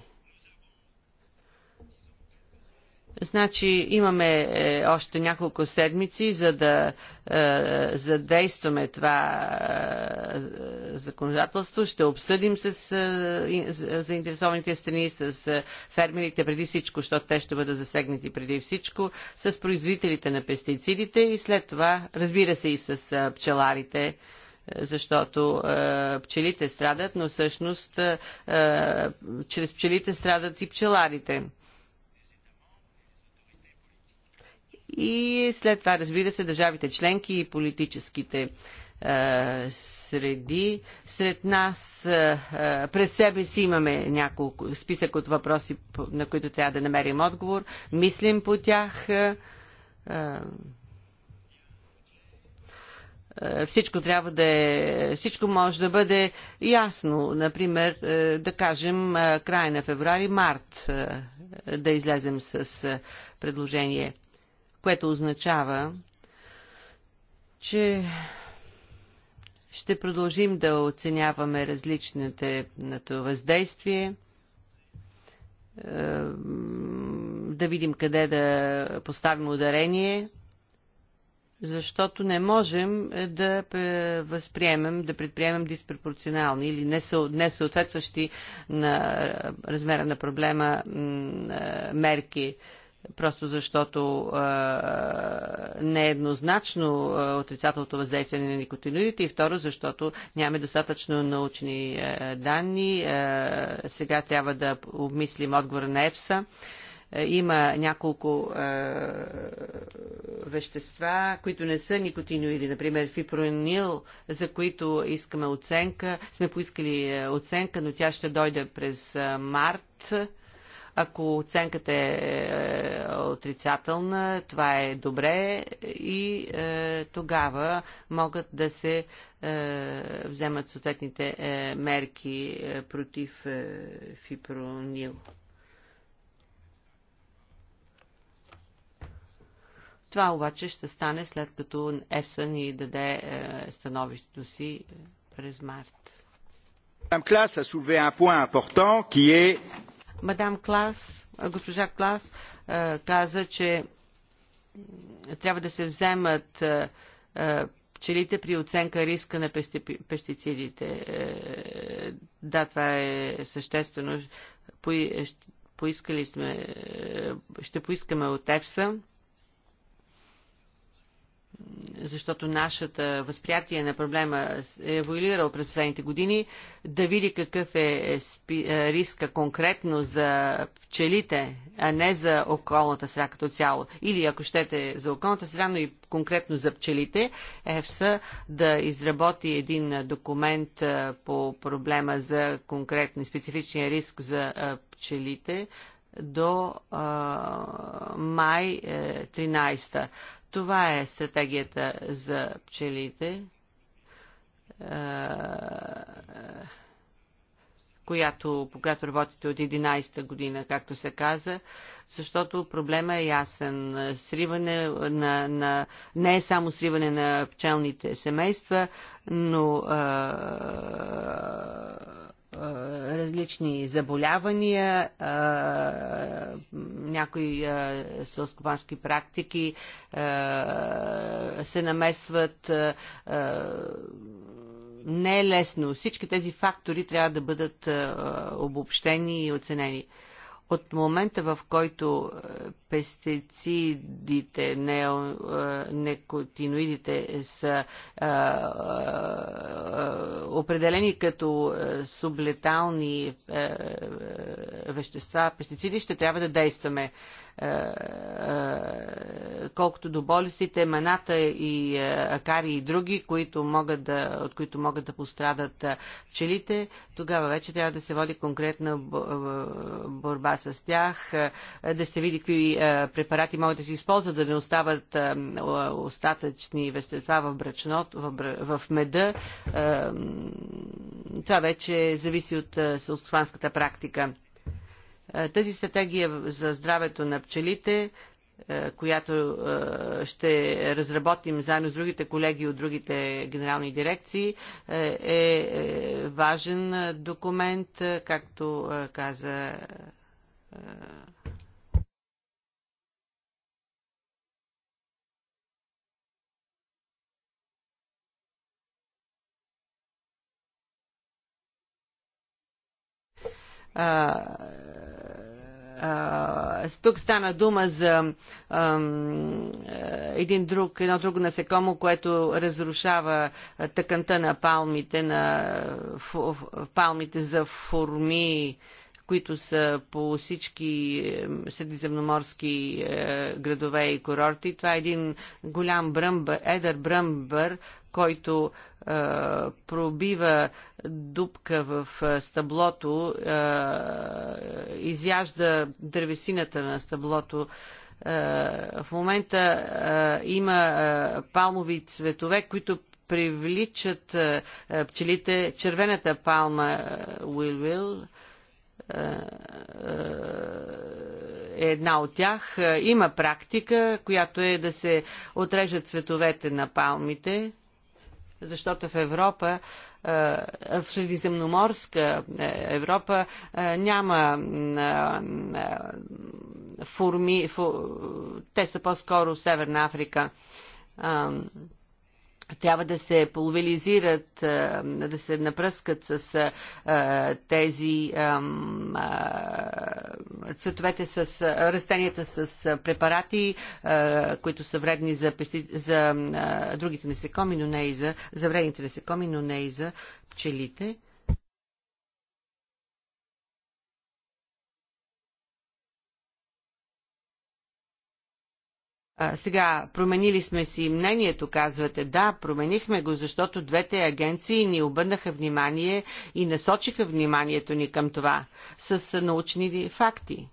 Значи имаме е, още няколко седмици, за да е, задействаме това е, законодателство. Ще обсъдим е, с е, заинтересованите страни, с е, фермерите преди всичко, защото те ще бъдат засегнати преди всичко, с производителите на пестицидите и след това, разбира се, и с е, пчеларите е, защото е, пчелите страдат, но всъщност е, е чрез пчелите страдат и пчеларите. и след това, разбира се, държавите членки и политическите е, среди. Сред нас, е, е пред себе си имаме няколко списък от въпроси, на които трябва да намерим отговор. Мислим по тях. Е, е, е, всичко трябва да е, всичко може да бъде ясно. Например, да кажем край на февруари, март да излезем с предложение което означава, че ще продължим да оценяваме различните въздействие, е, да видим къде да поставим ударение, защото не можем е, да възприемем, да предприемем диспропорционални или несъответстващи на размера на проблема е, мерки просто защото а, не е еднозначно а, отрицателното въздействие на никотиноидите и второ, защото нямаме достатъчно научни а, данни. А, сега трябва да обмислим отговора на ЕФСА. има няколко е, вещества, които не са никотиноиди, например фипронил, за които искаме оценка. Сме поискали оценка, но тя ще дойде през март. Е, ако оценката е, е отрицателна, това е добре и е, тогава могат да се е, вземат съответните мерки против фипронил. Това обаче ще стане след като ЕФСА ни даде е, становището си през март. Madame Class a soulevé un point important qui est Мадам Клас, госпожа Клас е, каза, че трябва да се вземат е, е, пчелите при оценка риска на пестицидите. Да, това е съществено. Поискали сме, ще поискаме от ЕФСА защото нашата възприятие на проблема е еволюирал през последните години, да види какъв е, е, е риска конкретно за пчелите, а не за околната среда като цяло. Или ако щете за околната среда, но и конкретно за пчелите, ЕФСА да изработи един документ е, по проблема за конкретни специфичния риск за пчелите до а, май 13 -та това е стратегията за пчелите, която, по която работите от 11-та година, както се каза, защото проблема е ясен. Сриване на, на, не е само сриване на пчелните семейства, но а, различни заболявания, някои селскопански практики се намесват не е лесно. Всички тези фактори трябва да бъдат обобщени и оценени от момента в който е, пестицидите, некотиноидите е, са а, е, а, определени като сублетални а, вещества, пестициди, ще трябва да действаме е, е, колкото до болестите, маната и е, акари и други, които могат да, от които могат да пострадат пчелите, тогава вече трябва да се води конкретна борба с тях, да се види какви препарати могат да се използват, да не остават остатъчни вещества в, брачнот, в меда. Това вече зависи от селстванската практика. Е, тази стратегия за здравето на пчелите, е, която е, ще разработим заедно с другите колеги от другите генерални дирекции, е важен документ, както каза а, а, тук стана дума за а, е, един друг, едно друго насекомо, което разрушава тъканта на палмите, на фу, палмите за форми, които са по всички средиземноморски е, градове и курорти. Това е един голям бръмбър, едър бръмбър, който е, пробива дупка в е, стъблото, е, изяжда дървесината на стъблото. Е, в момента е, има е, палмови цветове, които привличат е, пчелите. Червената палма Уилвил. Е, е една от тях. Е, има практика, която е да се отрежат цветовете на палмите, защото в Европа, е, в Средиземноморска е, Европа няма форми, те са по-скоро Северна Африка трябва да се половилизират, да се напръскат с тези цветовете с растенията с препарати, които са вредни за, пести, за другите насекоми, но не и за, за вредните насекоми, но не и за пчелите. А, сега, променили сме си мнението, казвате. Да, променихме го, защото двете агенции ни обърнаха внимание и насочиха вниманието ни към това с научни факти.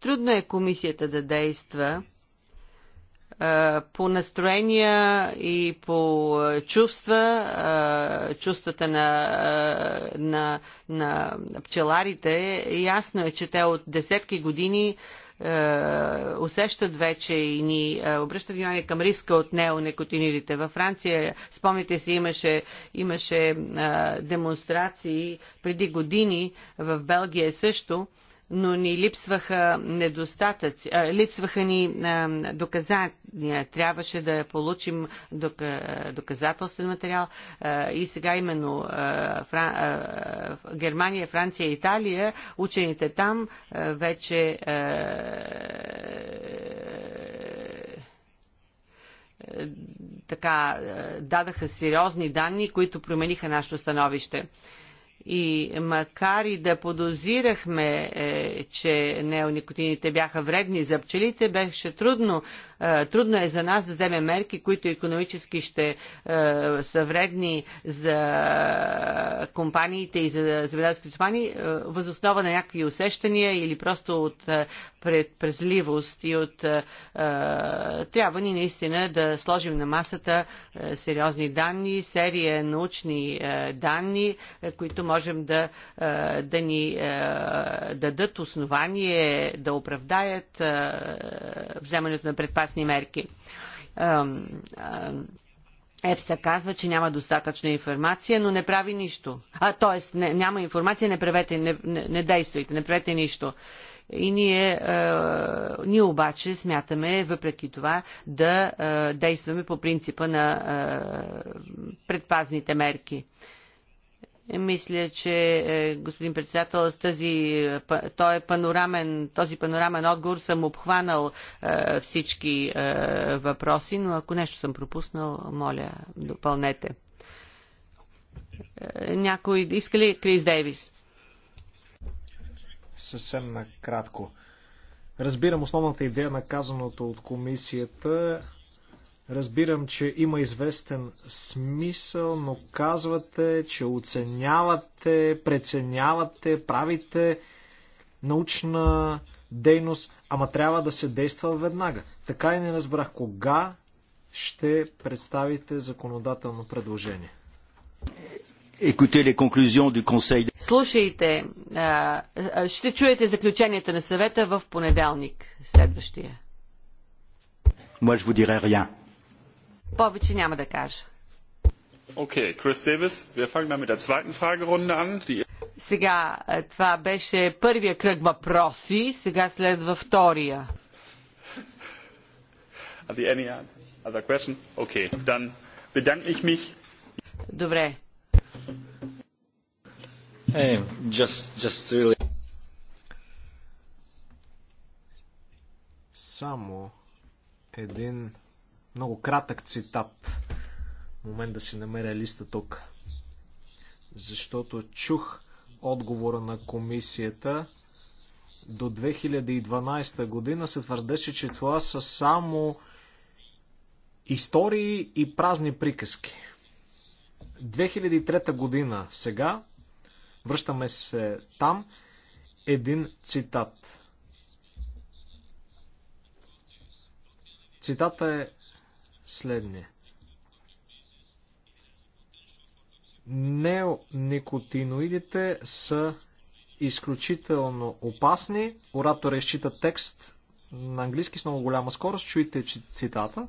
Трудно е комисията да действа по настроения и по чувства, чувствата на, на, на пчеларите. Ясно е, че те от десетки години е, усещат вече и ни е, обръщат внимание към риска от неонекотинидите. Във Франция, спомните си, имаше, имаше е, демонстрации преди години, в Белгия също но ни липсваха недостатъци, а, липсваха ни а, доказания. Трябваше да получим а, доказателствен материал а, и сега именно а, Фран, а, Германия, Франция и Италия, учените там а, вече а, така, дадаха сериозни данни, които промениха нашето становище. А, и макар и да подозирахме, е, че неоникотините бяха вредни за пчелите, беше трудно, е, трудно е за нас да вземем мерки, които економически ще е, са вредни за компаниите и за земеделските компании, възоснова на някакви усещания или просто от предпрезливост и от трябва ни наистина да сложим на масата сериозни данни, серия научни данни, които може можем да, да ни дадат основание да оправдаят вземането на предпасни мерки. ЕФСА казва, че няма достатъчна информация, но не прави нищо. А, т.е. няма информация, не, правете, не, не, не действайте, не правете нищо. И ние, е, ние обаче смятаме, въпреки това, да е, действаме по принципа на е, предпазните мерки. Е, мисля, че е, господин председател, с тази, е, той е панорамен, този панорамен отговор съм обхванал е, всички е, въпроси, но ако нещо съм пропуснал, моля, допълнете. Е, някой иска ли Крис Дейвис? Съвсем накратко. Разбирам основната идея на казаното от комисията. Разбирам, че има известен смисъл, но казвате, че оценявате, преценявате, правите научна дейност, ама трябва да се действа веднага. Така и не разбрах кога ще представите законодателно предложение. Е Слушайте, ще чуете заключенията на съвета в понеделник, следващия. Moi, je vous dirai rien. Повече няма да кажа. Okay, Chris Davis, wir fangen dann mit der zweiten Fragerunde an. Die... Сега това беше първия кръг въпроси, сега следва втория. Are there any other question? Okay, dann bedanke ich mich. Добре. Hey, just, just really... Само един много кратък цитат. Момент да си намеря листа тук. Защото чух отговора на комисията до 2012 година се твърдеше, че това са само истории и празни приказки. 2003 година сега, връщаме се там, един цитат. Цитата е следния. Неоникотиноидите са изключително опасни. Оратор изчита текст на английски с много голяма скорост. Чуйте цитата.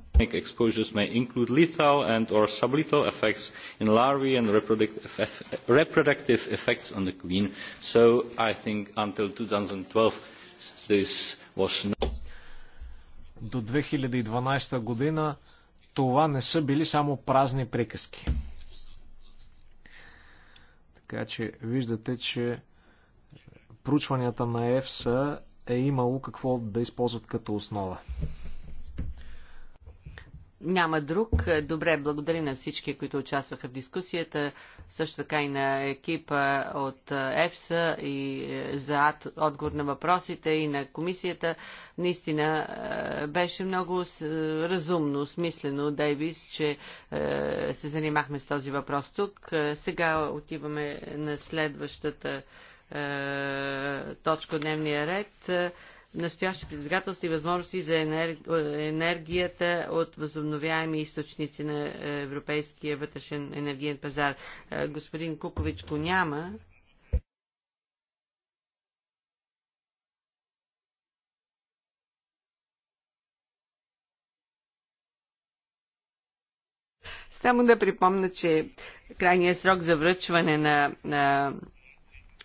До 2012 година това не са били само празни приказки. Така че виждате, че проучванията на ЕФСА е имало какво да използват като основа. Няма друг. Добре, благодаря на всички, които участваха в дискусията, също така и на екипа от ЕФСА и е, за отговор на въпросите и на комисията. Наистина е, беше много е, разумно, смислено, Дейвис, че се занимахме с този въпрос тук. Сега отиваме на следващата точка дневния ред настоящи предизвикателства и възможности за енергията от възобновяеми източници на европейския вътрешен енергиен пазар. Е, господин Кукович го няма. Само да припомня, че крайният срок за връчване на, на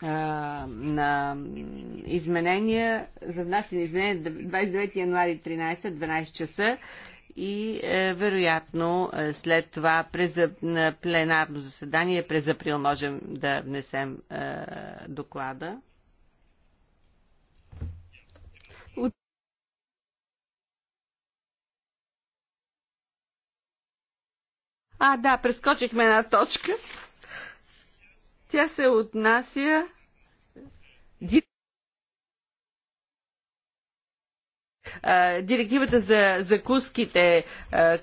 на изменения, за внасяне изменения 29 януари 13, 12 часа и е, вероятно е, след това през на пленарно заседание през април можем да внесем е, доклада. А, да, прескочихме една точка. Тя се отнася Директивата за закуските,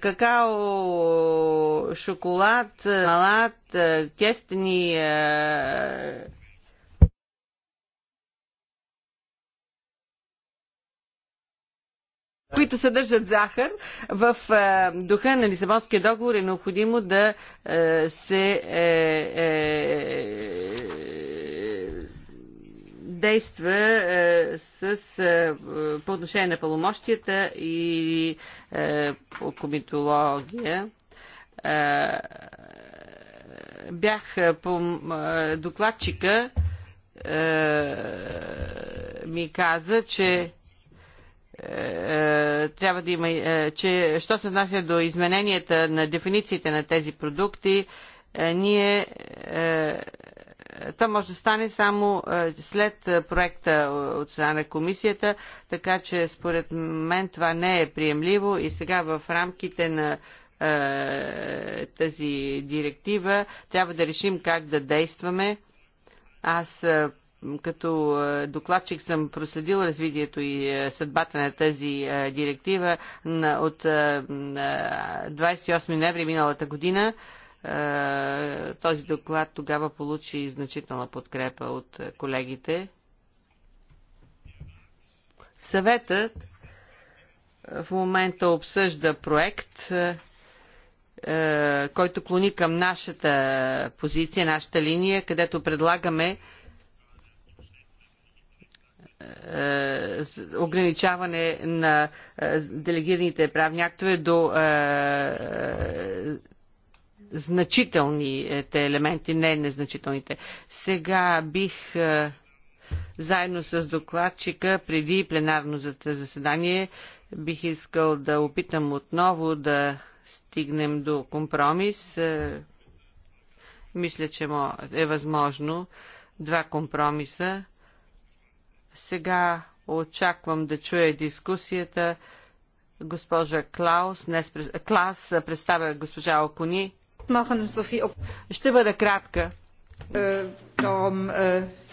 какао, шоколад, малат, кестени, които съдържат захар, в е, духа на Лисабонския договор е необходимо да е, се е, действа с, по отношение на полумощията и по комитология бях по докладчика ми каза, че е, трябва да има, е, че що се отнася до измененията на дефинициите на тези продукти, е, ние е, това може да стане само е, след проекта от страна на комисията, така че според мен това не е приемливо и сега в рамките на е, тази директива трябва да решим как да действаме. Аз като е, докладчик съм проследил развитието и е, съдбата на тази е, директива от 28 ноември миналата година. Този доклад тогава получи значителна подкрепа от колегите. Съветът в момента обсъжда проект, който клони към нашата позиция, нашата линия, където предлагаме е, ограничаване на е, делегираните правни актове до е, значителните елементи, не незначителните. Сега бих заедно с докладчика преди пленарното заседание бих искал да опитам отново да стигнем до компромис. Мисля, че е възможно два компромиса сега очаквам да чуя дискусията. Госпожа Клаус, днес, Клас представя госпожа Окуни. Ще бъда кратка. Äh,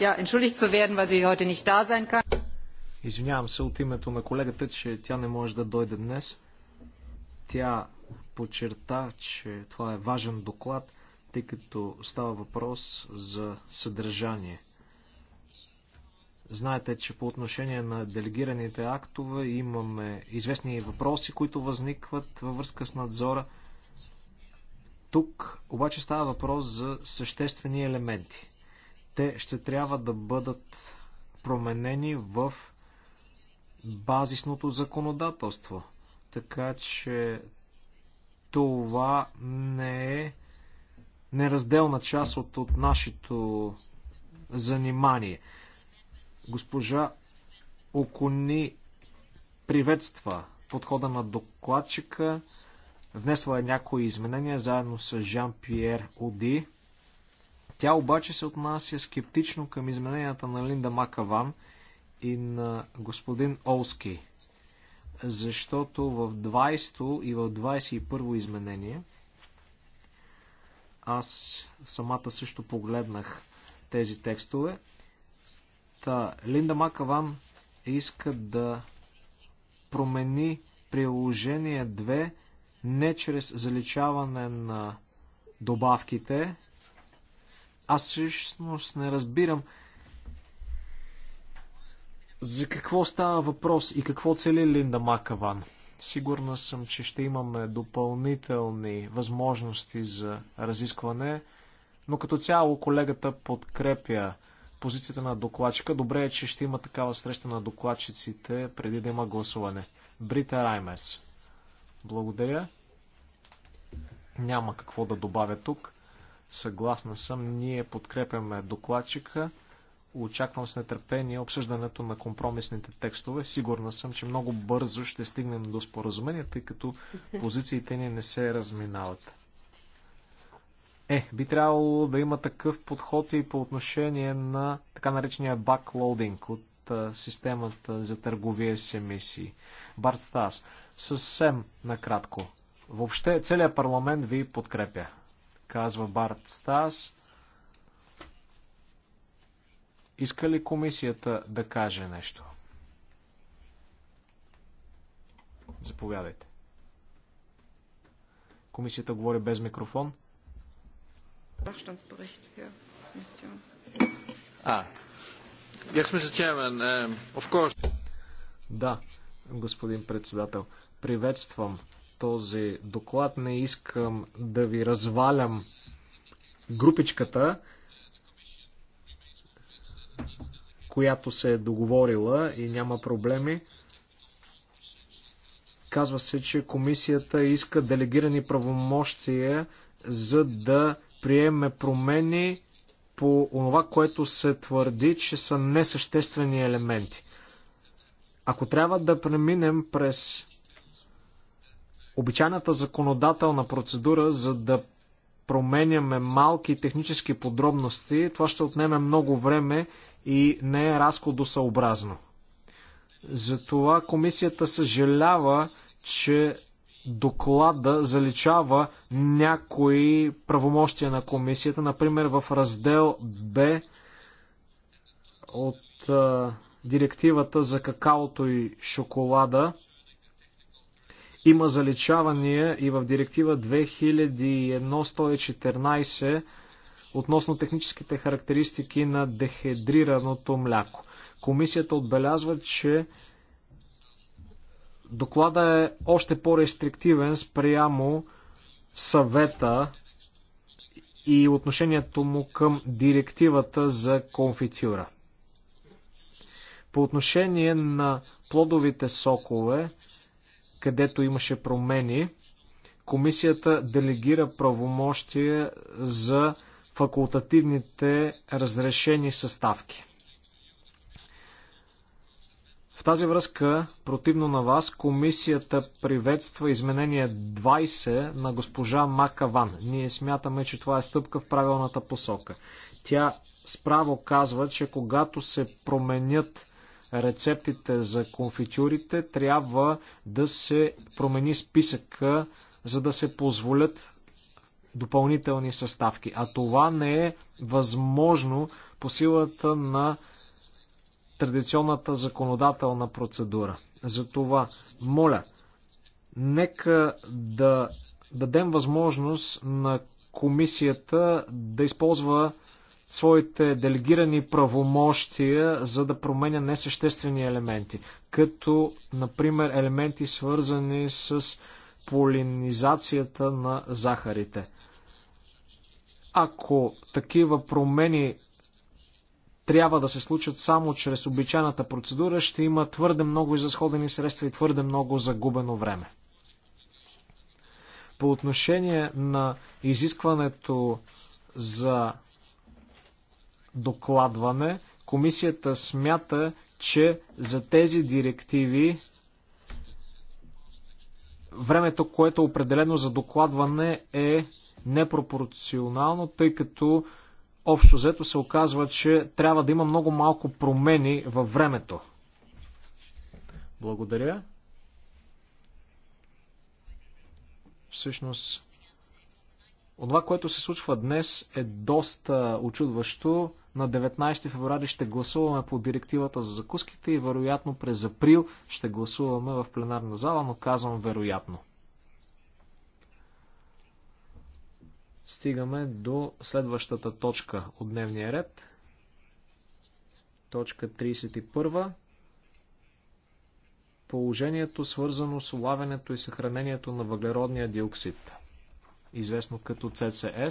äh, Извинявам се от името на колегата, че тя не може да дойде днес. Тя подчерта, че това е важен доклад, тъй като става въпрос за съдържание. Знаете, че по отношение на делегираните актове имаме известни въпроси, които възникват във връзка с надзора. Тук обаче става въпрос за съществени елементи. Те ще трябва да бъдат променени в базисното законодателство. Така че това не е неразделна част от, от нашето занимание. Госпожа Окуни приветства подхода на докладчика. Внесла е някои изменения заедно с Жан-Пьер Оди. Тя обаче се отнася скептично към измененията на Линда Макаван и на господин Олски, защото в 20 и в 21 изменение аз самата също погледнах тези текстове. Та, Линда Макаван иска да промени приложение 2 не чрез заличаване на добавките. Аз всъщност не разбирам за какво става въпрос и какво цели Линда Макаван. Сигурна съм, че ще имаме допълнителни възможности за разискване, но като цяло колегата подкрепя позицията на докладчика. Добре е, че ще има такава среща на докладчиците преди да има гласуване. Брита Раймерс. Благодаря. Няма какво да добавя тук. Съгласна съм. Ние подкрепяме докладчика. Очаквам с нетърпение обсъждането на компромисните текстове. Сигурна съм, че много бързо ще стигнем до споразумение, тъй като позициите ни не се разминават. Е, би трябвало да има такъв подход и по отношение на така наречения баклоудинг от а, системата за търговия с емисии. Барт Стас, съвсем накратко. Въобще целият парламент ви подкрепя, казва Барт Стас. Иска ли комисията да каже нещо? Заповядайте. Комисията говори без микрофон. Ah. Yes, Mr. Chairman, um, of course. Да, господин председател, приветствам този доклад. Не искам да ви развалям групичката, която се е договорила и няма проблеми. Казва се, че комисията иска делегирани правомощия, за да приеме промени по това, което се твърди, че са несъществени елементи. Ако трябва да преминем през обичайната законодателна процедура, за да променяме малки технически подробности, това ще отнеме много време и не е разходосъобразно. Затова комисията съжалява, че доклада заличава някои правомощия на комисията, например в раздел Б от директивата за какаото и шоколада. Има заличавания и в директива 2001-114 относно техническите характеристики на дехедрираното мляко. Комисията отбелязва, че Доклада е още по-рестриктивен спрямо съвета и отношението му към директивата за конфитюра. По отношение на плодовите сокове, където имаше промени, комисията делегира правомощие за факултативните разрешени съставки. В тази връзка, противно на вас, комисията приветства изменение 20 на госпожа Макаван. Ние смятаме, че това е стъпка в правилната посока. Тя справо казва, че когато се променят рецептите за конфитюрите, трябва да се промени списъка, за да се позволят допълнителни съставки. А това не е възможно по силата на традиционната законодателна процедура. Затова, моля, нека да дадем възможност на комисията да използва своите делегирани правомощия, за да променя несъществени елементи, като, например, елементи свързани с полинизацията на захарите. Ако такива промени трябва да се случат само чрез обичайната процедура, ще има твърде много изразходени средства и твърде много загубено време. По отношение на изискването за докладване, комисията смята, че за тези директиви времето, което е определено за докладване е непропорционално, тъй като общо взето се оказва, че трябва да има много малко промени във времето. Благодаря. Всъщност, това, което се случва днес е доста очудващо. На 19 феврари ще гласуваме по директивата за закуските и вероятно през април ще гласуваме в пленарна зала, но казвам вероятно. стигаме до следващата точка от дневния ред. Точка 31. Положението свързано с улавянето и съхранението на въглеродния диоксид, известно като ЦЦС. Е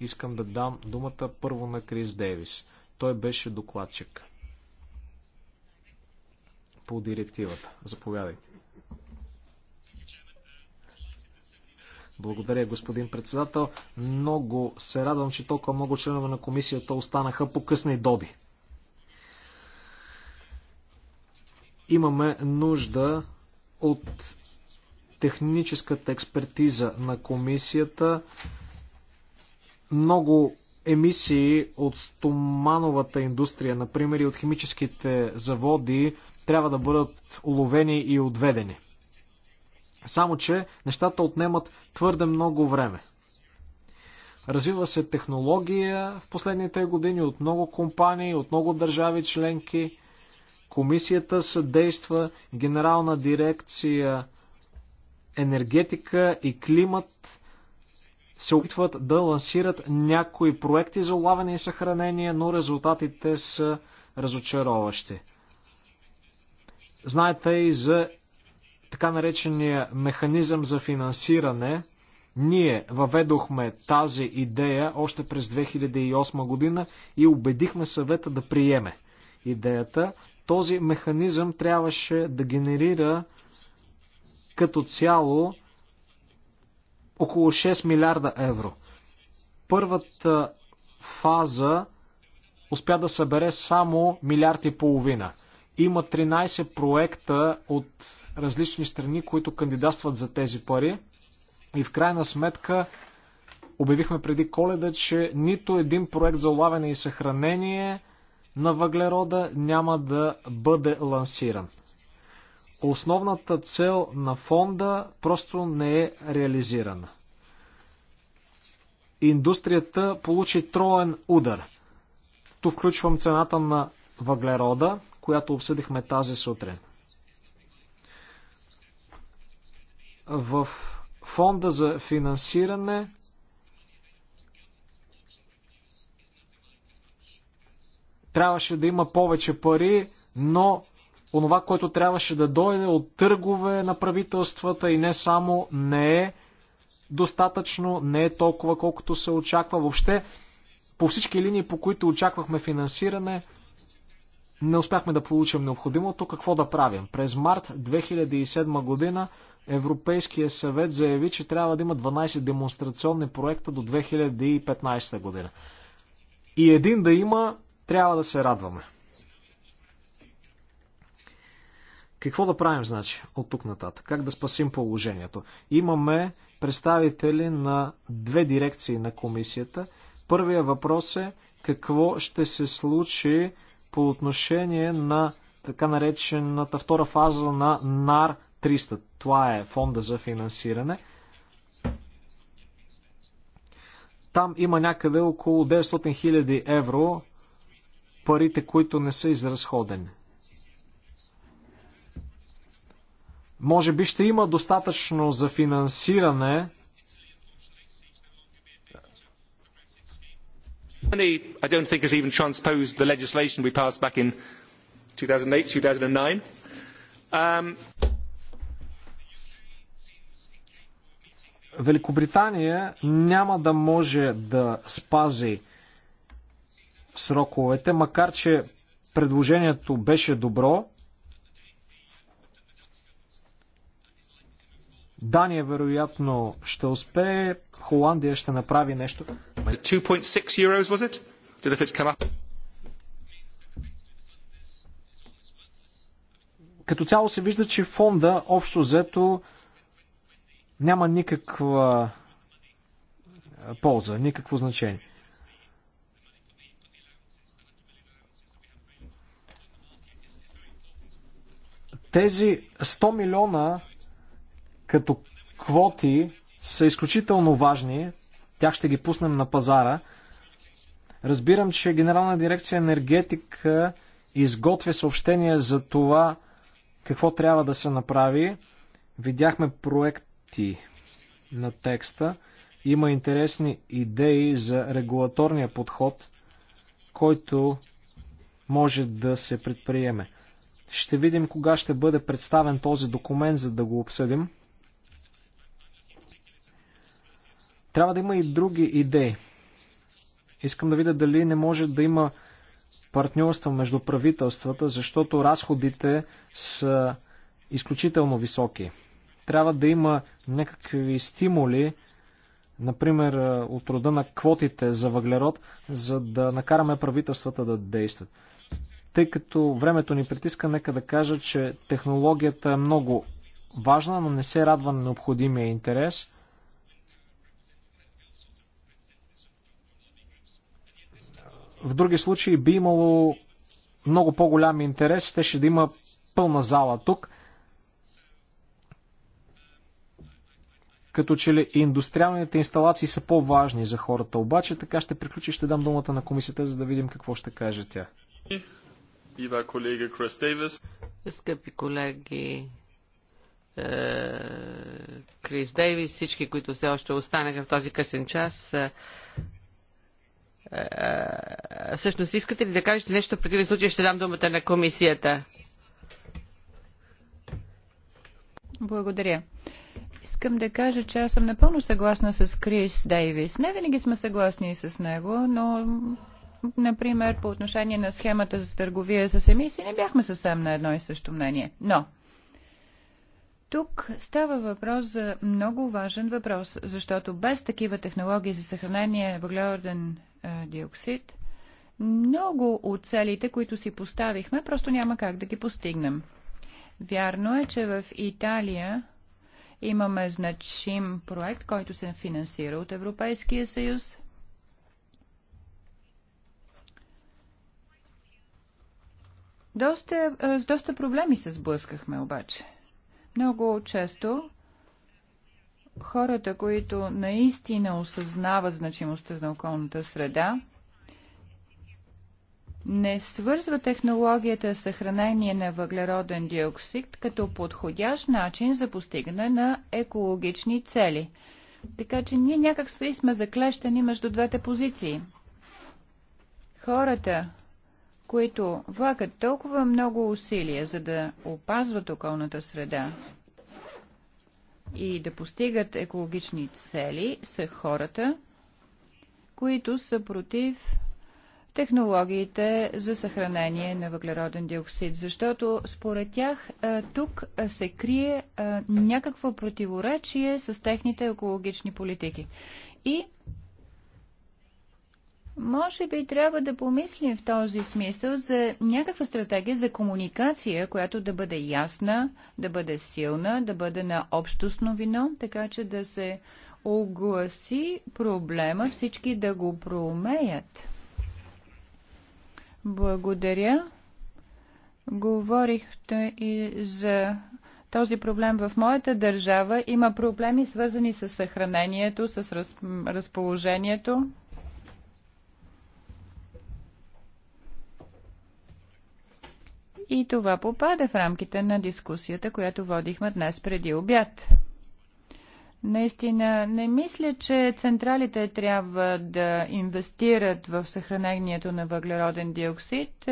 Искам да дам думата първо на Крис Дейвис. Той беше докладчик по директивата. Заповядайте. Благодаря, господин председател. Много се радвам, че толкова много членове на комисията останаха по късни доби. Имаме нужда от техническата експертиза на комисията. Много емисии от стомановата индустрия, например и от химическите заводи, трябва да бъдат уловени и отведени. Само, че нещата отнемат твърде много време. Развива се технология в последните години от много компании, от много държави членки. Комисията съдейства, генерална дирекция енергетика и климат се опитват да лансират някои проекти за улавяне и съхранение, но резултатите са разочароващи. Знаете и за така наречения механизъм за финансиране, ние въведохме тази идея още през 2008 година и убедихме съвета да приеме идеята. Този механизъм трябваше да генерира като цяло около 6 милиарда евро. Първата фаза успя да събере само милиард и половина – има 13 проекта от различни страни, които кандидатстват за тези пари. И в крайна сметка обявихме преди коледа, че нито един проект за улавяне и съхранение на въглерода няма да бъде лансиран. Основната цел на фонда просто не е реализирана. Индустрията получи троен удар. Ту включвам цената на въглерода, която обсъдихме тази сутрин. В фонда за финансиране трябваше да има повече пари, но онова, което трябваше да дойде от търгове на правителствата и не само, не е достатъчно, не е толкова колкото се очаква. Въобще, по всички линии, по които очаквахме финансиране, не успяхме да получим необходимото. Какво да правим? През март 2007 година Европейския съвет заяви, че трябва да има 12 демонстрационни проекта до 2015 година. И един да има, трябва да се радваме. Какво да правим, значи, от тук нататък? Как да спасим положението? Имаме представители на две дирекции на комисията. Първия въпрос е какво ще се случи по отношение на така наречената втора фаза на НАР 300. Това е фонда за финансиране. Там има някъде около 900 000 евро парите, които не са изразходени. Може би ще има достатъчно за финансиране Germany, I don't think, has even transposed the legislation we passed back in 2008, 2009. Um... Великобритания няма да може да спази сроковете, макар че предложението беше добро. Дания вероятно ще успее, Холандия ще направи нещо moment. 2.6 euros, was it? come up. Като цяло се вижда, че фонда общо взето няма никаква полза, никакво значение. Тези 100 милиона като квоти са изключително важни. Тях ще ги пуснем на пазара. Разбирам, че Генерална дирекция енергетика изготвя съобщение за това какво трябва да се направи. Видяхме проекти на текста. Има интересни идеи за регулаторния подход, който може да се предприеме. Ще видим кога ще бъде представен този документ, за да го обсъдим. Трябва да има и други идеи. Искам да видя дали не може да има партньорство между правителствата, защото разходите са изключително високи. Трябва да има някакви стимули, например е, от рода на квотите за въглерод, за да накараме правителствата да действат. Тъй като времето ни притиска, нека да кажа, че технологията е много важна, но не се радва на необходимия интерес. В други случаи би имало много по-голям интерес, те ще да има пълна зала тук. Като че ли индустриалните инсталации са по-важни за хората, обаче така ще приключи, ще дам думата на комисията, за да видим какво ще каже тя. Ива колега Крис Дейвис. Скъпи колеги, е, Крис Дейвис, всички, които все още останаха в този късен час, е, е, е, всъщност искате ли да кажете нещо? преди да случай ще дам думата на комисията. Благодаря. Искам да кажа, че аз съм напълно съгласна с Крис Дейвис. Не винаги сме съгласни с него, но например по отношение на схемата за търговия с емисии не бяхме съвсем на едно и също мнение. Но тук става въпрос за много важен въпрос, защото без такива технологии за съхранение въглероден е, диоксид, много от целите, които си поставихме, просто няма как да ги постигнем. Вярно е, че в Италия имаме значим проект, който се финансира от Европейския съюз. Доста, е, с доста проблеми се сблъскахме обаче. Много често хората, които наистина осъзнават значимостта на околната среда, не свързва технологията съхранение на въглероден диоксид като подходящ начин за постигане на екологични цели. Така че ние някак си сме заклещени между двете позиции. Хората, които влагат толкова много усилия, за да опазват околната среда, и да постигат екологични цели са хората, които са против технологиите за съхранение на въглероден диоксид, защото според тях тук се крие някакво противоречие с техните екологични политики. И може би трябва да помислим в този смисъл за някаква стратегия за комуникация, която да бъде ясна, да бъде силна, да бъде на общостно вино, така че да се огласи проблема, всички да го проумеят. Благодаря. Говорихте и за този проблем в моята държава. Има проблеми свързани с съхранението, с разположението. И това попада в рамките на дискусията, която водихме днес преди обяд. Наистина, не мисля, че централите трябва да инвестират в съхранението на въглероден диоксид.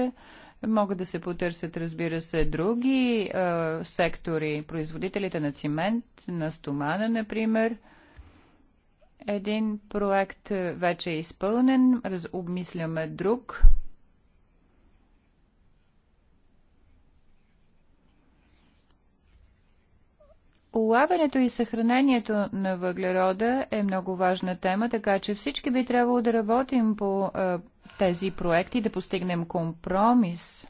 Могат да се потърсят, разбира се, други е, сектори, производителите на цимент, на стомана, например. Един проект вече е изпълнен, разобмисляме друг. Улавянето и съхранението на въглерода е много важна тема, така че всички би трябвало да работим по а, тези проекти, да постигнем компромис.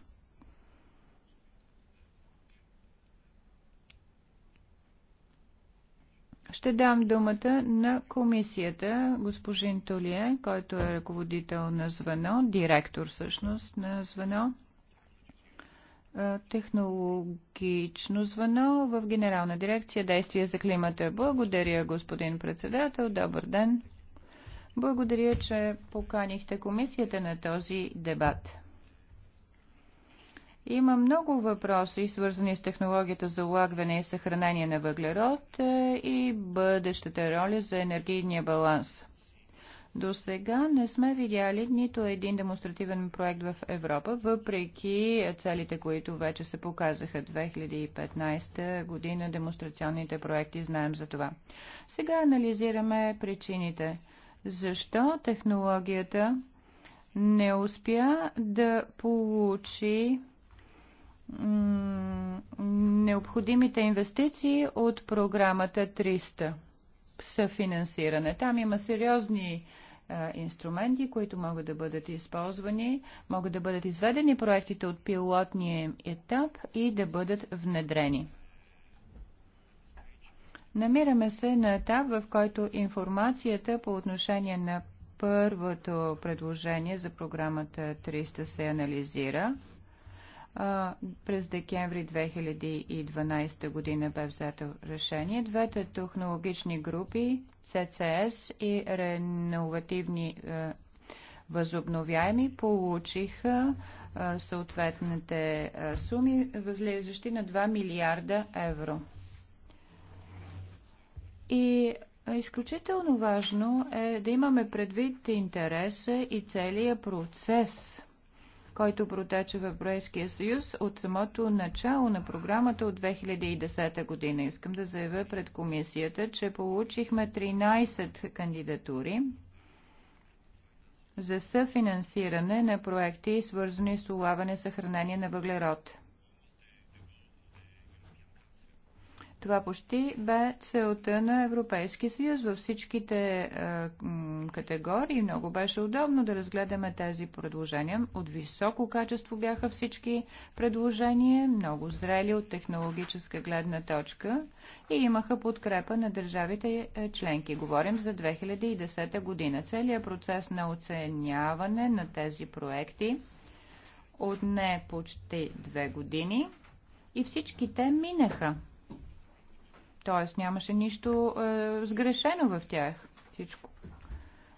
Ще дам думата на комисията, госпожин Толие, който е ръководител на звено, директор всъщност на звено технологично звено в Генерална дирекция Действия за климата. Благодаря, господин председател. Добър ден. Благодаря, че поканихте комисията на този дебат. Има много въпроси, свързани с технологията за улагване и съхранение на въглерод е, и бъдещата роля за енергийния баланс. До сега не сме видяли нито един демонстративен проект в Европа, въпреки целите, които вече се показаха 2015 година, демонстрационните проекти, знаем за това. Сега анализираме причините. Защо технологията не успя да получи необходимите инвестиции от програмата 300 съфинансиране. Там има сериозни инструменти, които могат да бъдат използвани, могат да бъдат изведени проектите от пилотния етап и да бъдат внедрени. Намираме се на етап, в който информацията по отношение на първото предложение за програмата 300 се анализира през декември 2012 година бе взето решение. Двете технологични групи, CCS и реновативни е, възобновяеми, получиха е, съответните е, суми, възлизащи на 2 милиарда евро. И изключително важно е да имаме предвид интереса и целия процес – който протече в Еврейския съюз от самото начало на програмата от 2010 година. Искам да заявя пред комисията, че получихме 13 кандидатури за съфинансиране на проекти, свързани с улавяне и съхранение на въглерод. Това почти бе целта на Европейски съюз във всичките е, категории. Много беше удобно да разгледаме тези предложения. От високо качество бяха всички предложения, много зрели от технологическа гледна точка и имаха подкрепа на държавите е, членки. Говорим за 2010 година. Целият процес на оценяване на тези проекти отне почти две години и всички те минаха. Тоест нямаше нищо е, сгрешено в тях. Всичко.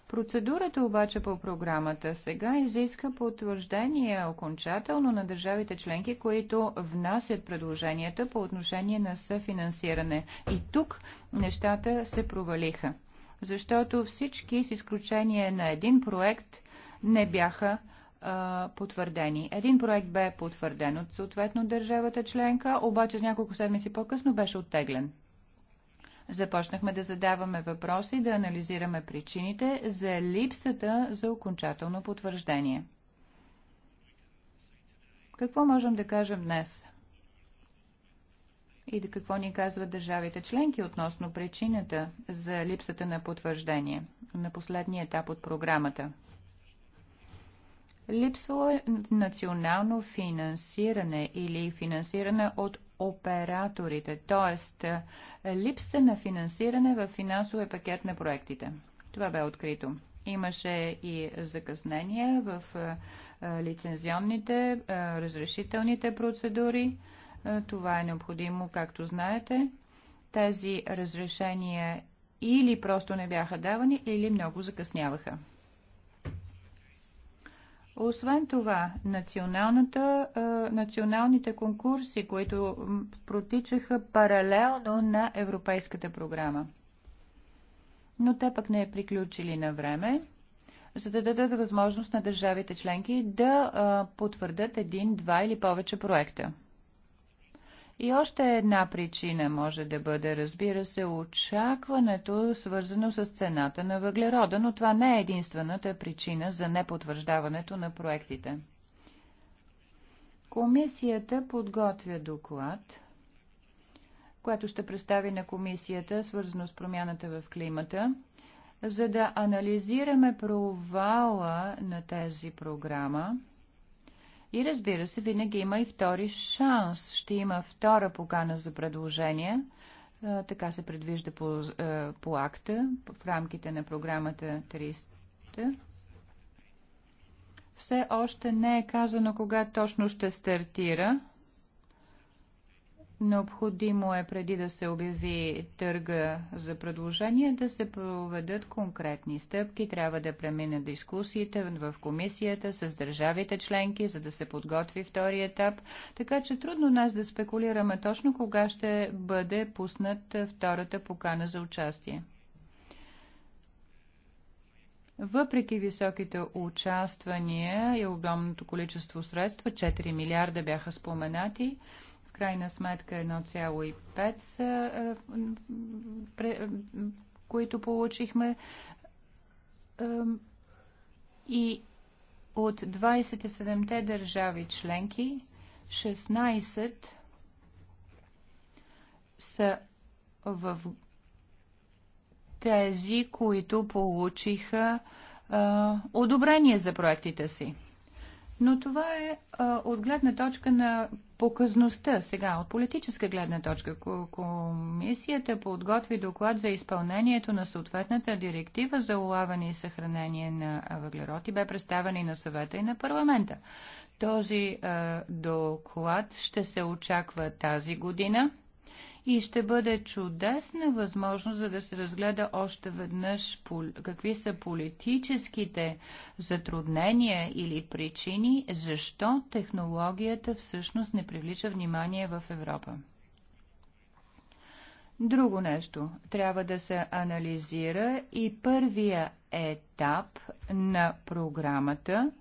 Процедурата обаче по програмата сега изиска потвърждение окончателно на държавите членки, които внасят предложенията по отношение на съфинансиране. И тук нещата се провалиха, защото всички с изключение на един проект не бяха е, потвърдени. Един проект бе потвърден от съответно държавата членка, обаче няколко седмици по-късно беше оттеглен. Започнахме да задаваме въпроси, да анализираме причините за липсата за окончателно потвърждение. Какво можем да кажем днес? И какво ни казват държавите членки относно причината за липсата на потвърждение на последния етап от програмата? Липсва национално финансиране или финансиране от операторите, т.е. липса на финансиране в финансовия пакет на проектите. Това бе открито. Имаше и закъснение в е, е, лицензионните, е, разрешителните процедури. Това е необходимо, както знаете. Тези разрешения или просто не бяха давани, или много закъсняваха. Освен това, националните конкурси, които протичаха паралелно на Европейската програма. Но те пък не е приключили на време, за да дадат възможност на държавите членки да потвърдят един, два или повече проекта. И още една причина може да бъде, разбира се, очакването, свързано с цената на въглерода, но това не е единствената причина за непотвърждаването на проектите. Комисията подготвя доклад, което ще представи на комисията, свързано с промяната в климата, за да анализираме провала на тази програма и разбира се, винаги има и втори шанс. Ще има втора покана за предложения. Е, така се предвижда по, е, по акта в рамките на програмата 300. Все още не е казано кога точно ще стартира. Необходимо е преди да се обяви търга за предложение да се проведат конкретни стъпки. Трябва да преминат дискусиите в комисията с държавите членки, за да се подготви втори етап. Така че трудно нас да спекулираме точно кога ще бъде пуснат втората покана за участие. Въпреки високите участвания и огромното количество средства, 4 милиарда бяха споменати, крайна сметка 1,5 са, е, които получихме. И от 27-те държави членки, 16 са в тези, които получиха а, е, одобрение за проектите си. Но това е а, е, от гледна точка на показността сега от политическа гледна точка. Комисията подготви доклад за изпълнението на съответната директива за улавяне и съхранение на въглерод и бе представен и на съвета и на парламента. Този е, доклад ще се очаква тази година и ще бъде чудесна възможност за да се разгледа още веднъж какви са политическите затруднения или причини, защо технологията всъщност не привлича внимание в Европа. Друго нещо трябва да се анализира и първия етап на програмата,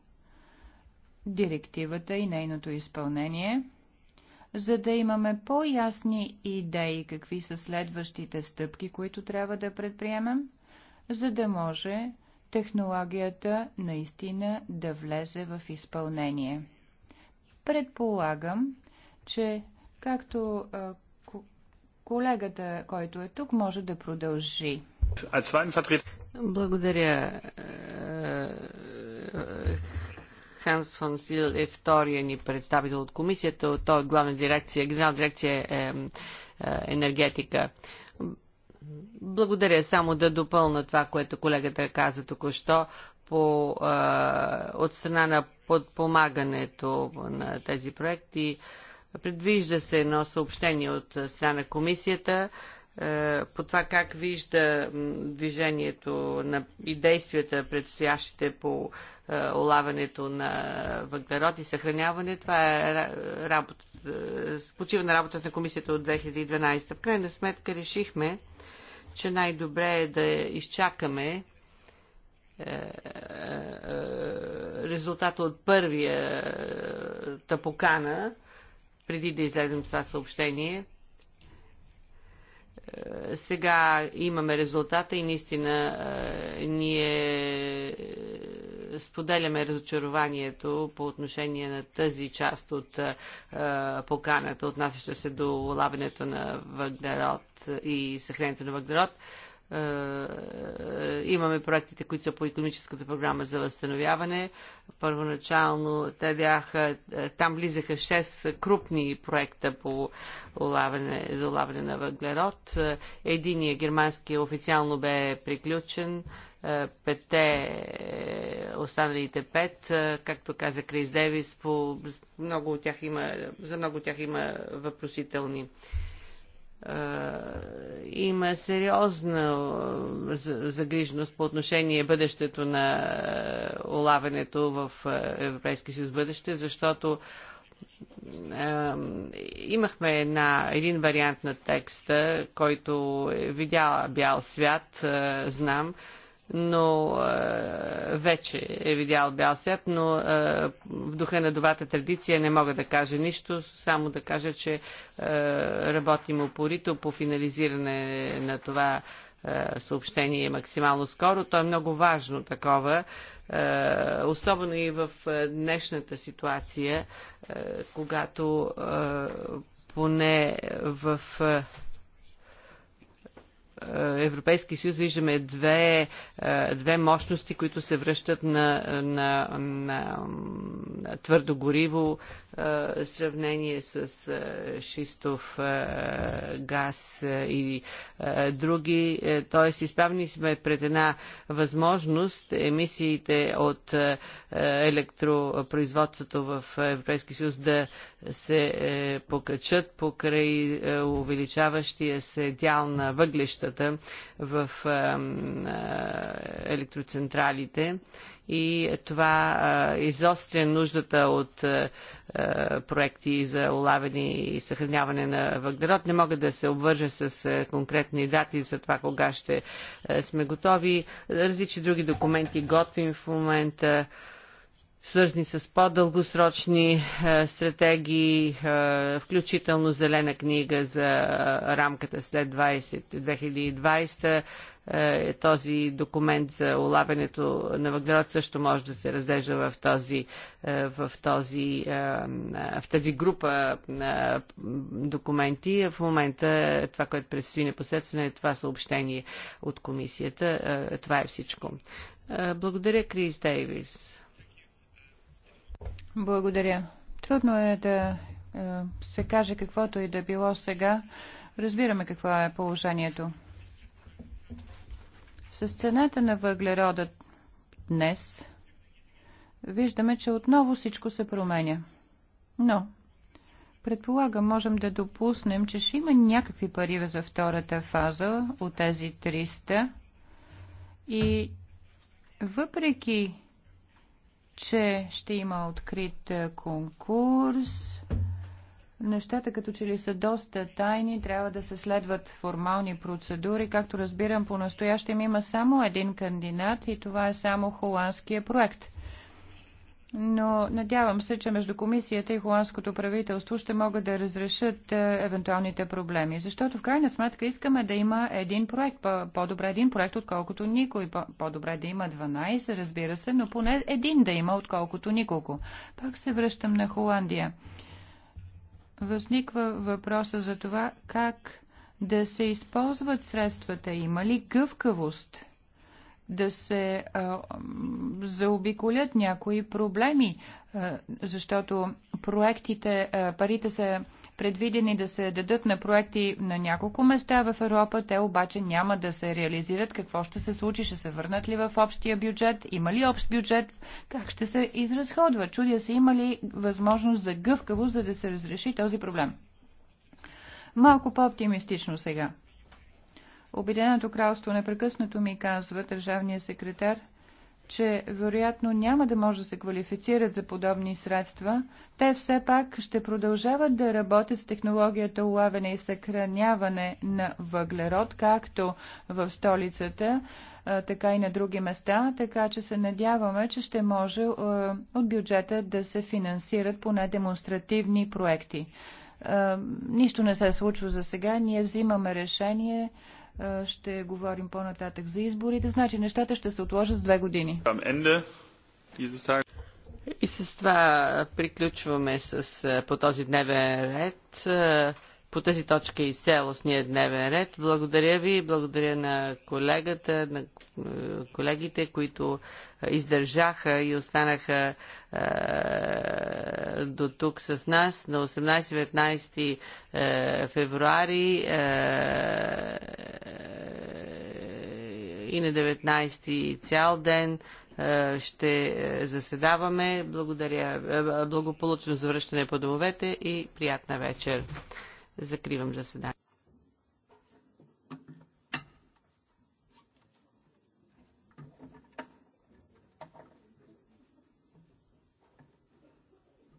директивата и нейното изпълнение – за да имаме по-ясни идеи какви са следващите стъпки, които трябва да предприемем, за да може технологията наистина да влезе в изпълнение. Предполагам, че както колегата, който е тук, може да продължи. Благодаря. Ханс фон Сил е втория ни представител от комисията. Той е главна дирекция, генерална дирекция е, е, енергетика. Благодаря само да допълна това, което колегата каза току-що по, е, от страна на подпомагането на тези проекти. Предвижда се едно съобщение от страна на комисията. Е, е, по това как вижда движението на, и действията предстоящите по олаването е, на въглерод и съхраняване. Това е работа, е, почива на работата на комисията от 2012. В крайна сметка решихме, че най-добре е да изчакаме резултата от първия тапокана, преди да излезем това съобщение – е, сега имаме резултата и наистина е, ние е, споделяме разочарованието по отношение на тази част от поканата, отнасяща се до лавенето на въглерод и съхранението на въглерод. Е, е, имаме проектите, които са по економическата програма за възстановяване. Първоначално те бяха, е, там влизаха 6 крупни проекта по улавяне, за улавяне на въглерод. Единия германски официално бе приключен. Пете, останалите пет, както каза Крис Девис, по много от тях има, за много от тях има въпросителни. Uh, има сериозна загриженост по отношение бъдещето на улавянето в Европейския съюз бъдеще, защото имахме една, един вариант на текста, който е видял бял свят, знам, но е, вече е видял бял свят, но е, в духа на добрата традиция не мога да кажа нищо, само да кажа, че е, работим упорито по финализиране на това е, съобщение максимално скоро. То е много важно такова, е, особено и в е, днешната ситуация, е, когато е, поне в. Е, е, Европейския съюз виждаме две, е, две мощности, които се връщат на, на, на твърдо гориво е, в сравнение с шистов газ и други. Тоест, изправени сме пред една възможност емисиите от електропроизводството в Европейския съюз да се е, покачат покрай е, увеличаващия се дял на въглещата в е, електроцентралите и това е, изостря нуждата от е, е, проекти за улавяне и съхраняване на въглерод. Не мога да се обвържа с конкретни дати за това кога ще сме готови. Различни други документи готвим в момента свързани с по-дългосрочни е, стратегии, е, включително зелена книга за рамката след 20, 2020 е, този документ за улавянето на въглерод също може да се разглежда в, този, в, този, в тази група документи. В момента това, което предстои непосредствено е това съобщение от комисията. Това е всичко. Благодаря, Крис Дейвис. Благодаря. Трудно е да е, се каже каквото и да било сега. Разбираме какво е положението. С цената на въглерода днес виждаме, че отново всичко се променя. Но, предполагам, можем да допуснем, че ще има някакви пари за втората фаза от тези 300 и въпреки че ще има открит е, конкурс. Нещата като че ли са доста тайни, трябва да се следват формални процедури. Както разбирам, по-настоящем има само един кандидат и това е само холандския проект но надявам се, че между комисията и холандското правителство ще могат да разрешат е, евентуалните проблеми. Защото в крайна сметка искаме да има един проект, по-добре един проект, отколкото никой. По-добре да има 12, разбира се, но поне един да има, отколкото николко. Пак се връщам на Холандия. Възниква въпроса за това как да се използват средствата. Има ли гъвкавост? да се а, заобиколят някои проблеми, а, защото проектите, а, парите са предвидени да се дадат на проекти на няколко места в Европа, те обаче няма да се реализират. Какво ще се случи? Ще се върнат ли в общия бюджет? Има ли общ бюджет? Как ще се изразходва? Чудя се, има ли възможност за гъвкаво, за да се разреши този проблем? Малко по-оптимистично сега. Обединеното кралство непрекъснато ми казва, държавния секретар, че вероятно няма да може да се квалифицират за подобни средства, те все пак ще продължават да работят с технологията улавяне и съхраняване на въглерод, както в столицата, така и на други места, така че се надяваме, че ще може от бюджета да се финансират поне демонстративни проекти. Нищо не се случва за сега, ние взимаме решение ще говорим по-нататък за изборите. Значи нещата ще се отложат с две години. И с това приключваме с, по този дневен ред по тази точка и селостния дневен ред. Благодаря ви, благодаря на колегата, на е, колегите, които е, издържаха и останаха е, до тук с нас. На 18-19 е, февруари е, и на 19 цял ден е, ще заседаваме. Благодаря. Благополучно завръщане по домовете и приятна вечер. Закривам заседанието.